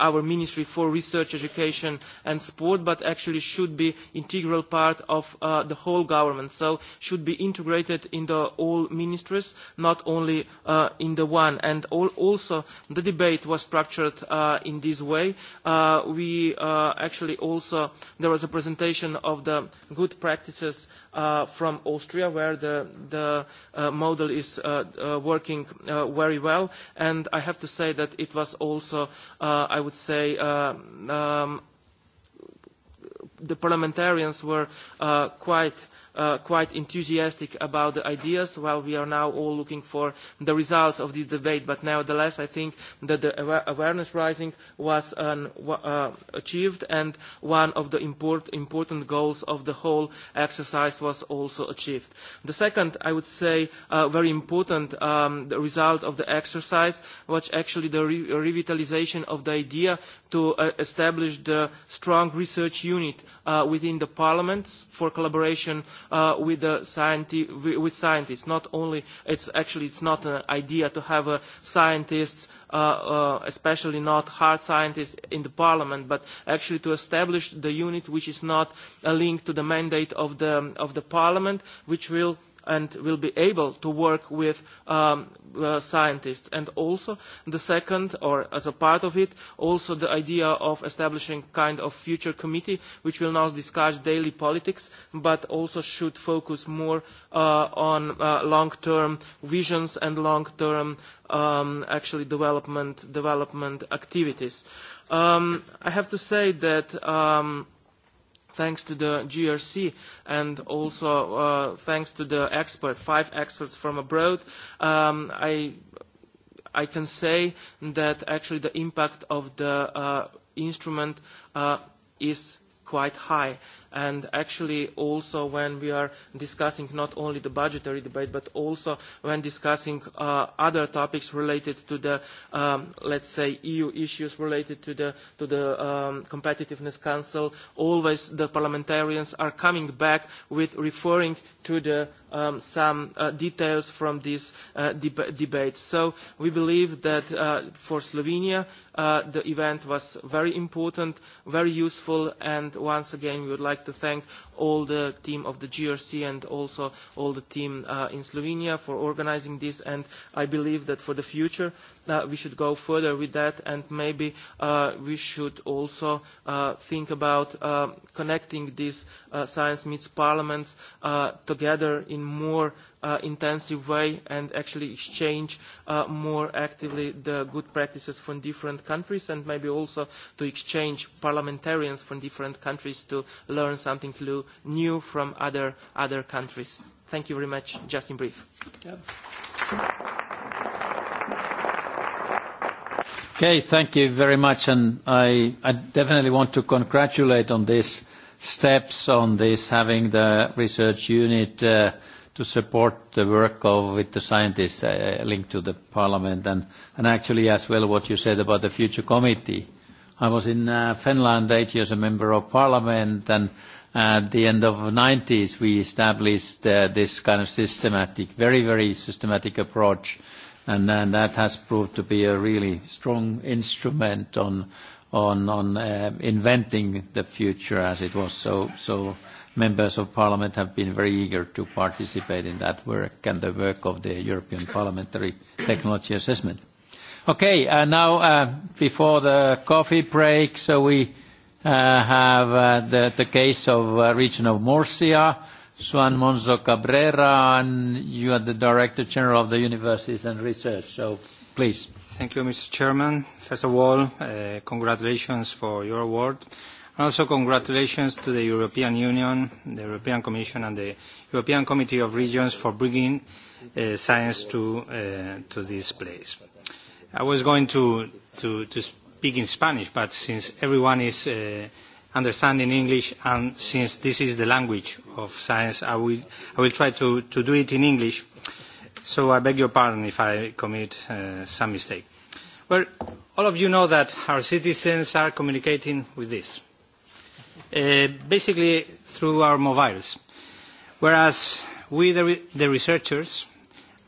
our Ministry for Research, Education and Sport, but actually should be integral part of the whole government. So should be integrated in the all ministries, not only in the one. And also the debate was structured in this way. We actually also there was a presentation of the good practices from Austria, where the model is working very well. And I have to say that it was also, I would would say, the parliamentarians were quite quite enthusiastic about the ideas, while we are now all looking for the results of this debate. But nevertheless, I think that the awareness rising was achieved, and one of the important goals of the whole exercise was also achieved. The second, I would say, very important result of the exercise was actually the revitalisation of the idea to establish the strong research unit within the Parliament for collaboration with scientists. Not only, it's actually it's not an idea to have scientists, especially not hard scientists, in the Parliament, but actually to establish the unit which is not linked to the mandate of the Parliament, which will and will be able to work with scientists. And also the second, or as a part of it, also the idea of establishing kind of future committee which will not discuss daily politics but also should focus more on long-term visions and long-term actually development activities. I have to say that thanks to the GRC and also thanks to the experts, five experts from abroad, I can say that actually the impact of the instrument is quite high and actually also when we are discussing not only the budgetary debate but also when discussing other topics related to the let's say EU issues related to the to the competitiveness council always the parliamentarians are coming back with referring to the some details from this debate so we believe that for Slovenia the event was very important very useful and once again we would like like to thank all the team of the GRC and also all the team in Slovenia for organizing this. And I believe that for the future, we should go further with that and maybe we should also think about connecting these science meets parliaments together in more intensive way and actually exchange more actively the good practices from different countries and maybe also to exchange parliamentarians from different countries to learn something new from other countries. Thank you very much. Just in brief. Okay, thank you very much. And I definitely want to congratulate on these steps, on this having the research unit to support the work of with the scientists linked to the Parliament and and actually as well what you said about the future committee. I was in Finland eight years a member of Parliament and at the end of the 90s we established this kind of systematic, very very systematic approach, and that has proved to be a really strong instrument on on on inventing the future as it was so so members of parliament have been very eager to participate in that work and the work of the European Parliamentary Technology Assessment. Okay, now before the coffee break, so we have the the case of region of Murcia, Juan Monzo Cabrera, and you are the Director General of the Universities and Research, so please. Thank you, Mr. Chairman. First of all, congratulations for your award Also, congratulations to the European Union, the European Commission and the European Committee of Regions for bringing science to this place. I was going to speak in Spanish, but since everyone is understanding English and since this is the language of science, I will try to do it in English. So I beg your pardon if I commit some mistake. Well, all of you know that our citizens are communicating with this basically through our mobiles. Whereas we, the researchers,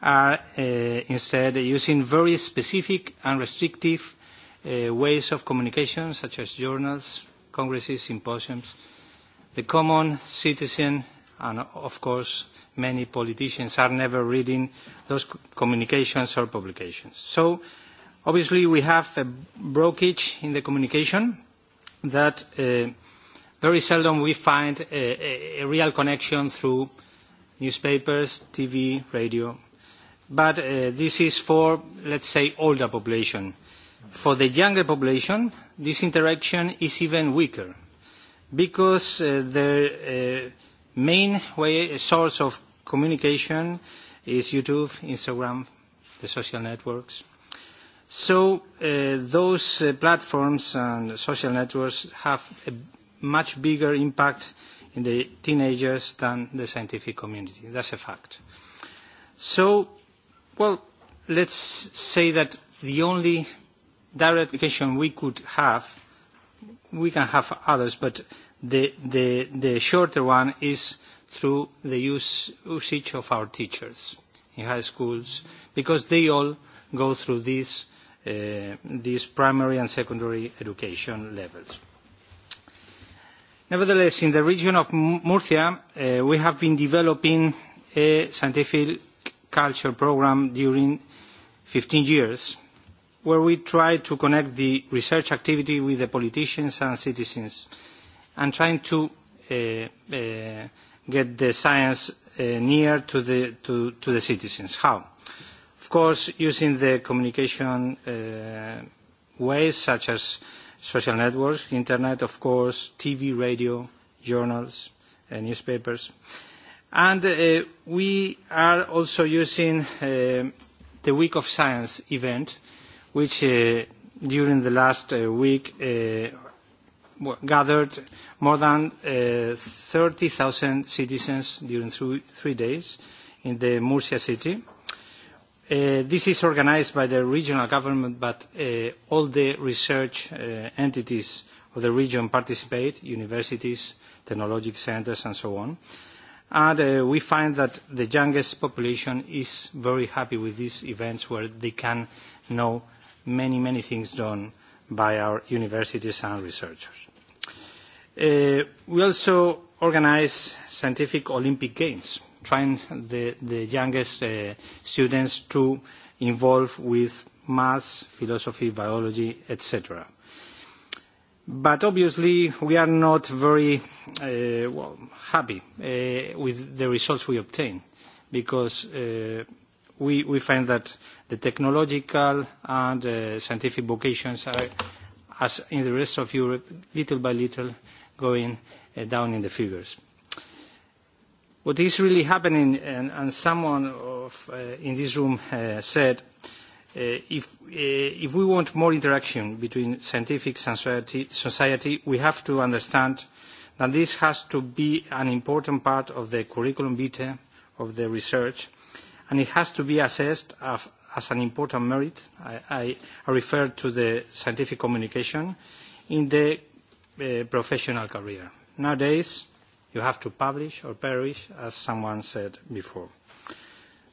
are instead using very specific and restrictive ways of communication, such as journals, congresses, symposiums, the common citizen and of course many politicians are never reading those communications or publications. So obviously we have a brokerage in the communication that very seldom we find a real connection through newspapers, TV, radio. But this is for, let's say, older population. For the younger population, this interaction is even weaker because their main source of communication is YouTube, Instagram, the social networks. So those platforms and social networks have a much bigger impact in the teenagers than the scientific community. That's a fact. So, well, let's say that the only direct education we could have, we can have others, but the shorter one is through the usage of our teachers in high schools, because they all go through these primary and secondary education levels. Nevertheless, in the region of Murcia, we have been developing a scientific culture program during 15 years, where we try to connect the research activity with the politicians and citizens, and trying to get the science near to the citizens. How? Of course, using the communication ways such as social networks, internet, of course, TV, radio, journals, newspapers. And we are also using the Week of Science event, which during the last week gathered more than 30,000 citizens during three days in the Murcia city This is organised by the regional government, but all the research entities of the region participate, universities, technological centres and so on. And we find that the youngest population is very happy with these events where they can know many, many things done by our universities and researchers. We also organise scientific Olympic Games Trying the youngest students to involve with maths, philosophy, biology, etc. But obviously we are not very happy with the results we obtain because we find that the technological and scientific vocations are, as in the rest of Europe, little by little going down in the figures. What is really happening, and someone in this room said, if we want more interaction between scientific society, we have to understand that this has to be an important part of the curriculum vitae of the research, and it has to be assessed as an important merit. I refer to the scientific communication in the professional career. Nowadays, You have to publish or perish, as someone said before.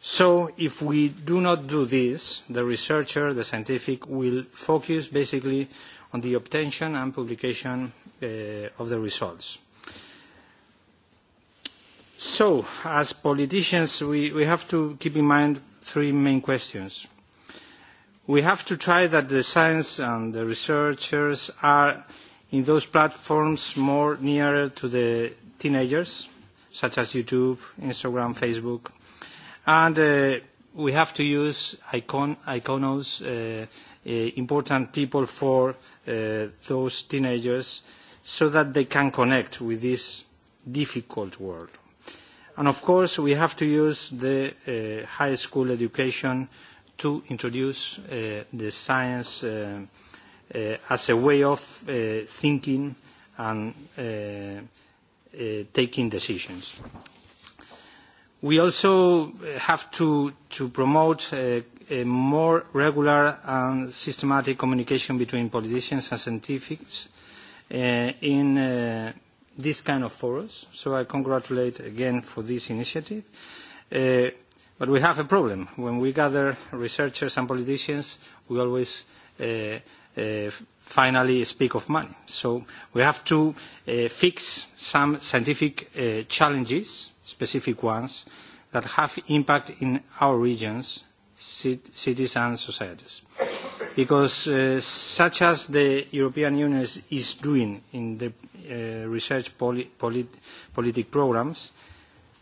So if we do not do this, the researcher, the scientific, will focus basically on the obtention and publication of the results. So, as politicians, we have to keep in mind three main questions. We have to try that the science and the researchers are in those platforms more nearer to the teenagers, such as YouTube, Instagram, Facebook. And we have to use iconos, important people for those teenagers, so that they can connect with this difficult world. And of course, we have to use the high school education to introduce the science as a way of thinking and taking decisions. We also have to promote a more regular and systematic communication between politicians and scientists in this kind of forums. So I congratulate again for this initiative. But we have a problem. When we gather researchers and politicians, we always finally speak of money. So we have to fix some scientific challenges, specific ones, that have impact in our regions, cities and societies. Because such as the European Union is doing in the research politic programmes,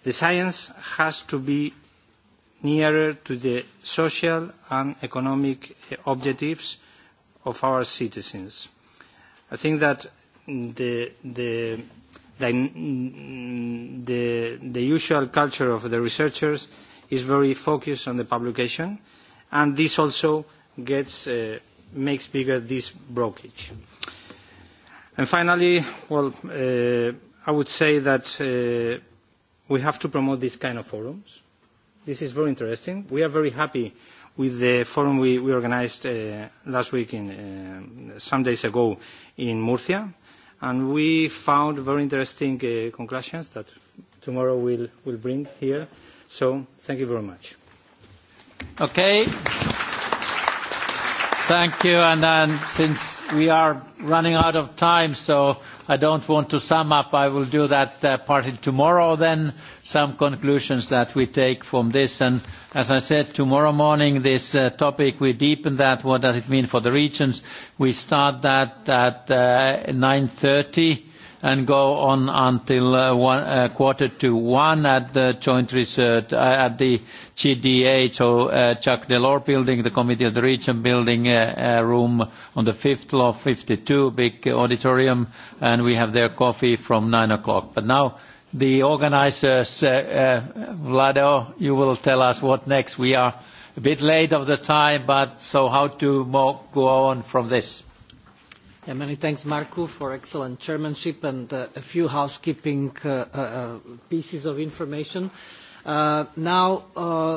the science has to be nearer to the social and economic objectives of our citizens. I think that the the the usual culture of the researchers is very focused on the publication, and this also gets makes bigger this brokerage. And finally, well, I would say that we have to promote these kind of forums. This is very interesting. We are very happy with the forum we organized last week, some days ago, in Murcia. And we found very interesting conclusions that tomorrow we'll bring here. So thank you very much. Okay. Thank you. And since we are running out of time, so I don't want to sum up, I will do that part tomorrow then some conclusions that we take from this. And as I said, tomorrow morning this topic, we deepen that. What does it mean for the regions? We start that at 9.30 and go on until quarter to one at the joint research at the GDA, so Jacques Delors building, the Committee of the Region building, room on the fifth floor, 52, big auditorium, and we have their coffee from nine o'clock. But now the organisers Vlado, you will tell us what next. We are a bit late of the time, but so how to go on from this? Many thanks, Marco, for excellent chairmanship and a few housekeeping pieces of information. Now,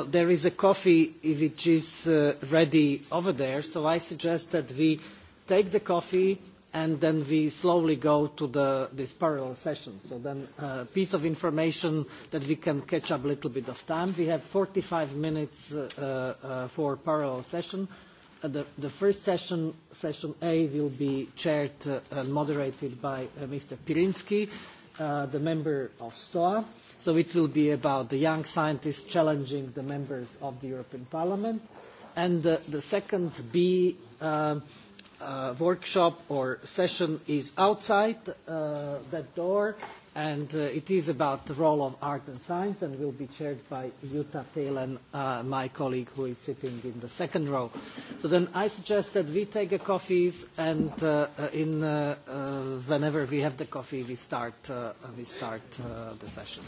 there is a coffee which is ready over there, so I suggest that we take the coffee and then we slowly go to this parallel session. So then a piece of information that we can catch up a little bit of time. We have 45 minutes for parallel session. The first session, session A, will be chaired and moderated by Mr. Pirinski, the member of STOA. So it will be about the young scientists challenging the members of the European Parliament. And the second B workshop or session is outside that door, and it is about the role of art and science, and will be chaired by Jutta Thelen, my colleague who is sitting in the second row. So then I suggest that we take a coffees, and in whenever we have the coffee, we start we start the session.